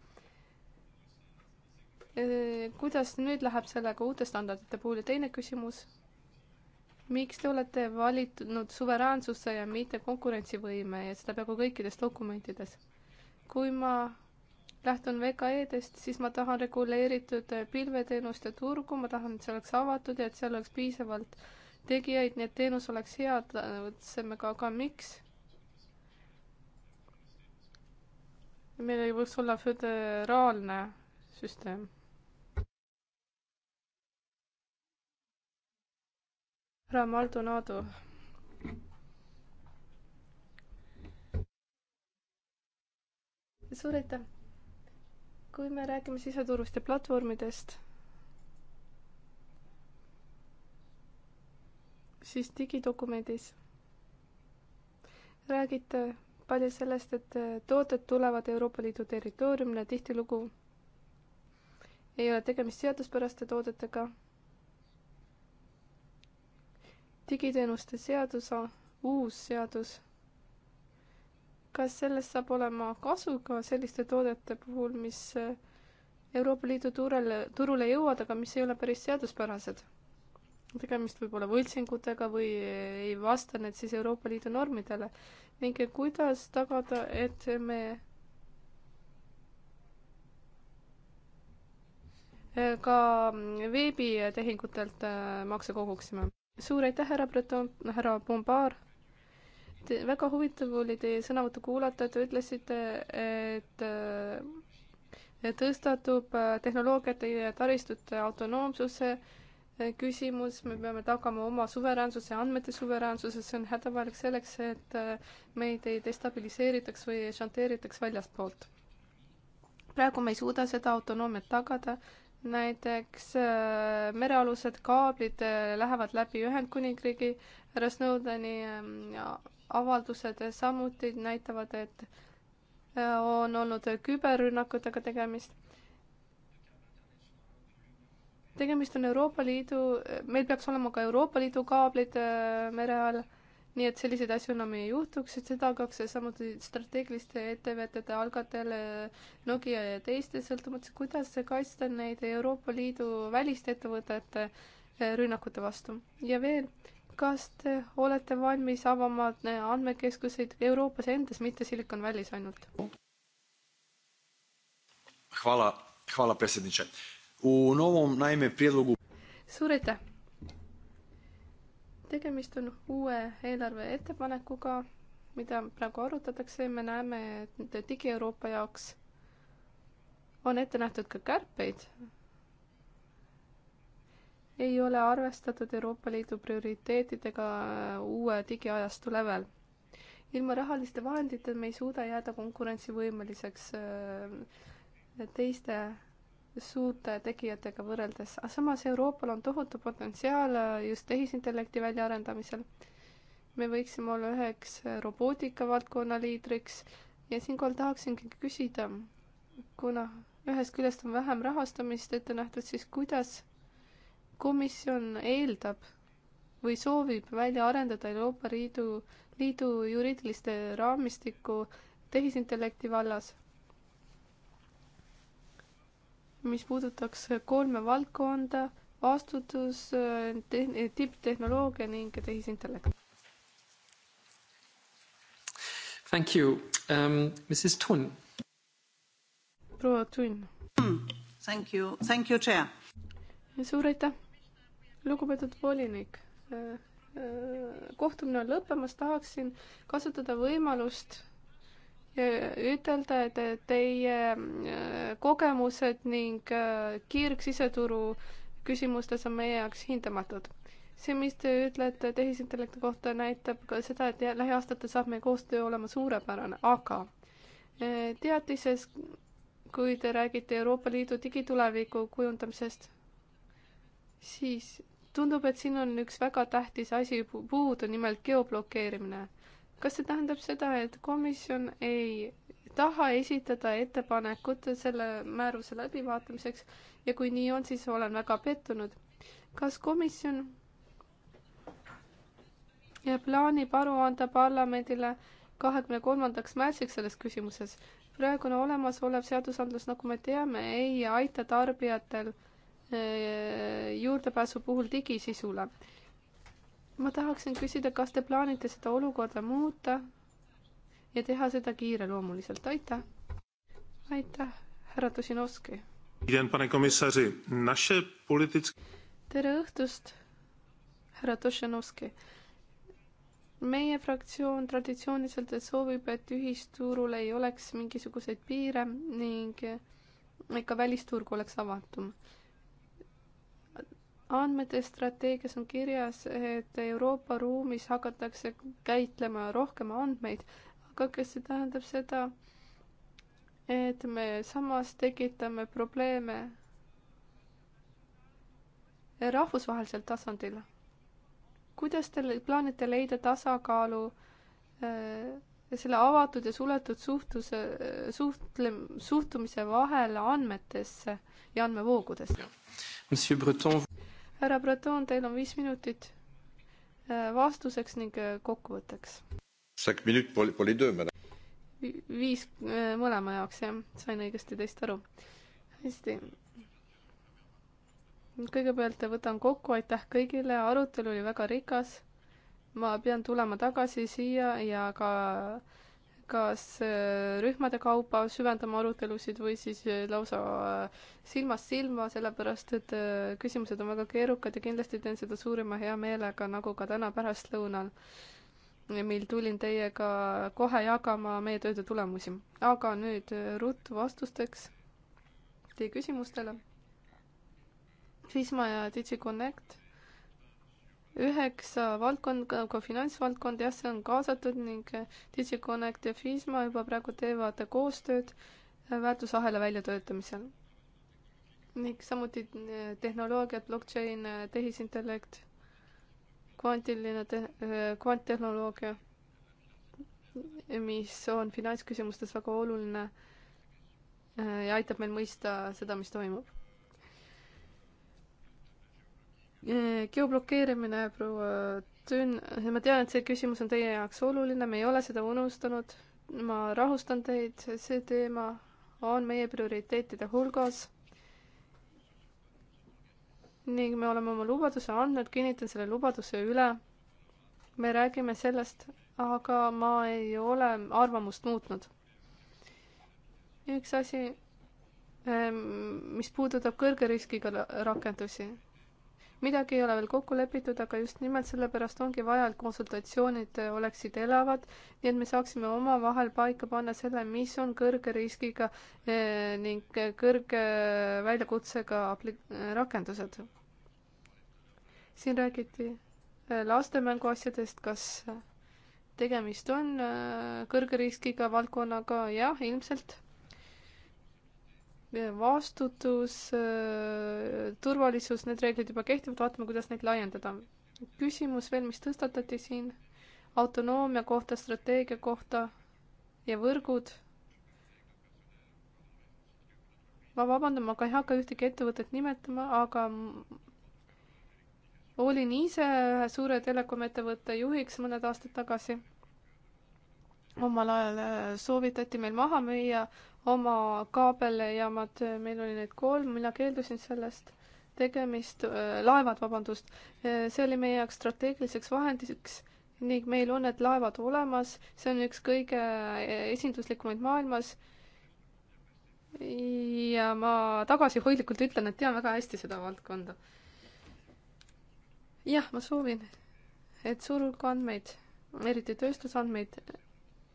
Äh, kuidas nüüd läheb sellega uute standardite puhul ja teine küsimus? miks te olete valitud suveräänsuse ja mitte konkurentsivõime ja seda peaaegu kõikides dokumentides? kui ma lähtun VKE-dest, siis ma tahan reguleeritud pilveteenuste turgu, ma tahan, et see oleks avatud ja et seal oleks piisavalt äh, tegijaid, nii et teenus oleks hea, mõtlesime ka, aga miks. meil ei võiks olla föderaalne süsteem. härra Maldonado. suur aitäh! kui me räägime siseturust ja platvormidest siis digidokumendis räägite palju sellest, et äh, tooted tulevad Euroopa Liidu territooriumile, tihtilugu ei ole tegemist seaduspäraste toodetega. digiteenuste seadus, uus seadus. kas sellest saab olema kasu ka selliste toodete puhul, mis äh, Euroopa Liidu turule, turule jõuavad, aga mis ei ole päris seaduspärased? tegemist võib olla võltsingutega või ei vasta need siis Euroopa Liidu normidele ning kuidas tagada, et me ka veebitehingutelt äh, makse koguksime. suur aitäh, härra Breton, härra Bombaar. väga huvitav oli teie sõnavõttu kuulata, te ütlesite, et äh, tõstatub äh, tehnoloogiate ja taristute autonoomsuse küsimus, me peame tagama oma suveräänsuse, andmete suveräänsuse, see on hädavajalik selleks, et äh, meid ei destabiliseeritaks või šanteeritaks väljastpoolt. praegu me ei suuda seda autonoomiat tagada, näiteks äh, merealused kaablid äh, lähevad läbi Ühendkuningriigi, härra Snowdeni ähm, avaldused samuti näitavad, et on olnud küberrünnakutega tegemist tegemist on Euroopa Liidu, meil peaks olema ka Euroopa Liidu kaablid äh, mere all, nii et selliseid asju enam ei juhtuks, et see tagaks samuti strateegiliste ettevõtete algatel äh, Nokia ja teiste sõltumatu, kuidas kaitsta neid Euroopa Liidu väliste ettevõtete äh, rünnakute vastu. ja veel, kas te olete valmis avama andmekeskuseid Euroopas endas, mitte Silicon Valley's ainult? Hvala, hvala predsjedniče U novom, naime, prijedlogu... Suur aitäh! tegemist on uue eelarve ettepanekuga, mida praegu arutatakse, me näeme, et digieuroopa jaoks on ette nähtud ka kärpeid. ei ole arvestatud Euroopa Liidu prioriteetidega äh, uue digiajastu lävel. ilma rahaliste vahenditeta me ei suuda jääda konkurentsivõimeliseks äh, teiste suurte tegijatega võrreldes, aga samas Euroopal on tohutu potentsiaal äh, just tehisintellekti väljaarendamisel. me võiksime olla üheks äh, robootika valdkonna liidriks ja siinkohal tahaksingi küsida, kuna ühest küljest on vähem rahastamist ette nähtud, siis kuidas komisjon eeldab või soovib välja arendada Euroopa Liidu, Liidu juriidiliste raamistiku tehisintellekti vallas mis puudutaks kolme valdkonda, vastutus, tipptehnoloogia ning tehisintellekt. Thank you um,, Mrs Tun. proua Tun mm,. Thank you, thank you, chair. suur aitäh, lugupeetud volinik äh, äh, kohtumine on lõppemas, tahaksin kasutada võimalust ütelda, et teie äh, kogemused ning äh, kirg siseturu küsimustes on meie jaoks hindamatud. see, mis te ütlete tehisintellekti kohta, näitab ka seda, et lähiaastatel saab meie koostöö olema suurepärane, aga äh, teatises, kui te räägite Euroopa Liidu digituleviku kujundamisest, siis tundub, et siin on üks väga tähtis asi puudu, nimelt geoblokeerimine kas see tähendab seda, et komisjon ei taha esitada ettepanekut selle määruse läbivaatamiseks ja kui nii on, siis olen väga pettunud. kas komisjon plaanib aru anda parlamendile kahekümne kolmandaks märtsiks selles küsimuses? praegune olemasolev seadusandlus, nagu me teame, ei aita tarbijatel eh, juurdepääsu puhul digisisule ma tahaksin küsida, kas te plaanite seda olukorda muuta ja teha seda kiireloomuliselt, aitäh. aitäh, härra Tusinovski. tere õhtust, härra Tusinovski. meie fraktsioon traditsiooniliselt soovib, et ühisturul ei oleks mingisuguseid piire ning ikka välisturg oleks avatum andmete strateegias on kirjas, et Euroopa ruumis hakatakse käitlema rohkem andmeid, aga kas see tähendab seda, et me samas tekitame probleeme rahvusvahelisel tasandil? kuidas te plaanite leida tasakaalu äh, selle avatud ja suletud suhtluse, suhtle, suhtumise vahel andmetesse ja andmevoogudesse? Monsieur Breton härra Breton, teil on viis minutit äh, vastuseks ning äh, kokkuvõtteks. viis äh, mõlema jaoks, jah, sain õigesti teist aru. hästi. kõigepealt võtan kokku, aitäh kõigile, arutelu oli väga rikas. ma pean tulema tagasi siia ja ka äh, kas äh, rühmade kaupa süvendama arutelusid või siis äh, lausa äh, silmast silma, sellepärast et küsimused on väga keerukad ja kindlasti teen seda suurima heameelega, nagu ka täna pärastlõunal, mil tulin teiega kohe jagama meie tööde tulemusi. aga nüüd ruttu vastusteks teie küsimustele. Prisma ja DigiConnect üheksa valdkonda, ka finantsvaldkond, jah, see on kaasatud ning DigiConnect ja FISMA juba praegu teevad koostööd väärtusahela väljatöötamisel. ning samuti eh, tehnoloogiad, blockchain, eh, tehisintellekt, kvantiline te-, eh, kvanttehnoloogia, mis on finantsküsimustes väga oluline ja aitab meil mõista seda, mis toimub geoblokeerimine, proua Tünn, ma tean, et see küsimus on teie jaoks oluline, me ei ole seda unustanud. ma rahustan teid, see teema on meie prioriteetide hulgas. ning me oleme oma lubaduse andnud, kinnitan selle lubaduse üle. me räägime sellest, aga ma ei ole arvamust muutnud. üks asi, mis puudutab kõrge riskiga rakendusi midagi ei ole veel kokku lepitud, aga just nimelt sellepärast ongi vaja, et konsultatsioonid äh, oleksid elavad, nii et me saaksime omavahel paika panna selle, mis on kõrge riskiga äh, ning äh, kõrge väljakutsega apli-, rakendused. siin räägiti lastemänguasjadest, kas tegemist on kõrge riskiga valdkonnaga, jah, ilmselt vastutus, turvalisus, need reeglid juba kehtivad, vaatame, kuidas neid laiendada. küsimus veel, mis tõstatati siin autonoomia kohta, strateegia kohta ja võrgud. ma vabandan, ma ka ei hakka ühtegi ettevõtet nimetama, aga olin ise ühe suure telekomettevõtte juhiks mõned aastad tagasi. omal ajal äh, soovitati meil maha müüa oma kaabeljaamad, äh, meil oli neid kolm, mina keeldusin sellest, tegemist äh,, laevad, vabandust, äh, see oli meie jaoks strateegiliseks vahendiks ning meil on need laevad olemas, see on üks kõige äh, esinduslikumaid maailmas. ja ma tagasihoidlikult ütlen, et tean väga hästi seda valdkonda. jah, ma soovin, et suur hulk andmeid, eriti tööstusandmeid,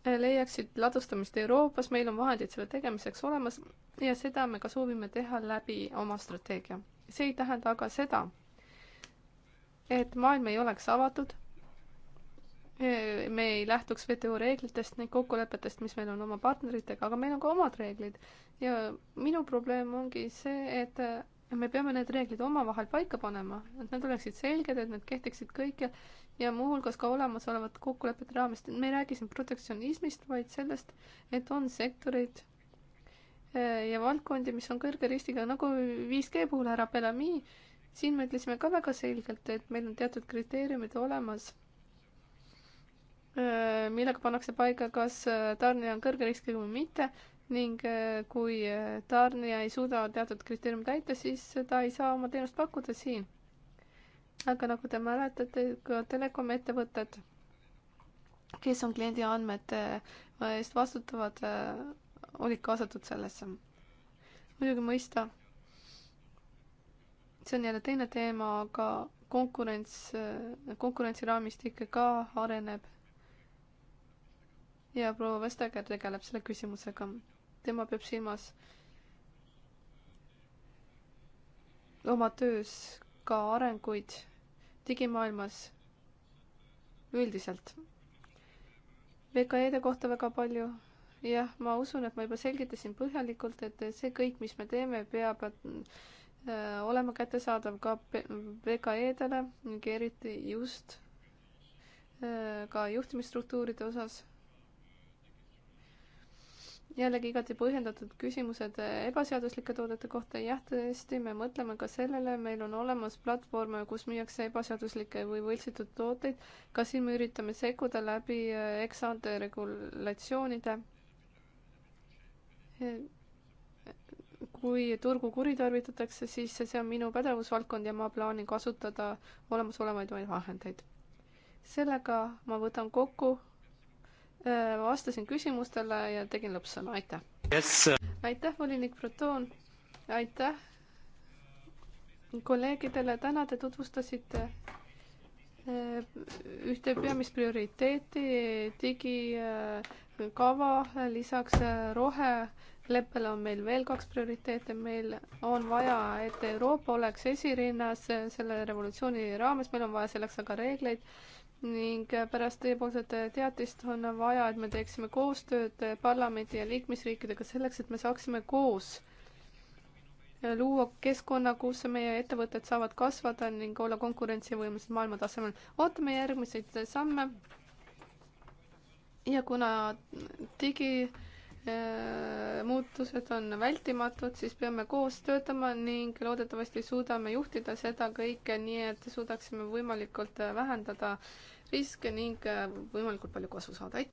leiaksid ladustamist Euroopas, meil on vahendid selle tegemiseks olemas ja seda me ka soovime teha läbi oma strateegia. see ei tähenda aga seda, et maailm ei oleks avatud, me ei lähtuks WTO reeglitest, neid kokkulepetest, mis meil on oma partneritega, aga meil on ka omad reeglid. ja minu probleem ongi see, et me peame need reeglid omavahel paika panema, et need oleksid selged, et need kehtiksid kõikjal ja muuhulgas ka olemasolevate kokkulepete raamist. me ei räägi siin protektsionismist, vaid sellest, et on sektoreid eh, ja valdkondi, mis on kõrge riskiga, nagu 5G puhul härra Bellami. siin me ütlesime ka väga selgelt, et meil on teatud kriteeriumid olemas, eh, millega pannakse paika, kas eh, tarnija on kõrge riskiga või mitte ning äh, kui äh, tarnija ei suuda teatud kriteeriumi täita, siis ta ei saa oma teenust pakkuda siin. aga nagu te mäletate, ka telekomettevõtted, kes on kliendi andmete äh, eest vastutavad, olid kaasatud sellesse. muidugi mõista, see on jälle teine teema, aga konkurents, konkurentsiraamistik ka areneb ja proua Vestager tegeleb selle küsimusega tema peab silmas oma töös ka arenguid digimaailmas üldiselt. VKE-de kohta väga palju. jah, ma usun, et ma juba selgitasin põhjalikult, et see kõik, mis me teeme, peab äh, olema kättesaadav ka VKE-dele ning eriti just äh, ka juhtimisstruktuuride osas jällegi igati põhjendatud küsimused eh, ebaseaduslike toodete kohta. jah, tõesti, me mõtleme ka sellele, meil on olemas platvorme, kus müüakse ebaseaduslikke või võltsitud tooteid. ka siin me üritame sekkuda läbi eh, eksante regulatsioonide. Eh, kui turgu kuritarvitatakse, siis see on minu pädevusvaldkond ja ma plaanin kasutada olemasolevaid vahendeid. sellega ma võtan kokku Äh, vastasin küsimustele ja tegin lõppsõna, aitäh yes,! aitäh, volinik Bruton! aitäh kolleegidele, täna te tutvustasite äh, ühte peamist prioriteeti, digikava, äh, lisaks roheleppele on meil veel kaks prioriteeti, meil on vaja, et Euroopa oleks esirinnas selle revolutsiooni raames, meil on vaja selleks aga reegleid ning pärast teiepoolset teatist on vaja, et me teeksime koostööd parlamendi ja liikmesriikidega selleks, et me saaksime koos luua keskkonna, kus meie ettevõtted saavad kasvada ning olla konkurentsivõimelised maailma tasemel. ootame järgmiseid samme. ja kuna digi Äh, muutused on vältimatud, siis peame koos töötama ning loodetavasti suudame juhtida seda kõike nii, et suudaksime võimalikult äh, vähendada riske ning äh, võimalikult palju kasu saada.